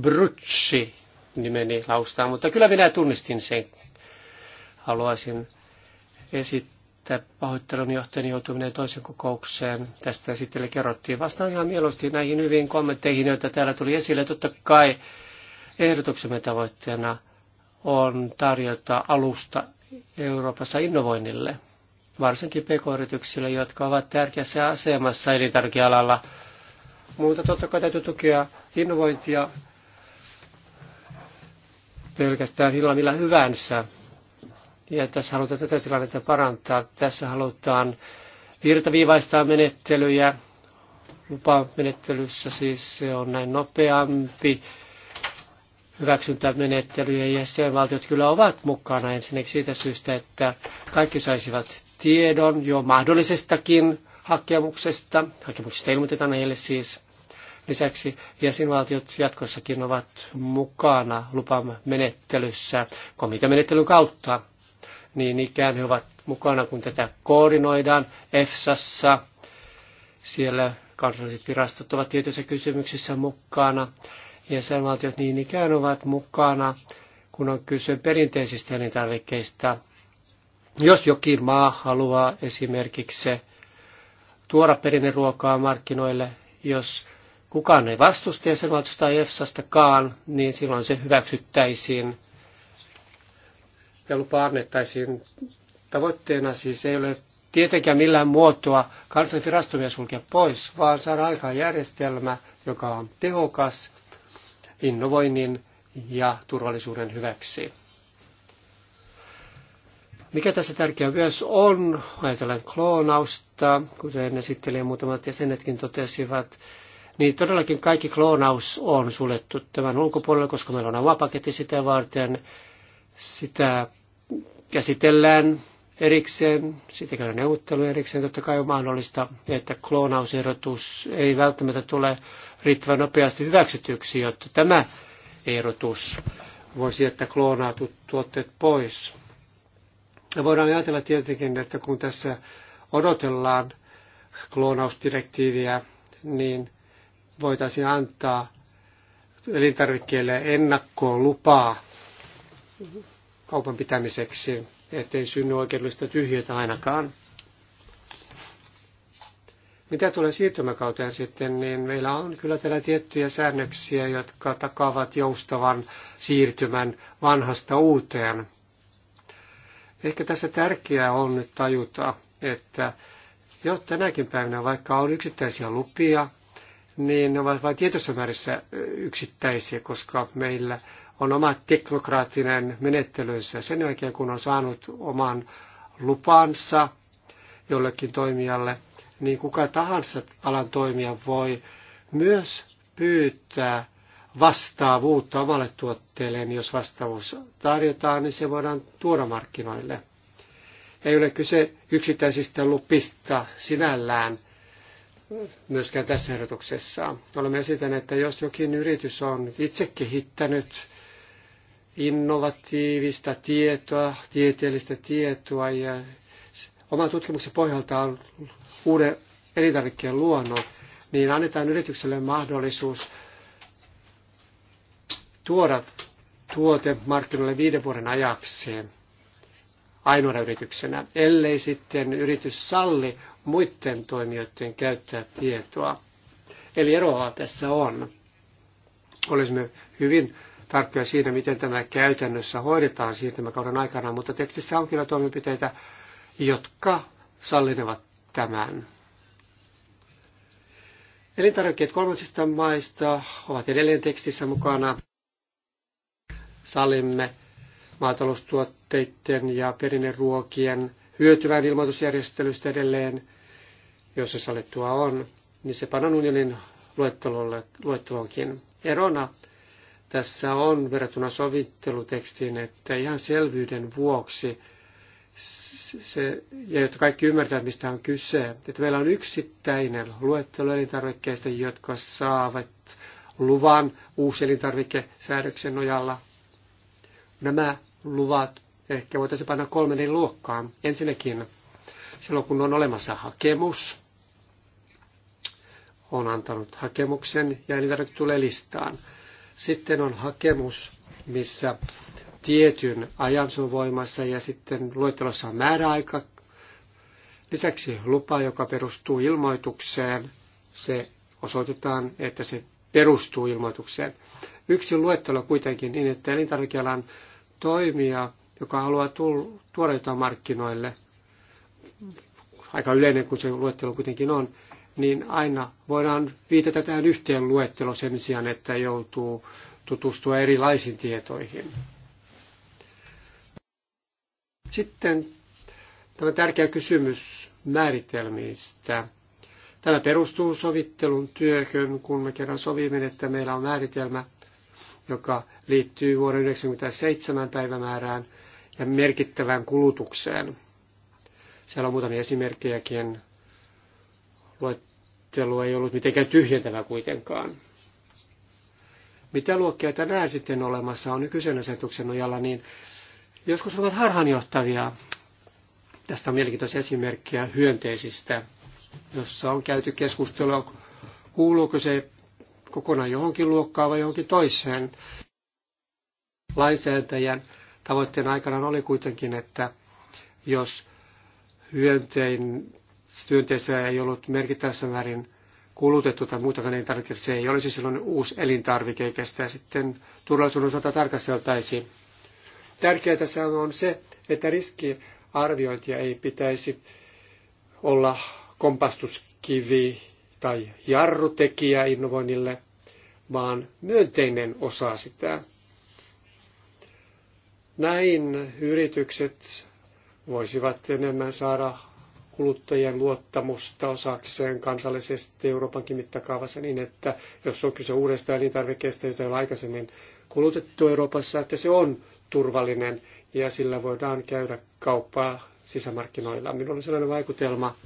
Brutsi nimeni laustaa, mutta kyllä minä tunnistin sen. Haluaisin esittää pahoittelun johtajan joutuminen toisen kokoukseen. Tästä sitten kerrottiin. Vastaan ihan mieluusti näihin hyviin kommentteihin, joita täällä tuli esille. Totta kai ehdotuksemme tavoitteena on tarjota alusta Euroopassa innovoinnille, varsinkin pk-yrityksille, jotka ovat tärkeässä asemassa elintarvikealalla. Mutta totta kai täytyy tukea innovointia pelkästään hilla millä hyvänsä. Ja tässä halutaan tätä tilannetta parantaa. Tässä halutaan virtaviivaistaa menettelyjä. Lupamenettelyssä siis se on näin nopeampi hyväksyntämenettelyjä ja jäsenvaltiot kyllä ovat mukana ensinnäkin siitä syystä, että kaikki saisivat tiedon jo mahdollisestakin hakemuksesta. Hakemuksesta ilmoitetaan heille siis. Lisäksi jäsenvaltiot jatkossakin ovat mukana lupamenettelyssä komitamenettelyn kautta. Niin ikään he ovat mukana, kun tätä koordinoidaan EFSassa. Siellä kansalliset virastot ovat tietyissä kysymyksissä mukana. Jäsenvaltiot niin ikään ovat mukana, kun on kyse perinteisistä elintarvikkeista. Jos jokin maa haluaa esimerkiksi tuoda perinneruokaa markkinoille, jos kukaan ei vastusta jäsenvaltiosta tai EFSAstakaan, niin silloin se hyväksyttäisiin ja lupa annettaisiin. Tavoitteena siis ei ole tietenkään millään muotoa kansanvirastomia sulkea pois, vaan saada aikaan järjestelmä, joka on tehokas innovoinnin ja turvallisuuden hyväksi. Mikä tässä tärkeää myös on, ajatellaan kloonausta, kuten esittelijä muutamat jäsenetkin totesivat, niin todellakin kaikki kloonaus on suljettu tämän ulkopuolelle, koska meillä on avapaketti sitä varten. Sitä käsitellään erikseen, sitten käydään neuvottelu erikseen. Totta kai on mahdollista, että kloonausehdotus ei välttämättä tule riittävän nopeasti hyväksytyksi, jotta tämä ehdotus voisi jättää kloonaatut tuotteet pois. Ja voidaan ajatella tietenkin, että kun tässä odotellaan kloonausdirektiiviä, niin voitaisiin antaa elintarvikkeille ennakkoon lupaa kaupan pitämiseksi ettei synny oikeudellista tyhjötä ainakaan. Mitä tulee siirtymäkauteen sitten, niin meillä on kyllä täällä tiettyjä säännöksiä, jotka takaavat joustavan siirtymän vanhasta uuteen. Ehkä tässä tärkeää on nyt tajuta, että jo tänäkin päivänä, vaikka on yksittäisiä lupia, niin ne ovat vain tietyssä määrissä yksittäisiä, koska meillä on oma teknokraattinen menettelynsä sen jälkeen, kun on saanut oman lupansa jollekin toimijalle, niin kuka tahansa alan toimija voi myös pyytää vastaavuutta omalle tuotteelleen, jos vastaavuus tarjotaan, niin se voidaan tuoda markkinoille. Ei ole kyse yksittäisistä lupista sinällään, myöskään tässä ehdotuksessa. Olemme esittäneet, että jos jokin yritys on itse kehittänyt innovatiivista tietoa, tieteellistä tietoa ja oman tutkimuksen pohjalta on uuden elintarvikkeen luonnon, niin annetaan yritykselle mahdollisuus tuoda tuote markkinoille viiden vuoden ajaksi ainoana yrityksenä, ellei sitten yritys salli muiden toimijoiden käyttää tietoa. Eli eroa tässä on. Olisimme hyvin tarkkoja siinä, miten tämä käytännössä hoidetaan siirtymäkauden aikana, mutta tekstissä on kyllä toimenpiteitä, jotka sallinevat tämän. Elintarvikkeet kolmansista maista ovat edelleen tekstissä mukana. Salimme maataloustuotteiden ja perinneruokien hyötyvän ilmoitusjärjestelystä edelleen, jos se sallittua on, niin se panon unionin luetteloonkin. Erona tässä on verrattuna sovittelutekstiin, että ihan selvyyden vuoksi, se, ja jotta kaikki ymmärtävät, mistä on kyse, että meillä on yksittäinen luettelo elintarvikkeista, jotka saavat luvan uusi elintarvikesäädöksen nojalla – Nämä luvat ehkä voitaisiin panna kolmen luokkaan. Ensinnäkin silloin, kun on olemassa hakemus, on antanut hakemuksen ja elintarvike tulee listaan. Sitten on hakemus, missä tietyn ajan on voimassa ja sitten luettelossa on määräaika. Lisäksi lupa, joka perustuu ilmoitukseen, se osoitetaan, että se perustuu ilmoitukseen yksi luettelo kuitenkin niin, että elintarvikealan toimija, joka haluaa tuoda jotain markkinoille, aika yleinen kuin se luettelo kuitenkin on, niin aina voidaan viitata tähän yhteen luettelo sen sijaan, että joutuu tutustua erilaisiin tietoihin. Sitten tämä tärkeä kysymys määritelmistä. Tämä perustuu sovittelun työhön, kun me kerran sovimme, että meillä on määritelmä joka liittyy vuoden 1997 päivämäärään ja merkittävään kulutukseen. Siellä on muutamia esimerkkejäkin. Luettelu ei ollut mitenkään tyhjentävä kuitenkaan. Mitä luokkia tänään sitten olemassa on nykyisen asetuksen nojalla, niin joskus ovat harhanjohtavia. Tästä on mielenkiintoisia esimerkkejä hyönteisistä, jossa on käyty keskustelua, kuuluuko se kokonaan johonkin luokkaan vai johonkin toiseen. Lainsäätäjän tavoitteen aikana oli kuitenkin, että jos hyöntein, hyönteistä ei ollut merkittävässä määrin kulutettu tai muutakaan elintarvikkeita, se ei olisi silloin uusi elintarvike, eikä sitä sitten turvallisuuden osalta tarkasteltaisi. Tärkeää tässä on se, että riskiarviointia ei pitäisi olla kompastuskivi tai jarrutekijä innovoinnille, vaan myönteinen osa sitä. Näin yritykset voisivat enemmän saada kuluttajien luottamusta osakseen kansallisesti Euroopankin mittakaavassa niin, että jos on kyse uudesta elintarvikkeesta, jota ei ole aikaisemmin kulutettu Euroopassa, että se on turvallinen ja sillä voidaan käydä kauppaa sisämarkkinoilla. Minulla on sellainen vaikutelma,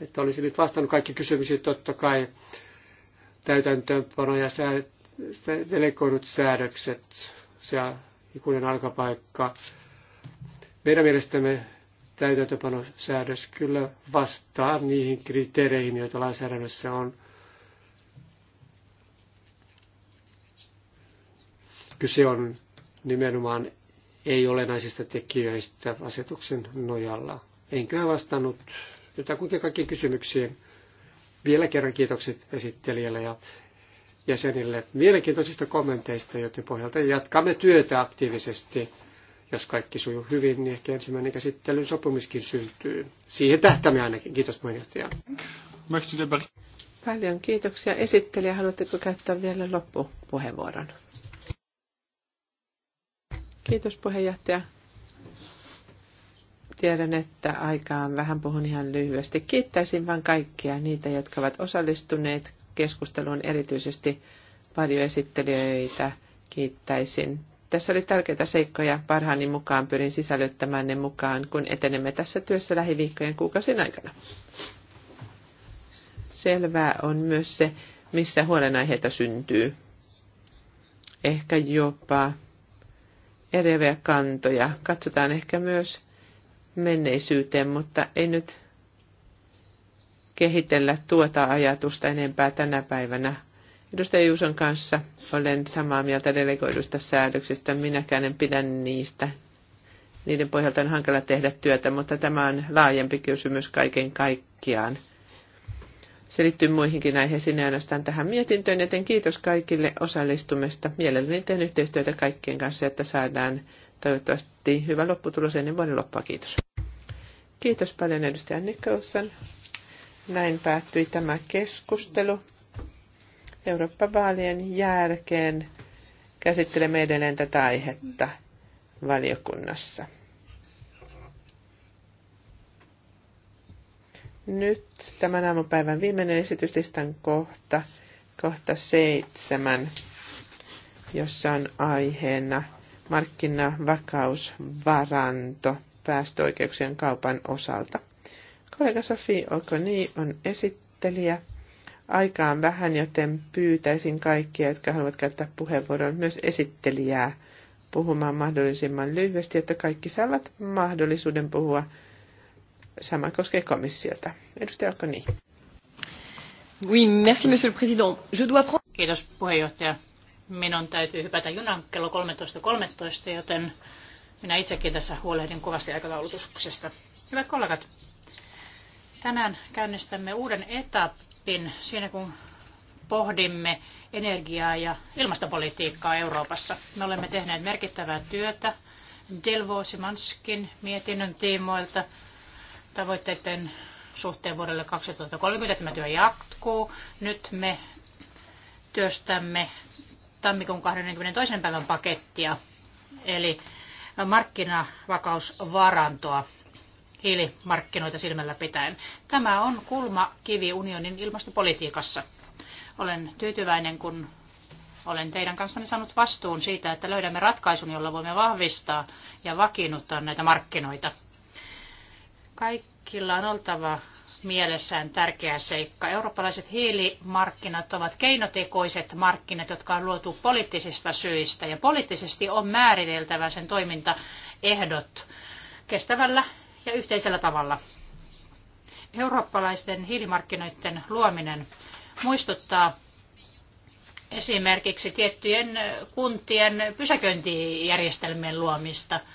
että olisin nyt vastannut kaikki kysymyksiin totta kai täytäntöönpano ja delegoidut säädökset, se ikuinen alkapaikka. Meidän mielestämme täytäntöpanosäädös kyllä vastaa niihin kriteereihin, joita lainsäädännössä on. Kyse on nimenomaan ei-olennaisista tekijöistä asetuksen nojalla. Enköhän vastannut jotakuinkin kaikkiin kysymyksiin. Vielä kerran kiitokset esittelijälle ja jäsenille mielenkiintoisista kommenteista, joten pohjalta jatkamme työtä aktiivisesti. Jos kaikki sujuu hyvin, niin ehkä ensimmäinen käsittelyn sopimiskin syntyy. Siihen tähtäämme ainakin. Kiitos puheenjohtaja. Paljon kiitoksia. Esittelijä, haluatteko käyttää vielä loppupuheenvuoron? Kiitos puheenjohtaja. Tiedän, että aikaan on vähän, puhun ihan lyhyesti. Kiittäisin vain kaikkia niitä, jotka ovat osallistuneet keskusteluun, erityisesti paljon esittelijöitä kiittäisin. Tässä oli tärkeitä seikkoja. Parhaani mukaan pyrin sisällyttämään ne mukaan, kun etenemme tässä työssä lähiviikkojen kuukausien aikana. Selvää on myös se, missä huolenaiheita syntyy. Ehkä jopa eriäviä kantoja. Katsotaan ehkä myös menneisyyteen, mutta ei nyt kehitellä tuota ajatusta enempää tänä päivänä. Edustaja Juuson kanssa olen samaa mieltä delegoidusta säädöksistä. Minäkään en pidä niistä. Niiden pohjalta on hankala tehdä työtä, mutta tämä on laajempi kysymys kaiken kaikkiaan. Se liittyy muihinkin aiheisiin ainoastaan tähän mietintöön, joten kiitos kaikille osallistumista. Mielelläni teen yhteistyötä kaikkien kanssa, että saadaan toivottavasti hyvä lopputulos ennen vuoden loppua. Kiitos. Kiitos paljon edustaja Nicholson. Näin päättyi tämä keskustelu. Eurooppa-vaalien jälkeen käsittelemme edelleen tätä aihetta valiokunnassa. Nyt tämän aamupäivän viimeinen esityslistan kohta, kohta seitsemän, jossa on aiheena – markkinavakausvaranto päästöoikeuksien kaupan osalta. Kollega Sofi Okoni on esittelijä. Aikaa on vähän, joten pyytäisin kaikkia, jotka haluavat käyttää puheenvuoron, myös esittelijää puhumaan mahdollisimman lyhyesti, että kaikki saavat mahdollisuuden puhua. Sama koskee komissiota. Edustaja Okoni. Oui, merci, monsieur le président. Je dois prendre... Kiitos puheenjohtaja minun täytyy hypätä junan kello 13.13, 13, joten minä itsekin tässä huolehdin kovasti aikataulutuksesta. Hyvät kollegat, tänään käynnistämme uuden etapin siinä, kun pohdimme energiaa ja ilmastopolitiikkaa Euroopassa. Me olemme tehneet merkittävää työtä Delvo Simanskin mietinnön tiimoilta tavoitteiden suhteen vuodelle 2030. Tämä työ jatkuu. Nyt me työstämme tammikuun 22. päivän pakettia, eli markkinavakausvarantoa hiilimarkkinoita silmällä pitäen. Tämä on kulma kivi unionin ilmastopolitiikassa. Olen tyytyväinen, kun olen teidän kanssanne saanut vastuun siitä, että löydämme ratkaisun, jolla voimme vahvistaa ja vakiinnuttaa näitä markkinoita. Kaikilla on oltava mielessään tärkeä seikka. Eurooppalaiset hiilimarkkinat ovat keinotekoiset markkinat, jotka on luotu poliittisista syistä ja poliittisesti on määriteltävä sen toimintaehdot kestävällä ja yhteisellä tavalla. Eurooppalaisten hiilimarkkinoiden luominen muistuttaa esimerkiksi tiettyjen kuntien pysäköintijärjestelmien luomista –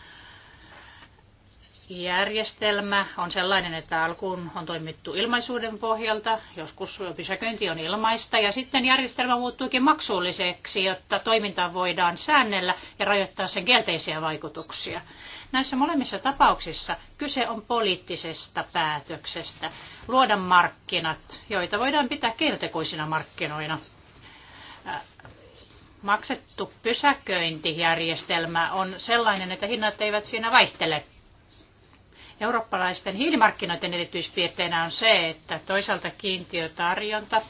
järjestelmä on sellainen, että alkuun on toimittu ilmaisuuden pohjalta, joskus pysäköinti on ilmaista ja sitten järjestelmä muuttuukin maksulliseksi, jotta toimintaa voidaan säännellä ja rajoittaa sen kielteisiä vaikutuksia. Näissä molemmissa tapauksissa kyse on poliittisesta päätöksestä luoda markkinat, joita voidaan pitää keinotekoisina markkinoina. Maksettu pysäköintijärjestelmä on sellainen, että hinnat eivät siinä vaihtele Eurooppalaisten hiilimarkkinoiden erityispiirteinä on se, että toisaalta kiintiötarjonta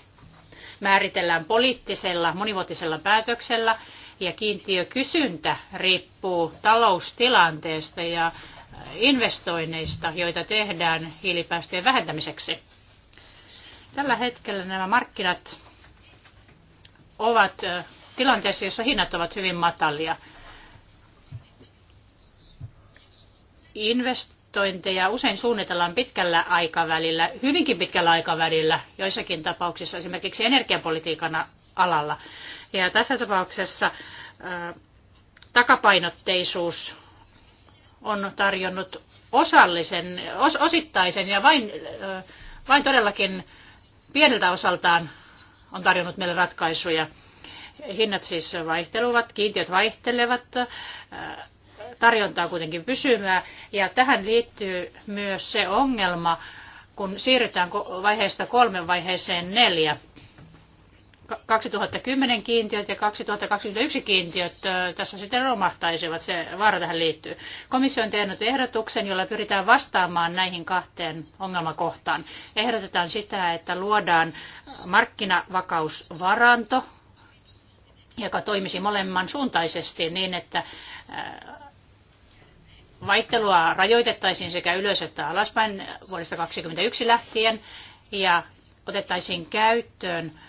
määritellään poliittisella monivuotisella päätöksellä ja kiintiökysyntä riippuu taloustilanteesta ja investoinneista, joita tehdään hiilipäästöjen vähentämiseksi. Tällä hetkellä nämä markkinat ovat tilanteessa, jossa hinnat ovat hyvin matalia. Invest- investointeja usein suunnitellaan pitkällä aikavälillä, hyvinkin pitkällä aikavälillä, joissakin tapauksissa esimerkiksi energiapolitiikan alalla. Ja tässä tapauksessa äh, takapainotteisuus on tarjonnut osallisen, os, osittaisen ja vain, äh, vain todellakin pieneltä osaltaan on tarjonnut meille ratkaisuja. Hinnat siis vaihteluvat, kiintiöt vaihtelevat, äh, tarjontaa kuitenkin pysymään. Ja tähän liittyy myös se ongelma, kun siirrytään vaiheesta kolme vaiheeseen neljä. 2010 kiintiöt ja 2021 kiintiöt tässä sitten romahtaisivat, se vaara tähän liittyy. Komissio on tehnyt ehdotuksen, jolla pyritään vastaamaan näihin kahteen ongelmakohtaan. Ehdotetaan sitä, että luodaan markkinavakausvaranto, joka toimisi molemman suuntaisesti niin, että vaihtelua rajoitettaisiin sekä ylös että alaspäin vuodesta 2021 lähtien ja otettaisiin käyttöön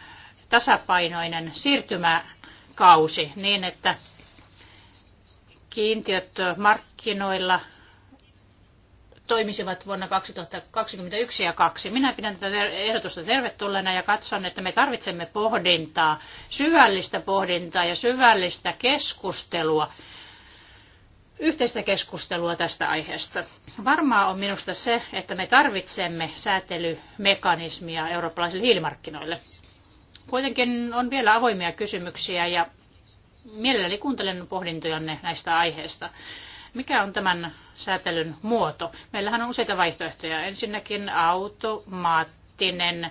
tasapainoinen siirtymäkausi niin, että kiintiöt markkinoilla toimisivat vuonna 2021 ja 2. Minä pidän tätä ehdotusta tervetulleena ja katson, että me tarvitsemme pohdintaa, syvällistä pohdintaa ja syvällistä keskustelua yhteistä keskustelua tästä aiheesta. Varmaa on minusta se, että me tarvitsemme säätelymekanismia eurooppalaisille hiilimarkkinoille. Kuitenkin on vielä avoimia kysymyksiä ja mielelläni kuuntelen pohdintojanne näistä aiheista. Mikä on tämän säätelyn muoto? Meillähän on useita vaihtoehtoja. Ensinnäkin automaattinen äh,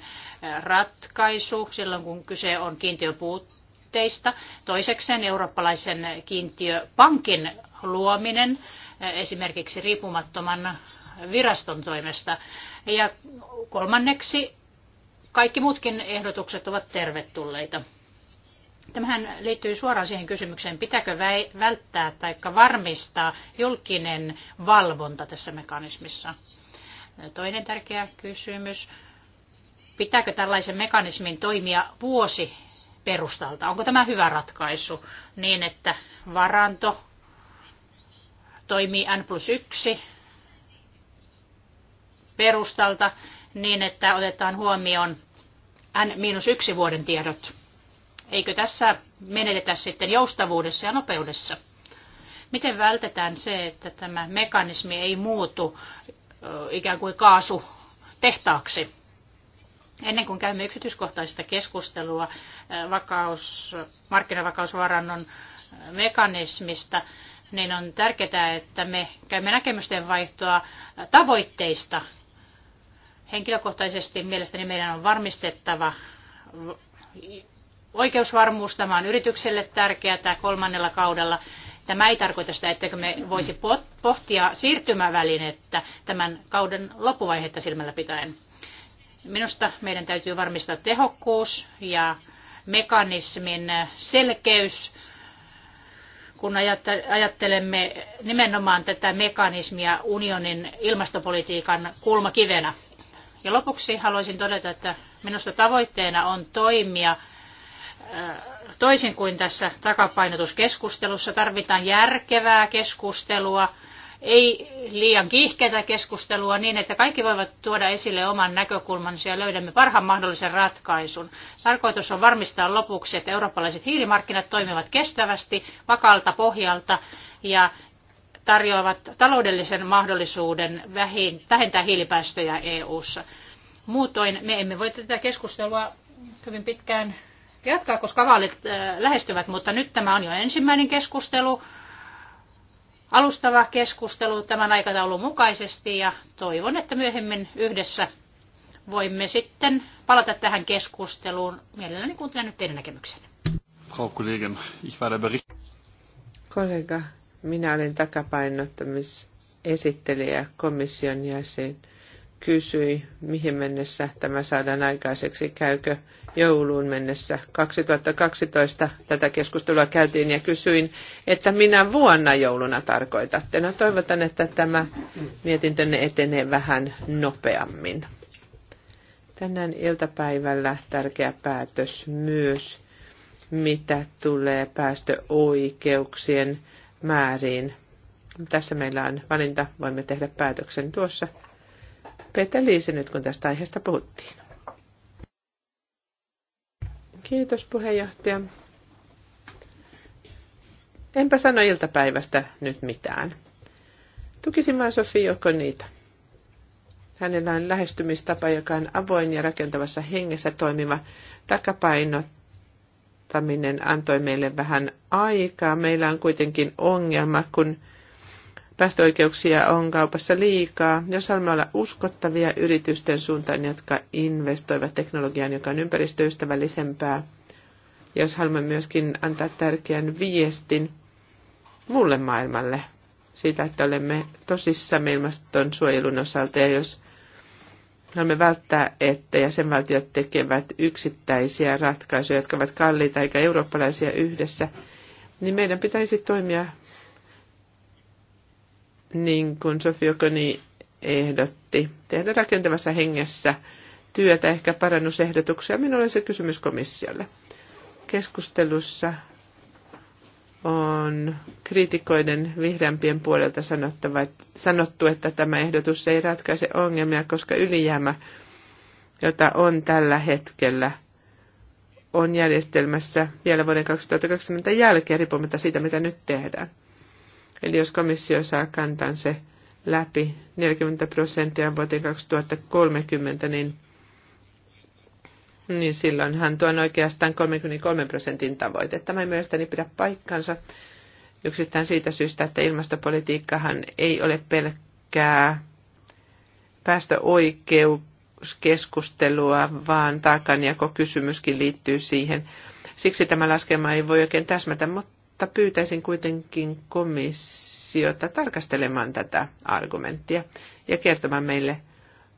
ratkaisu silloin, kun kyse on kiintiöpuutteista. Toisekseen eurooppalaisen kiintiöpankin luominen esimerkiksi riippumattoman viraston toimesta. Ja kolmanneksi kaikki muutkin ehdotukset ovat tervetulleita. Tämähän liittyy suoraan siihen kysymykseen, pitääkö välttää tai varmistaa julkinen valvonta tässä mekanismissa. Toinen tärkeä kysymys, pitääkö tällaisen mekanismin toimia vuosi perustalta? Onko tämä hyvä ratkaisu niin, että varanto toimii N plus 1 perustalta niin, että otetaan huomioon N-1 vuoden tiedot. Eikö tässä menetetä sitten joustavuudessa ja nopeudessa? Miten vältetään se, että tämä mekanismi ei muutu ikään kuin kaasu tehtaaksi? Ennen kuin käymme yksityiskohtaista keskustelua vakaus, markkinavakausvarannon mekanismista, niin on tärkeää, että me käymme näkemysten vaihtoa tavoitteista. Henkilökohtaisesti mielestäni meidän on varmistettava oikeusvarmuus. Tämä on yritykselle tärkeää kolmannella kaudella. Tämä ei tarkoita sitä, että me voisi pohtia siirtymävälinettä tämän kauden loppuvaihetta silmällä pitäen. Minusta meidän täytyy varmistaa tehokkuus ja mekanismin selkeys kun ajattelemme nimenomaan tätä mekanismia unionin ilmastopolitiikan kulmakivenä. Ja lopuksi haluaisin todeta, että minusta tavoitteena on toimia äh, toisin kuin tässä takapainotuskeskustelussa. Tarvitaan järkevää keskustelua ei liian kiihkeätä keskustelua niin, että kaikki voivat tuoda esille oman näkökulmansa ja löydämme parhaan mahdollisen ratkaisun. Tarkoitus on varmistaa lopuksi, että eurooppalaiset hiilimarkkinat toimivat kestävästi, vakaalta pohjalta ja tarjoavat taloudellisen mahdollisuuden vähentää hiilipäästöjä EU:ssa. Muutoin me emme voi tätä keskustelua hyvin pitkään jatkaa, koska vaalit äh, lähestyvät, mutta nyt tämä on jo ensimmäinen keskustelu alustava keskustelu tämän aikataulun mukaisesti ja toivon, että myöhemmin yhdessä voimme sitten palata tähän keskusteluun. Mielelläni kuuntelen nyt teidän näkemyksenne. Frau Kollegin, ich war der Kollega, minä olen takapainottamisesittelijä komission jäsen kysyi, mihin mennessä tämä saadaan aikaiseksi, käykö jouluun mennessä. 2012 tätä keskustelua käytiin ja kysyin, että minä vuonna jouluna tarkoitatte. No toivotan, että tämä mietintönne etenee vähän nopeammin. Tänään iltapäivällä tärkeä päätös myös, mitä tulee päästöoikeuksien määriin. Tässä meillä on valinta, voimme tehdä päätöksen tuossa Peter Liisi nyt, kun tästä aiheesta puhuttiin. Kiitos puheenjohtaja. Enpä sano iltapäivästä nyt mitään. Tukisin vain Sofi joko niitä. Hänellä on lähestymistapa, joka on avoin ja rakentavassa hengessä toimiva takapainottaminen antoi meille vähän aikaa. Meillä on kuitenkin ongelma, kun päästöoikeuksia on kaupassa liikaa, jos haluamme olla uskottavia yritysten suuntaan, jotka investoivat teknologiaan, joka on ympäristöystävällisempää, jos haluamme myöskin antaa tärkeän viestin muulle maailmalle siitä, että olemme tosissamme ilmaston suojelun osalta ja jos haluamme välttää, että jäsenvaltiot tekevät yksittäisiä ratkaisuja, jotka ovat kalliita eikä eurooppalaisia yhdessä, niin meidän pitäisi toimia niin kuin Koni ehdotti, tehdä rakentavassa hengessä työtä, ehkä parannusehdotuksia. Minulla se kysymys komissiolle. Keskustelussa on kriitikoiden vihreämpien puolelta sanottava, sanottu, että tämä ehdotus ei ratkaise ongelmia, koska ylijäämä, jota on tällä hetkellä, on järjestelmässä vielä vuoden 2020 jälkeen, riippumatta siitä, mitä nyt tehdään. Eli jos komissio saa kantan se läpi 40 prosenttia vuoteen 2030, niin, niin silloinhan tuo oikeastaan 33 prosentin tavoite. Tämä ei mielestäni pidä paikkansa yksittäin siitä syystä, että ilmastopolitiikkahan ei ole pelkkää päästöoikeuskeskustelua, vaan taakanjakokysymyskin liittyy siihen. Siksi tämä laskema ei voi oikein täsmätä, mutta mutta pyytäisin kuitenkin komissiota tarkastelemaan tätä argumenttia ja kertomaan meille,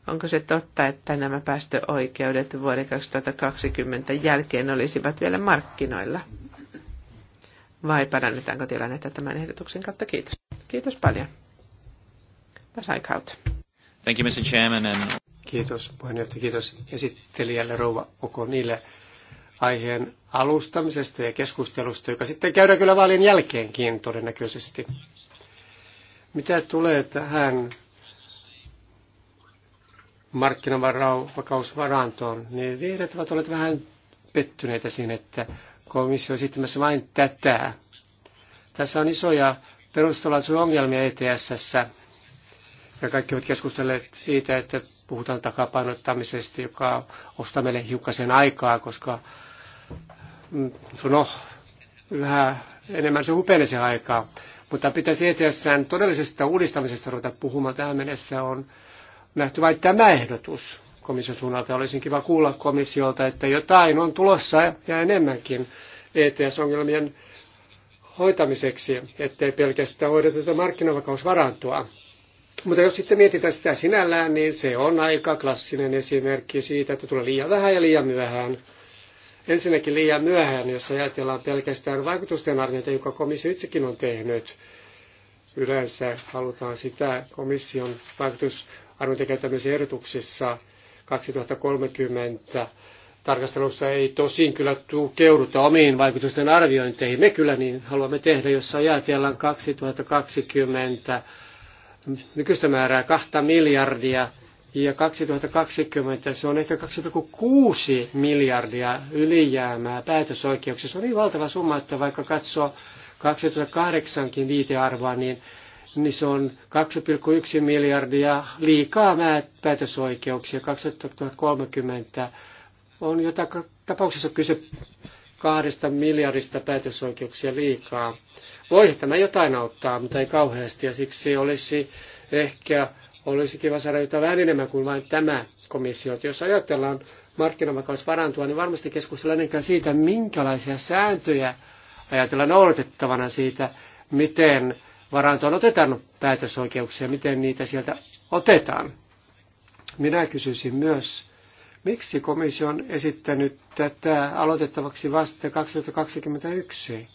onko se totta, että nämä päästöoikeudet vuoden 2020 jälkeen olisivat vielä markkinoilla? Vai parannetaanko tilannetta tämän ehdotuksen kautta? Kiitos. Kiitos paljon. Thank you, Mr. Chairman. And... Kiitos puheenjohtaja, kiitos esittelijälle Rouva Okonille aiheen alustamisesta ja keskustelusta, joka sitten käydään kyllä vaalien jälkeenkin todennäköisesti. Mitä tulee tähän markkinavakausvarantoon, niin vihreät ovat olleet vähän pettyneitä siinä, että komissio on esittämässä vain tätä. Tässä on isoja ongelmia ETS, ja kaikki ovat keskustelleet siitä, että puhutaan takapainottamisesta, joka ostaa meille hiukkasen aikaa, koska Mm, no, yhä enemmän se hupenee se aikaa. Mutta pitäisi ETSn todellisesta uudistamisesta ruveta puhumaan. Tähän mennessä on nähty vain tämä ehdotus komission suunnalta. Olisin kiva kuulla komissiolta, että jotain on tulossa ja enemmänkin ETS-ongelmien hoitamiseksi, ettei pelkästään hoideteta markkinavakausvarantoa. Mutta jos sitten mietitään sitä sinällään, niin se on aika klassinen esimerkki siitä, että tulee liian vähän ja liian myöhään. Ensinnäkin liian myöhään, jos ajatellaan pelkästään vaikutusten arviointia, jonka komissio itsekin on tehnyt. Yleensä halutaan sitä komission vaikutusarviointia käyttämisen ehdotuksissa 2030 tarkastelussa ei tosin kyllä tukeuduta omiin vaikutusten arviointeihin. Me kyllä niin haluamme tehdä, jos ajatellaan 2020 nykyistä määrää kahta miljardia – ja 2020 se on ehkä 2,6 miljardia ylijäämää päätösoikeuksia. Se on niin valtava summa, että vaikka katsoo 2008kin viitearvoa, niin, niin se on 2,1 miljardia liikaa päätösoikeuksia. 2030 on jotain tapauksessa kyse kahdesta miljardista päätösoikeuksia liikaa. Voi tämä jotain auttaa, mutta ei kauheasti, ja siksi olisi ehkä olisi kiva saada jotain vähän enemmän kuin vain tämä komissio. Jos ajatellaan markkinavakaus niin varmasti keskustellaan ennenkään siitä, minkälaisia sääntöjä ajatellaan noudatettavana siitä, miten varantoon otetaan päätösoikeuksia, miten niitä sieltä otetaan. Minä kysyisin myös, miksi komissio on esittänyt tätä aloitettavaksi vasta 2021?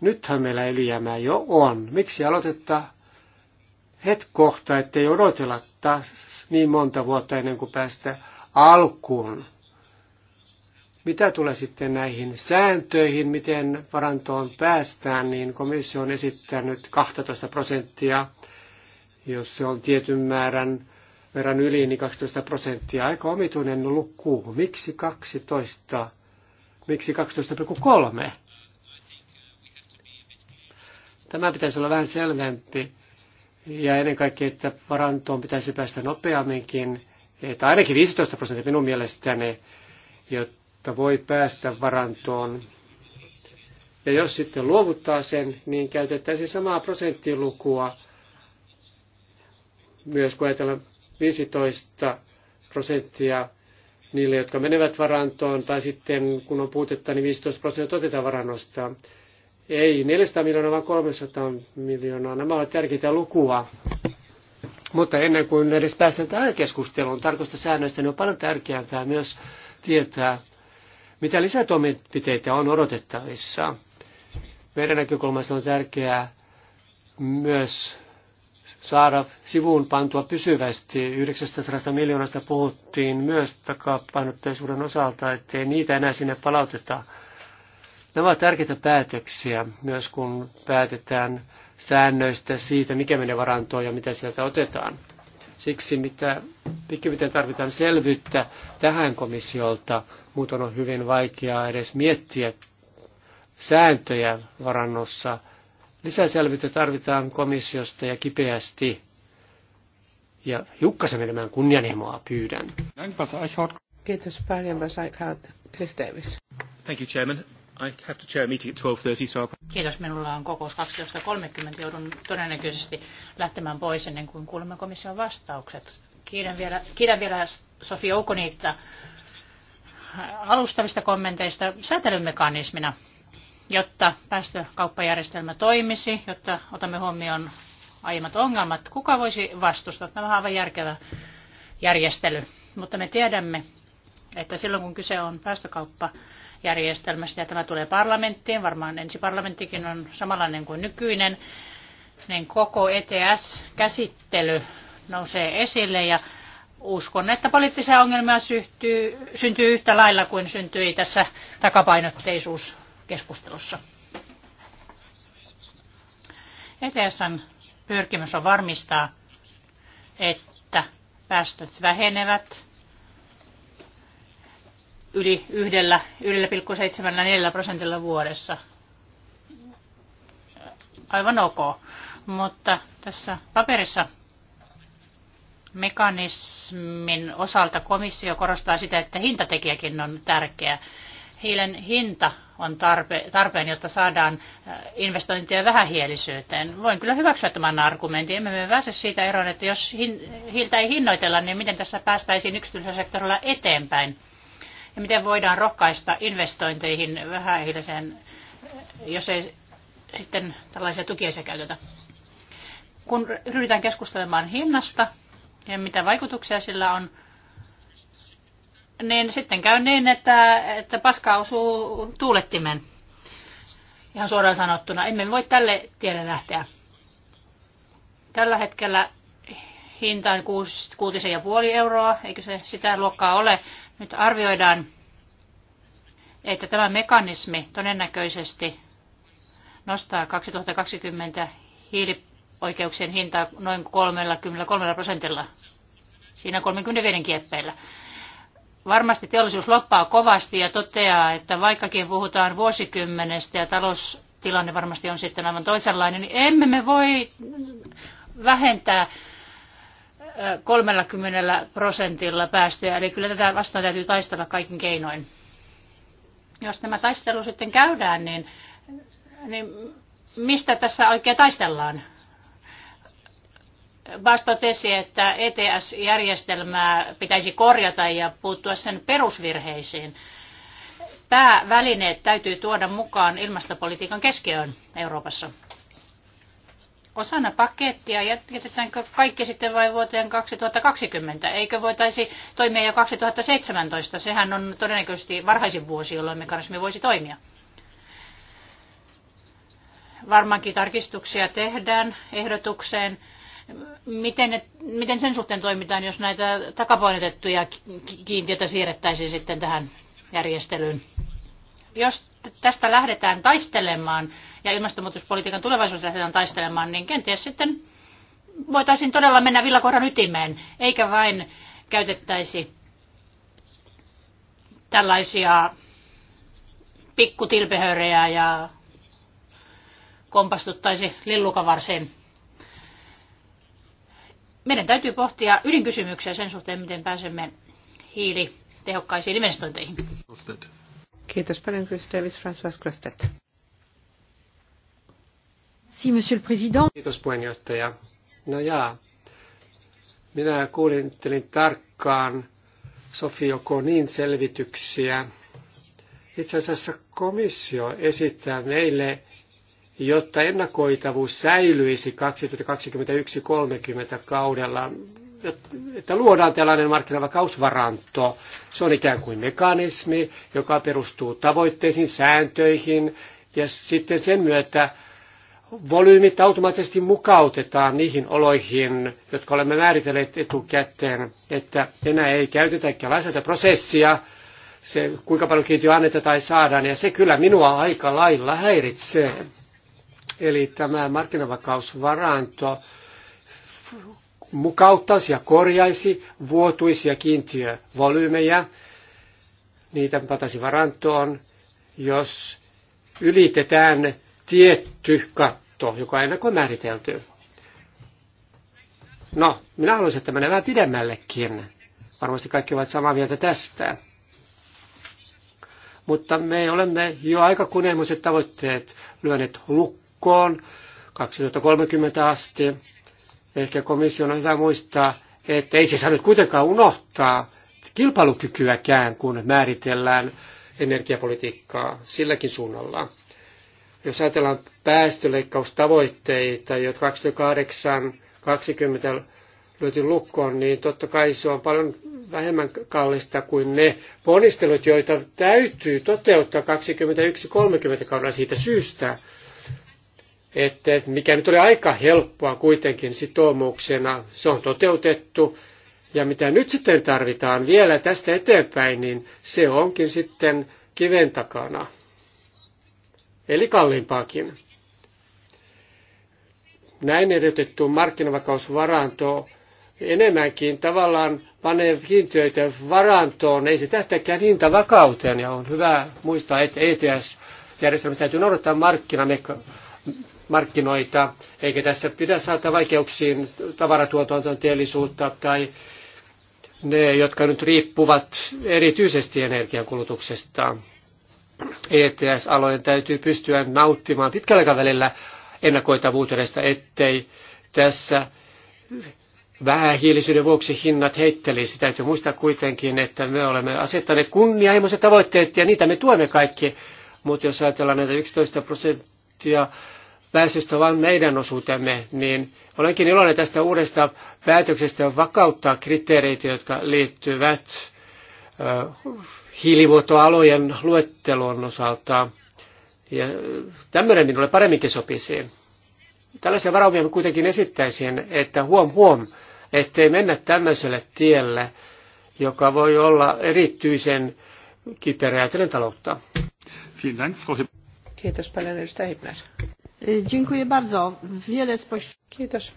Nythän meillä ylijäämää jo on. Miksi aloitetta kohta, ettei odotella taas niin monta vuotta ennen kuin päästä alkuun. Mitä tulee sitten näihin sääntöihin, miten varantoon päästään, niin komissio on esittänyt 12 prosenttia. Jos se on tietyn määrän verran yli, niin 12 prosenttia. Aika omituinen luku. Miksi 12? Miksi 12,3? Tämä pitäisi olla vähän selvempi ja ennen kaikkea, että varantoon pitäisi päästä nopeamminkin, että ainakin 15 prosenttia minun mielestäni, jotta voi päästä varantoon. Ja jos sitten luovuttaa sen, niin käytettäisiin samaa prosenttilukua myös kun ajatellaan 15 prosenttia niille, jotka menevät varantoon, tai sitten kun on puutetta, niin 15 prosenttia otetaan varannosta ei 400 miljoonaa, vaan 300 miljoonaa. Nämä ovat tärkeitä lukua. Mutta ennen kuin edes päästään tähän keskusteluun tarkoista säännöistä, niin on paljon tärkeämpää myös tietää, mitä lisätoimenpiteitä on odotettavissa. Meidän näkökulmasta on tärkeää myös saada sivuun pantua pysyvästi. 900 miljoonasta puhuttiin myös takapainotteisuuden osalta, ettei niitä enää sinne palauteta Nämä ovat tärkeitä päätöksiä myös kun päätetään säännöistä siitä, mikä menee varantoon ja mitä sieltä otetaan. Siksi mitä, pikimmiten tarvitaan selvyyttä tähän komissiolta. Muuten on hyvin vaikeaa edes miettiä sääntöjä varannossa. Lisäselvyyttä tarvitaan komissiosta ja kipeästi. Ja hiukkasen enemmän kunnianhimoa pyydän. Kiitos paljon, Bas Chris Davis. Thank you, Chairman. I have to chair a meeting at 12.30, so I'll... Kiitos, minulla on kokous 12.30. Joudun todennäköisesti lähtemään pois ennen kuin kuulemme komission vastaukset. Kiitän vielä, kiitän vielä Sofia Oukoniitta alustavista kommenteista säätelymekanismina, jotta päästökauppajärjestelmä toimisi, jotta otamme huomioon aiemmat ongelmat. Kuka voisi vastustaa? Tämä on aivan järkevä järjestely. Mutta me tiedämme, että silloin kun kyse on päästökauppa järjestelmästä ja tämä tulee parlamenttiin. Varmaan ensi parlamenttikin on samanlainen kuin nykyinen. Niin koko ETS-käsittely nousee esille ja uskon, että poliittisia ongelmia syntyy, syntyy yhtä lailla kuin syntyi tässä takapainotteisuuskeskustelussa. ETSn pyrkimys on varmistaa, että päästöt vähenevät yli yhdellä, 1,74 prosentilla vuodessa. Aivan ok. Mutta tässä paperissa mekanismin osalta komissio korostaa sitä, että hintatekijäkin on tärkeä. Hiilen hinta on tarpe- tarpeen, jotta saadaan äh, investointia vähähielisyyteen. Voin kyllä hyväksyä tämän argumentin. Emme me pääse siitä eroon, että jos hin- hiiltä ei hinnoitella, niin miten tässä päästäisiin yksityisellä sektorilla eteenpäin. Ja miten voidaan rohkaista investointeihin vähähiiliseen, jos ei sitten tällaisia tukiaisia käytetä? Kun ryhdytään keskustelemaan hinnasta ja mitä vaikutuksia sillä on, niin sitten käy niin, että, että paska osuu tuulettimen. Ihan suoraan sanottuna, emme voi tälle tielle lähteä. Tällä hetkellä hinta on 6,5 euroa, eikö se sitä luokkaa ole. Nyt arvioidaan, että tämä mekanismi todennäköisesti nostaa 2020 hiilioikeuksien hintaa noin 33 prosentilla, siinä 35 kieppeillä. Varmasti teollisuus loppaa kovasti ja toteaa, että vaikkakin puhutaan vuosikymmenestä ja taloustilanne varmasti on sitten aivan toisenlainen, niin emme me voi vähentää 30 prosentilla päästöjä, eli kyllä tätä vastaan täytyy taistella kaikin keinoin. Jos tämä taistelu sitten käydään, niin, niin mistä tässä oikein taistellaan? Bas totesi, että ETS-järjestelmää pitäisi korjata ja puuttua sen perusvirheisiin. Päävälineet täytyy tuoda mukaan ilmastopolitiikan keskiöön Euroopassa osana pakettia jätetäänkö kaikki sitten vain vuoteen 2020? Eikö voitaisi toimia jo 2017? Sehän on todennäköisesti varhaisin vuosi, jolloin mekanismi voisi toimia. Varmaankin tarkistuksia tehdään ehdotukseen. Miten, ne, miten sen suhteen toimitaan, jos näitä takapainotettuja kiintiötä siirrettäisiin sitten tähän järjestelyyn? Jos tästä lähdetään taistelemaan, ja ilmastonmuutospolitiikan tulevaisuus lähdetään taistelemaan, niin kenties sitten voitaisiin todella mennä villakoiran ytimeen, eikä vain käytettäisi tällaisia pikkutilpehörejä ja kompastuttaisi lillukavarsiin. Meidän täytyy pohtia ydinkysymyksiä sen suhteen, miten pääsemme hiilitehokkaisiin investointeihin. Kiitos paljon, Chris Davis, François Grostet. Si, monsieur le président. Kiitos puheenjohtaja. No jaa, minä kuulintelin tarkkaan Sofia Konin selvityksiä. Itse asiassa komissio esittää meille, jotta ennakoitavuus säilyisi 2021 2030 kaudella, että luodaan tällainen markkinavakausvaranto. Se on ikään kuin mekanismi, joka perustuu tavoitteisiin, sääntöihin ja sitten sen myötä volyymit automaattisesti mukautetaan niihin oloihin, jotka olemme määritelleet etukäteen, että enää ei käytetäkään prosessia, se kuinka paljon kiintiö annetaan tai saadaan, ja se kyllä minua aika lailla häiritsee. Eli tämä markkinavakausvaranto mukauttaisi ja korjaisi vuotuisia kiintiövolyymejä, niitä pataisi varantoon, jos ylitetään tietty katto, joka ei ole määritelty. No, minä haluaisin, että menee vähän pidemmällekin. Varmasti kaikki ovat samaa mieltä tästä. Mutta me olemme jo aika kunnianhimoiset tavoitteet lyöneet lukkoon 2030 asti. Ehkä komission on hyvä muistaa, että ei se saa nyt kuitenkaan unohtaa kilpailukykyäkään, kun määritellään energiapolitiikkaa silläkin suunnalla. Jos ajatellaan päästöleikkaustavoitteita, jotka 2008 20 lyöty lukkoon, niin totta kai se on paljon vähemmän kallista kuin ne ponnistelut, joita täytyy toteuttaa 21-30 kaudella siitä syystä, että mikä nyt oli aika helppoa kuitenkin sitoumuksena, se on toteutettu. Ja mitä nyt sitten tarvitaan vielä tästä eteenpäin, niin se onkin sitten kiven takana eli kalliimpaakin. Näin edetetty markkinavakausvaranto enemmänkin tavallaan panee kiintiöitä varantoon, ei se tähtääkään hintavakauteen, ja on hyvä muistaa, että ETS-järjestelmässä täytyy noudattaa markkinoita, eikä tässä pidä saada vaikeuksiin tavaratuotantoon teollisuutta tai ne, jotka nyt riippuvat erityisesti energiankulutuksesta. ETS-alojen täytyy pystyä nauttimaan pitkällä aikavälillä ennakoitavuudesta, ettei tässä vähähiilisyyden vuoksi hinnat heittelisi. Täytyy muistaa kuitenkin, että me olemme asettaneet kunnianhimoiset tavoitteet ja niitä me tuemme kaikki. Mutta jos ajatellaan näitä 11 prosenttia päästöstä vain meidän osuutemme, niin olenkin iloinen tästä uudesta päätöksestä vakauttaa kriteereitä, jotka liittyvät hiilivuotoalojen luettelon osalta. Ja tämmöinen minulle paremminkin sopisi. Tällaisia varaumia mä kuitenkin esittäisin, että huom huom, ettei mennä tämmöiselle tielle, joka voi olla erityisen kiperää taloutta. Kiitos paljon, edustaja Hibner. Kiitos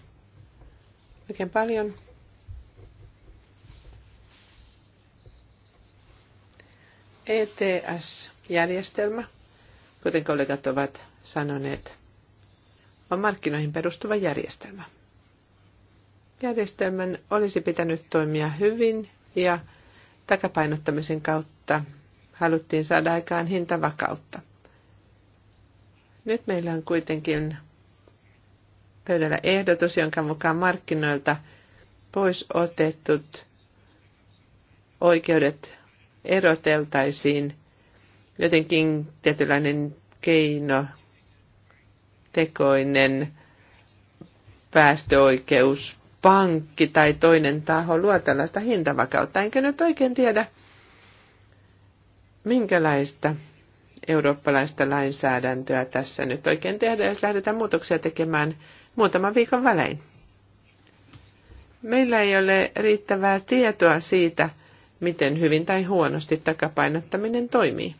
oikein paljon. ETS-järjestelmä, kuten kollegat ovat sanoneet, on markkinoihin perustuva järjestelmä. Järjestelmän olisi pitänyt toimia hyvin ja takapainottamisen kautta haluttiin saada aikaan hintavakautta. Nyt meillä on kuitenkin pöydällä ehdotus, jonka mukaan markkinoilta pois otetut oikeudet eroteltaisiin jotenkin tietynlainen keino, tekoinen päästöoikeus, pankki tai toinen taho luo tällaista hintavakautta. Enkä nyt oikein tiedä, minkälaista eurooppalaista lainsäädäntöä tässä nyt oikein tehdään, jos lähdetään muutoksia tekemään muutaman viikon välein. Meillä ei ole riittävää tietoa siitä, miten hyvin tai huonosti takapainottaminen toimii.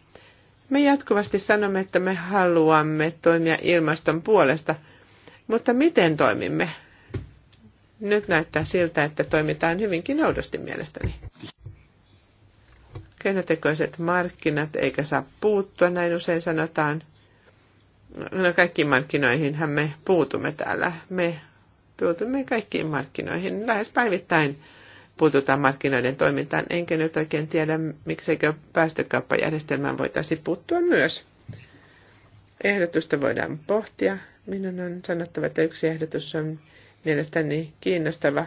Me jatkuvasti sanomme, että me haluamme toimia ilmaston puolesta, mutta miten toimimme? Nyt näyttää siltä, että toimitaan hyvinkin oudosti mielestäni. Keinotekoiset markkinat eikä saa puuttua, näin usein sanotaan. No kaikkiin markkinoihinhan me puutumme täällä. Me puutumme kaikkiin markkinoihin lähes päivittäin puututaan markkinoiden toimintaan. Enkä nyt oikein tiedä, mikseikö päästökauppajärjestelmään voitaisiin puuttua myös. Ehdotusta voidaan pohtia. Minun on sanottava, että yksi ehdotus on mielestäni kiinnostava.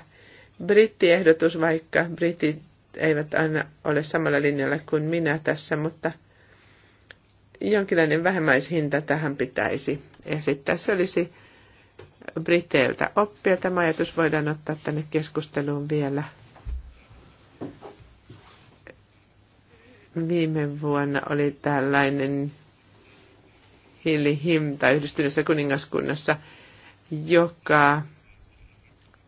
Brittiehdotus, vaikka britit eivät aina ole samalla linjalla kuin minä tässä, mutta jonkinlainen vähemmäishinta tähän pitäisi esittää. Se olisi Briteiltä oppia. Tämä ajatus voidaan ottaa tänne keskusteluun vielä Viime vuonna oli tällainen tai yhdistyneessä kuningaskunnassa, joka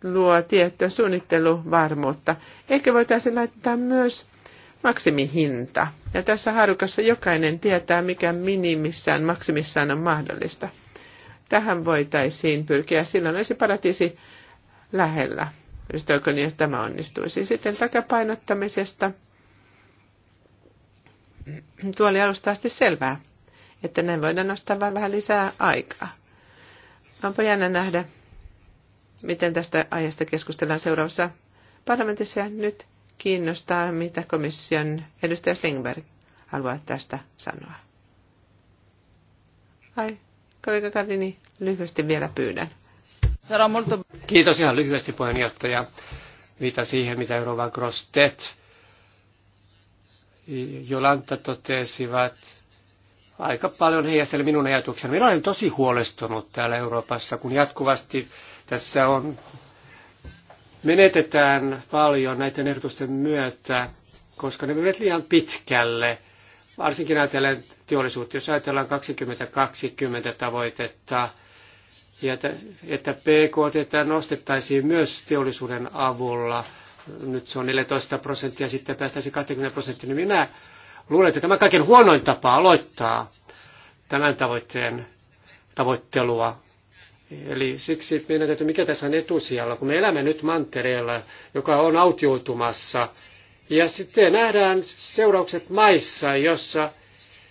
luo tiettyä suunnitteluvarmuutta. Ehkä voitaisiin laittaa myös maksimihinta. Ja tässä harukassa jokainen tietää, mikä minimissään, maksimissaan on mahdollista. Tähän voitaisiin pyrkiä. Silloin olisi paratiisi lähellä. niin, jos tämä onnistuisi. Sitten takapainottamisesta tuo oli alusta asti selvää, että näin voidaan nostaa vain vähän lisää aikaa. Onpa jännä nähdä, miten tästä aiheesta keskustellaan seuraavassa parlamentissa. nyt kiinnostaa, mitä komission edustaja Slingberg haluaa tästä sanoa. Ai, kollega Kallini, lyhyesti vielä pyydän. Kiitos ihan lyhyesti puheenjohtaja. Viita siihen, mitä Euroopan Grostet Jolanta totesivat, aika paljon heijasteli minun ajatukseni. Minä olen tosi huolestunut täällä Euroopassa, kun jatkuvasti tässä on menetetään paljon näiden ehdotusten myötä, koska ne menevät liian pitkälle. Varsinkin ajatellen teollisuutta, jos ajatellaan 2020 tavoitetta, ja että, että PKT nostettaisiin myös teollisuuden avulla – nyt se on 14 prosenttia, sitten päästäisiin 20 prosenttia, niin minä luulen, että tämä kaiken huonoin tapa aloittaa tämän tavoitteen tavoittelua. Eli siksi meidän täytyy, mikä tässä on etusijalla, kun me elämme nyt mantereella, joka on autioitumassa, ja sitten nähdään seuraukset maissa, jossa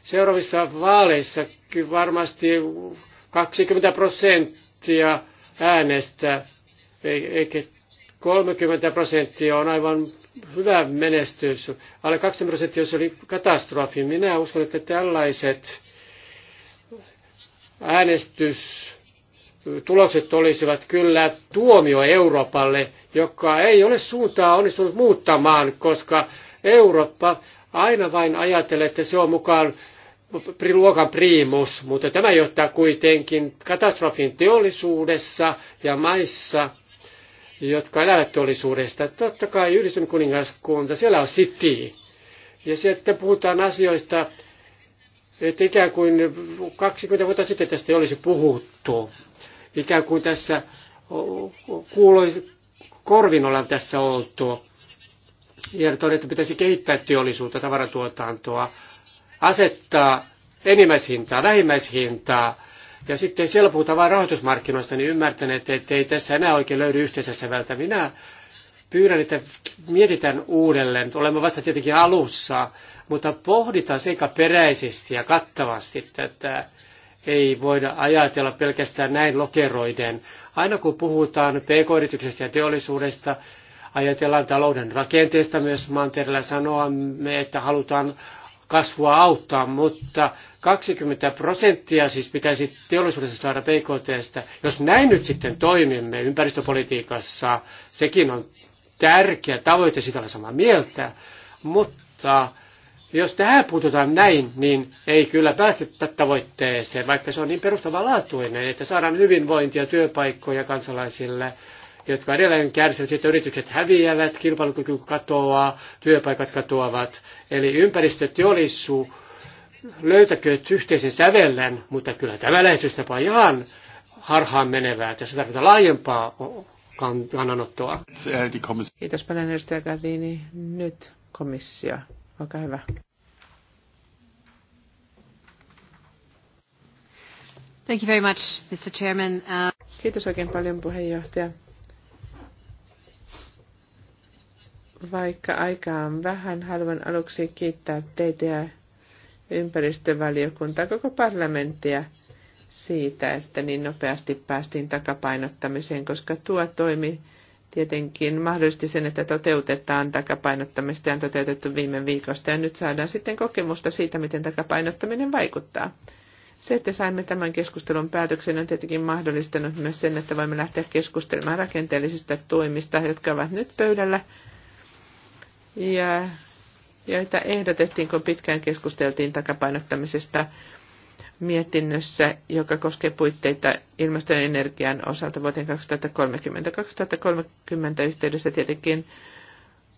seuraavissa vaaleissa varmasti 20 prosenttia äänestä, eikä 30 prosenttia on aivan hyvä menestys. Alle 20 prosenttia se oli katastrofi. Minä uskon, että tällaiset äänestystulokset olisivat kyllä tuomio Euroopalle, joka ei ole suuntaa onnistunut muuttamaan, koska Eurooppa aina vain ajattelee, että se on mukaan luokan priimus, mutta tämä johtaa kuitenkin katastrofin teollisuudessa ja maissa, jotka elävät todellisuudesta. Totta kai yhdistynyt kuningaskunta, siellä on city. Ja sitten puhutaan asioista, että ikään kuin 20 vuotta sitten tästä ei olisi puhuttu. Ikään kuin tässä kuuloi, korvin ollaan tässä oltu. Ja todettu, että pitäisi kehittää teollisuutta, tavaratuotantoa, asettaa enimmäishintaa, vähimmäishintaa, ja sitten siellä puhutaan vain rahoitusmarkkinoista, niin ymmärtän, että ei tässä enää oikein löydy yhteensä sävältä. Minä pyydän, että mietitään uudelleen. Olemme vasta tietenkin alussa, mutta pohditaan sekä peräisesti ja kattavasti tätä. Ei voida ajatella pelkästään näin lokeroiden. Aina kun puhutaan pk-yrityksestä ja teollisuudesta, ajatellaan talouden rakenteesta myös mantereella sanoa, että halutaan kasvua auttaa, mutta 20 prosenttia siis pitäisi teollisuudessa saada PKTstä. Jos näin nyt sitten toimimme ympäristöpolitiikassa, sekin on tärkeä tavoite, sitä olen samaa mieltä, mutta jos tähän puututaan näin, niin ei kyllä päästä tavoitteeseen, vaikka se on niin perustavanlaatuinen, että saadaan hyvinvointia, työpaikkoja kansalaisille – jotka edelleen kärsivät, että yritykset häviävät, kilpailukyky katoaa, työpaikat katoavat. Eli ympäristöteollisu löytäkö yhteisen sävellen, mutta kyllä tämä lähestystapa on ihan harhaan menevää. Tässä tarvitaan laajempaa kannanottoa. Kiitos paljon edustaja Gardini. Nyt komissio. Olkaa hyvä. Thank you very much, Mr. Chairman. Uh... Kiitos oikein paljon puheenjohtaja. Vaikka aikaa on vähän, haluan aluksi kiittää teitä ja ympäristövaliokuntaa, koko parlamenttia siitä, että niin nopeasti päästiin takapainottamiseen, koska tuo toimi tietenkin mahdollisesti sen, että toteutetaan takapainottamista ja on toteutettu viime viikosta ja nyt saadaan sitten kokemusta siitä, miten takapainottaminen vaikuttaa. Se, että saimme tämän keskustelun päätöksen, on tietenkin mahdollistanut myös sen, että voimme lähteä keskustelemaan rakenteellisista toimista, jotka ovat nyt pöydällä ja joita ehdotettiin, kun pitkään keskusteltiin takapainottamisesta mietinnössä, joka koskee puitteita ilmaston ja energian osalta vuoteen 2030. 2030 yhteydessä tietenkin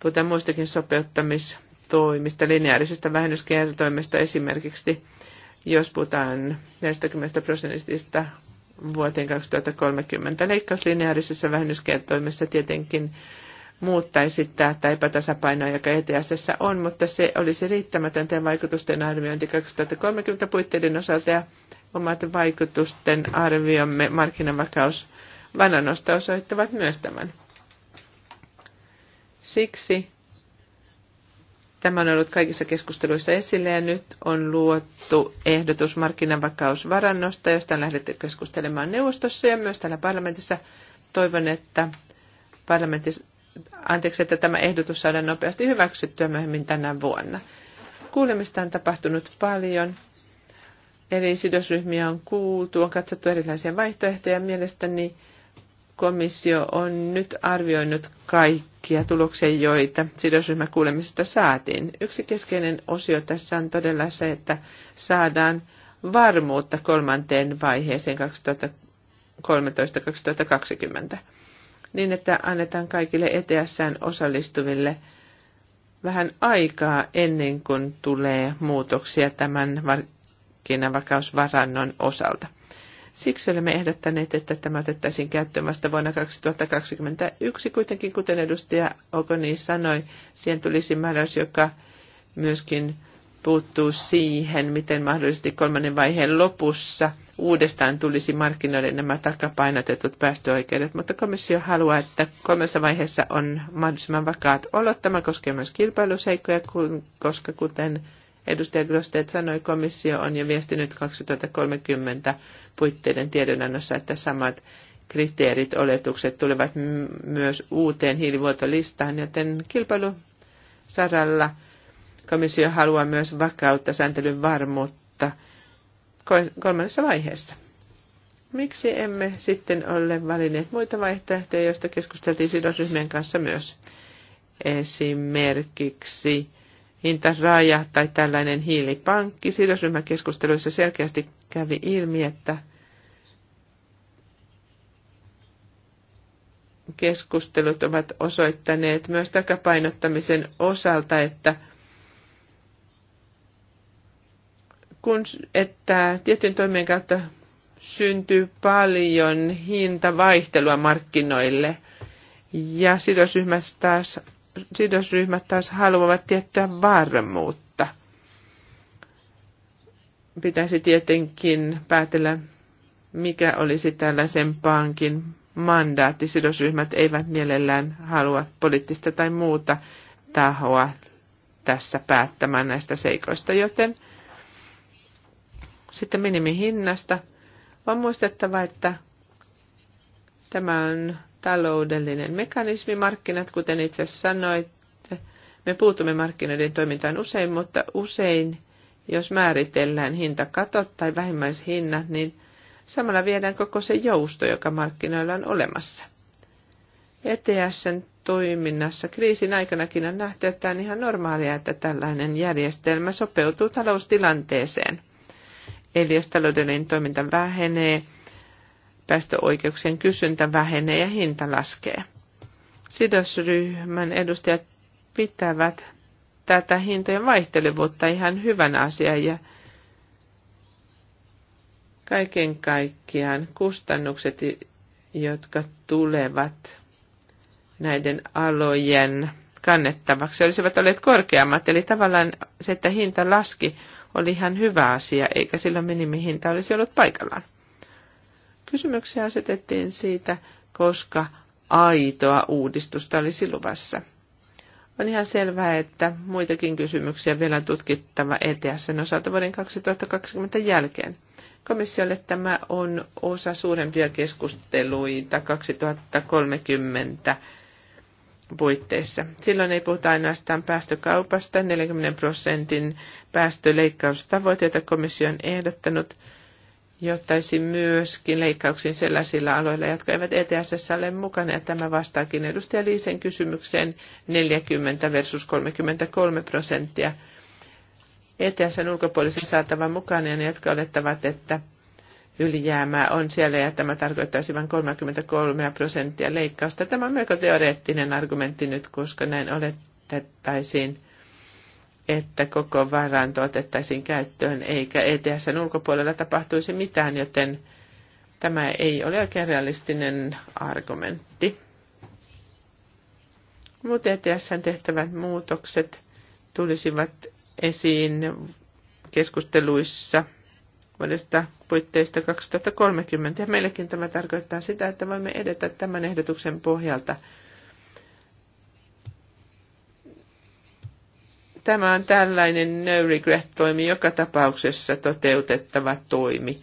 puhutaan muistakin sopeuttamistoimista, lineaarisesta vähennyskertoimesta esimerkiksi, jos puhutaan 40 prosentista vuoteen 2030. leikkauslineaarisessa lineaarisessa vähennyskertoimessa tietenkin muuttaisi tätä epätasapainoa, joka ETSssä on, mutta se olisi riittämätöntä vaikutusten arviointi 2030 puitteiden osalta ja omat vaikutusten arviomme markkinavakaus vananosta osoittavat myös tämän. Siksi tämä on ollut kaikissa keskusteluissa esille ja nyt on luotu ehdotus markkinavakausvarannosta, josta on lähdetty keskustelemaan neuvostossa ja myös täällä parlamentissa. Toivon, että parlamentissa anteeksi, että tämä ehdotus saadaan nopeasti hyväksyttyä myöhemmin tänä vuonna. Kuulemista on tapahtunut paljon. Eli sidosryhmiä on kuultu, on katsottu erilaisia vaihtoehtoja. Mielestäni komissio on nyt arvioinut kaikkia tuloksia, joita sidosryhmäkuulemisesta saatiin. Yksi keskeinen osio tässä on todella se, että saadaan varmuutta kolmanteen vaiheeseen 2013-2020 niin, että annetaan kaikille eteässään osallistuville vähän aikaa ennen kuin tulee muutoksia tämän markkinavakausvarannon osalta. Siksi olemme ehdottaneet, että tämä otettaisiin käyttöön vasta vuonna 2021. Kuitenkin, kuten edustaja Okoni sanoi, siihen tulisi määräys, joka myöskin puuttuu siihen, miten mahdollisesti kolmannen vaiheen lopussa – uudestaan tulisi markkinoille nämä takapainotetut päästöoikeudet, mutta komissio haluaa, että kolmessa vaiheessa on mahdollisimman vakaat olot. Tämä koskee myös kilpailuseikkoja, koska kuten edustaja Grosteet sanoi, komissio on jo viestinyt 2030 puitteiden tiedonannossa, että samat kriteerit, oletukset tulevat myös uuteen hiilivuotolistaan, joten kilpailusaralla komissio haluaa myös vakautta, sääntelyn varmuutta – kolmannessa vaiheessa. Miksi emme sitten ole valinneet muita vaihtoehtoja, joista keskusteltiin sidosryhmien kanssa myös? Esimerkiksi hintaraja tai tällainen hiilipankki. Sidosryhmäkeskusteluissa selkeästi kävi ilmi, että keskustelut ovat osoittaneet myös takapainottamisen osalta, että – kun, että tiettyjen toimien kautta syntyy paljon hintavaihtelua markkinoille ja sidosryhmät taas, sidosryhmät taas haluavat tiettyä varmuutta. Pitäisi tietenkin päätellä, mikä olisi tällaisen pankin mandaatti. Sidosryhmät eivät mielellään halua poliittista tai muuta tahoa tässä päättämään näistä seikoista, joten – sitten minimihinnasta, On muistettava, että tämä on taloudellinen mekanismi. Markkinat, kuten itse sanoit, me puutumme markkinoiden toimintaan usein, mutta usein, jos määritellään hintakatot tai vähimmäishinnat, niin samalla viedään koko se jousto, joka markkinoilla on olemassa. ETSn toiminnassa kriisin aikanakin on nähty, että on ihan normaalia, että tällainen järjestelmä sopeutuu taloustilanteeseen. Eli jos taloudellinen toiminta vähenee, päästöoikeuksien kysyntä vähenee ja hinta laskee. Sidosryhmän edustajat pitävät tätä hintojen vaihtelevuutta ihan hyvän asian ja kaiken kaikkiaan kustannukset, jotka tulevat näiden alojen kannettavaksi, olisivat olleet korkeammat. Eli tavallaan se, että hinta laski, oli ihan hyvä asia, eikä silloin minimihinta olisi ollut paikallaan. Kysymyksiä asetettiin siitä, koska aitoa uudistusta olisi luvassa. On ihan selvää, että muitakin kysymyksiä vielä on tutkittava ETSn osalta vuoden 2020 jälkeen. Komissiolle tämä on osa suurempia keskusteluita 2030 puitteissa. Silloin ei puhuta ainoastaan päästökaupasta, 40 prosentin päästöleikkaustavoite, komissio on ehdottanut, jottaisi myöskin leikkauksiin sellaisilla aloilla, jotka eivät ETSS ole mukana. Ja tämä vastaakin edustaja Liisen kysymykseen 40 versus 33 prosenttia. ETSn ulkopuolisen saatavan mukana ja ne, jotka olettavat, että ylijäämää on siellä ja tämä tarkoittaisi vain 33 prosenttia leikkausta. Tämä on melko teoreettinen argumentti nyt, koska näin olettaisiin, että koko varanto otettaisiin käyttöön eikä ETSn ulkopuolella tapahtuisi mitään, joten tämä ei ole oikein realistinen argumentti. Mutta ETSn tehtävät muutokset tulisivat esiin keskusteluissa – vuodesta puitteista 2030. Ja meillekin tämä tarkoittaa sitä, että voimme edetä tämän ehdotuksen pohjalta. Tämä on tällainen no regret-toimi, joka tapauksessa toteutettava toimi,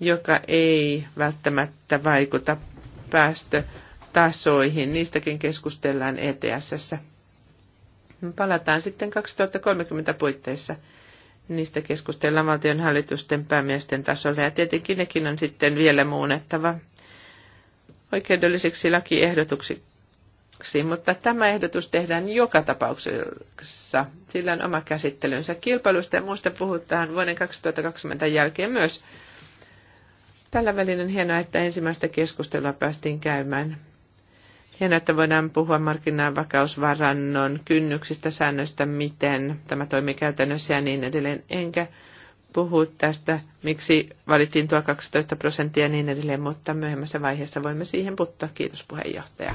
joka ei välttämättä vaikuta päästötasoihin. Niistäkin keskustellaan ETSssä. Palataan sitten 2030 puitteissa Niistä keskustellaan valtion hallitusten päämiesten tasolla ja tietenkin nekin on sitten vielä muunnettava oikeudellisiksi lakiehdotuksiksi, mutta tämä ehdotus tehdään joka tapauksessa. Sillä on oma käsittelynsä. Kilpailusta ja muusta puhutaan vuoden 2020 jälkeen myös. Tällä välin on hienoa, että ensimmäistä keskustelua päästiin käymään Hienoa, että voidaan puhua markkinavakausvarannon kynnyksistä, säännöistä, miten tämä toimii käytännössä ja niin edelleen. Enkä puhu tästä, miksi valittiin tuo 12 prosenttia ja niin edelleen, mutta myöhemmässä vaiheessa voimme siihen puuttua. Kiitos puheenjohtaja.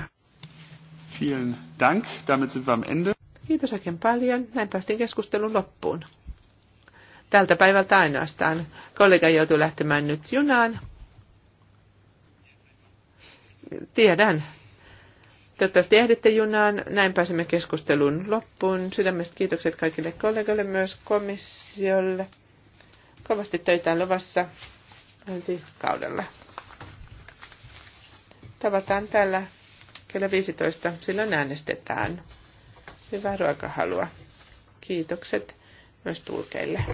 Vielen Dank. Damit sind wir am Ende. Kiitos oikein paljon. Näin päästiin keskustelun loppuun. Tältä päivältä ainoastaan. Kollega joutuu lähtemään nyt junaan. Tiedän, Toivottavasti ehditte junaan. Näin pääsemme keskustelun loppuun. Sydämestä kiitokset kaikille kollegoille, myös komissiolle. Kovasti töitä luvassa ensi kaudella. Tavataan täällä kello 15. Silloin äänestetään. Hyvää ruokahalua. Kiitokset myös tulkeille.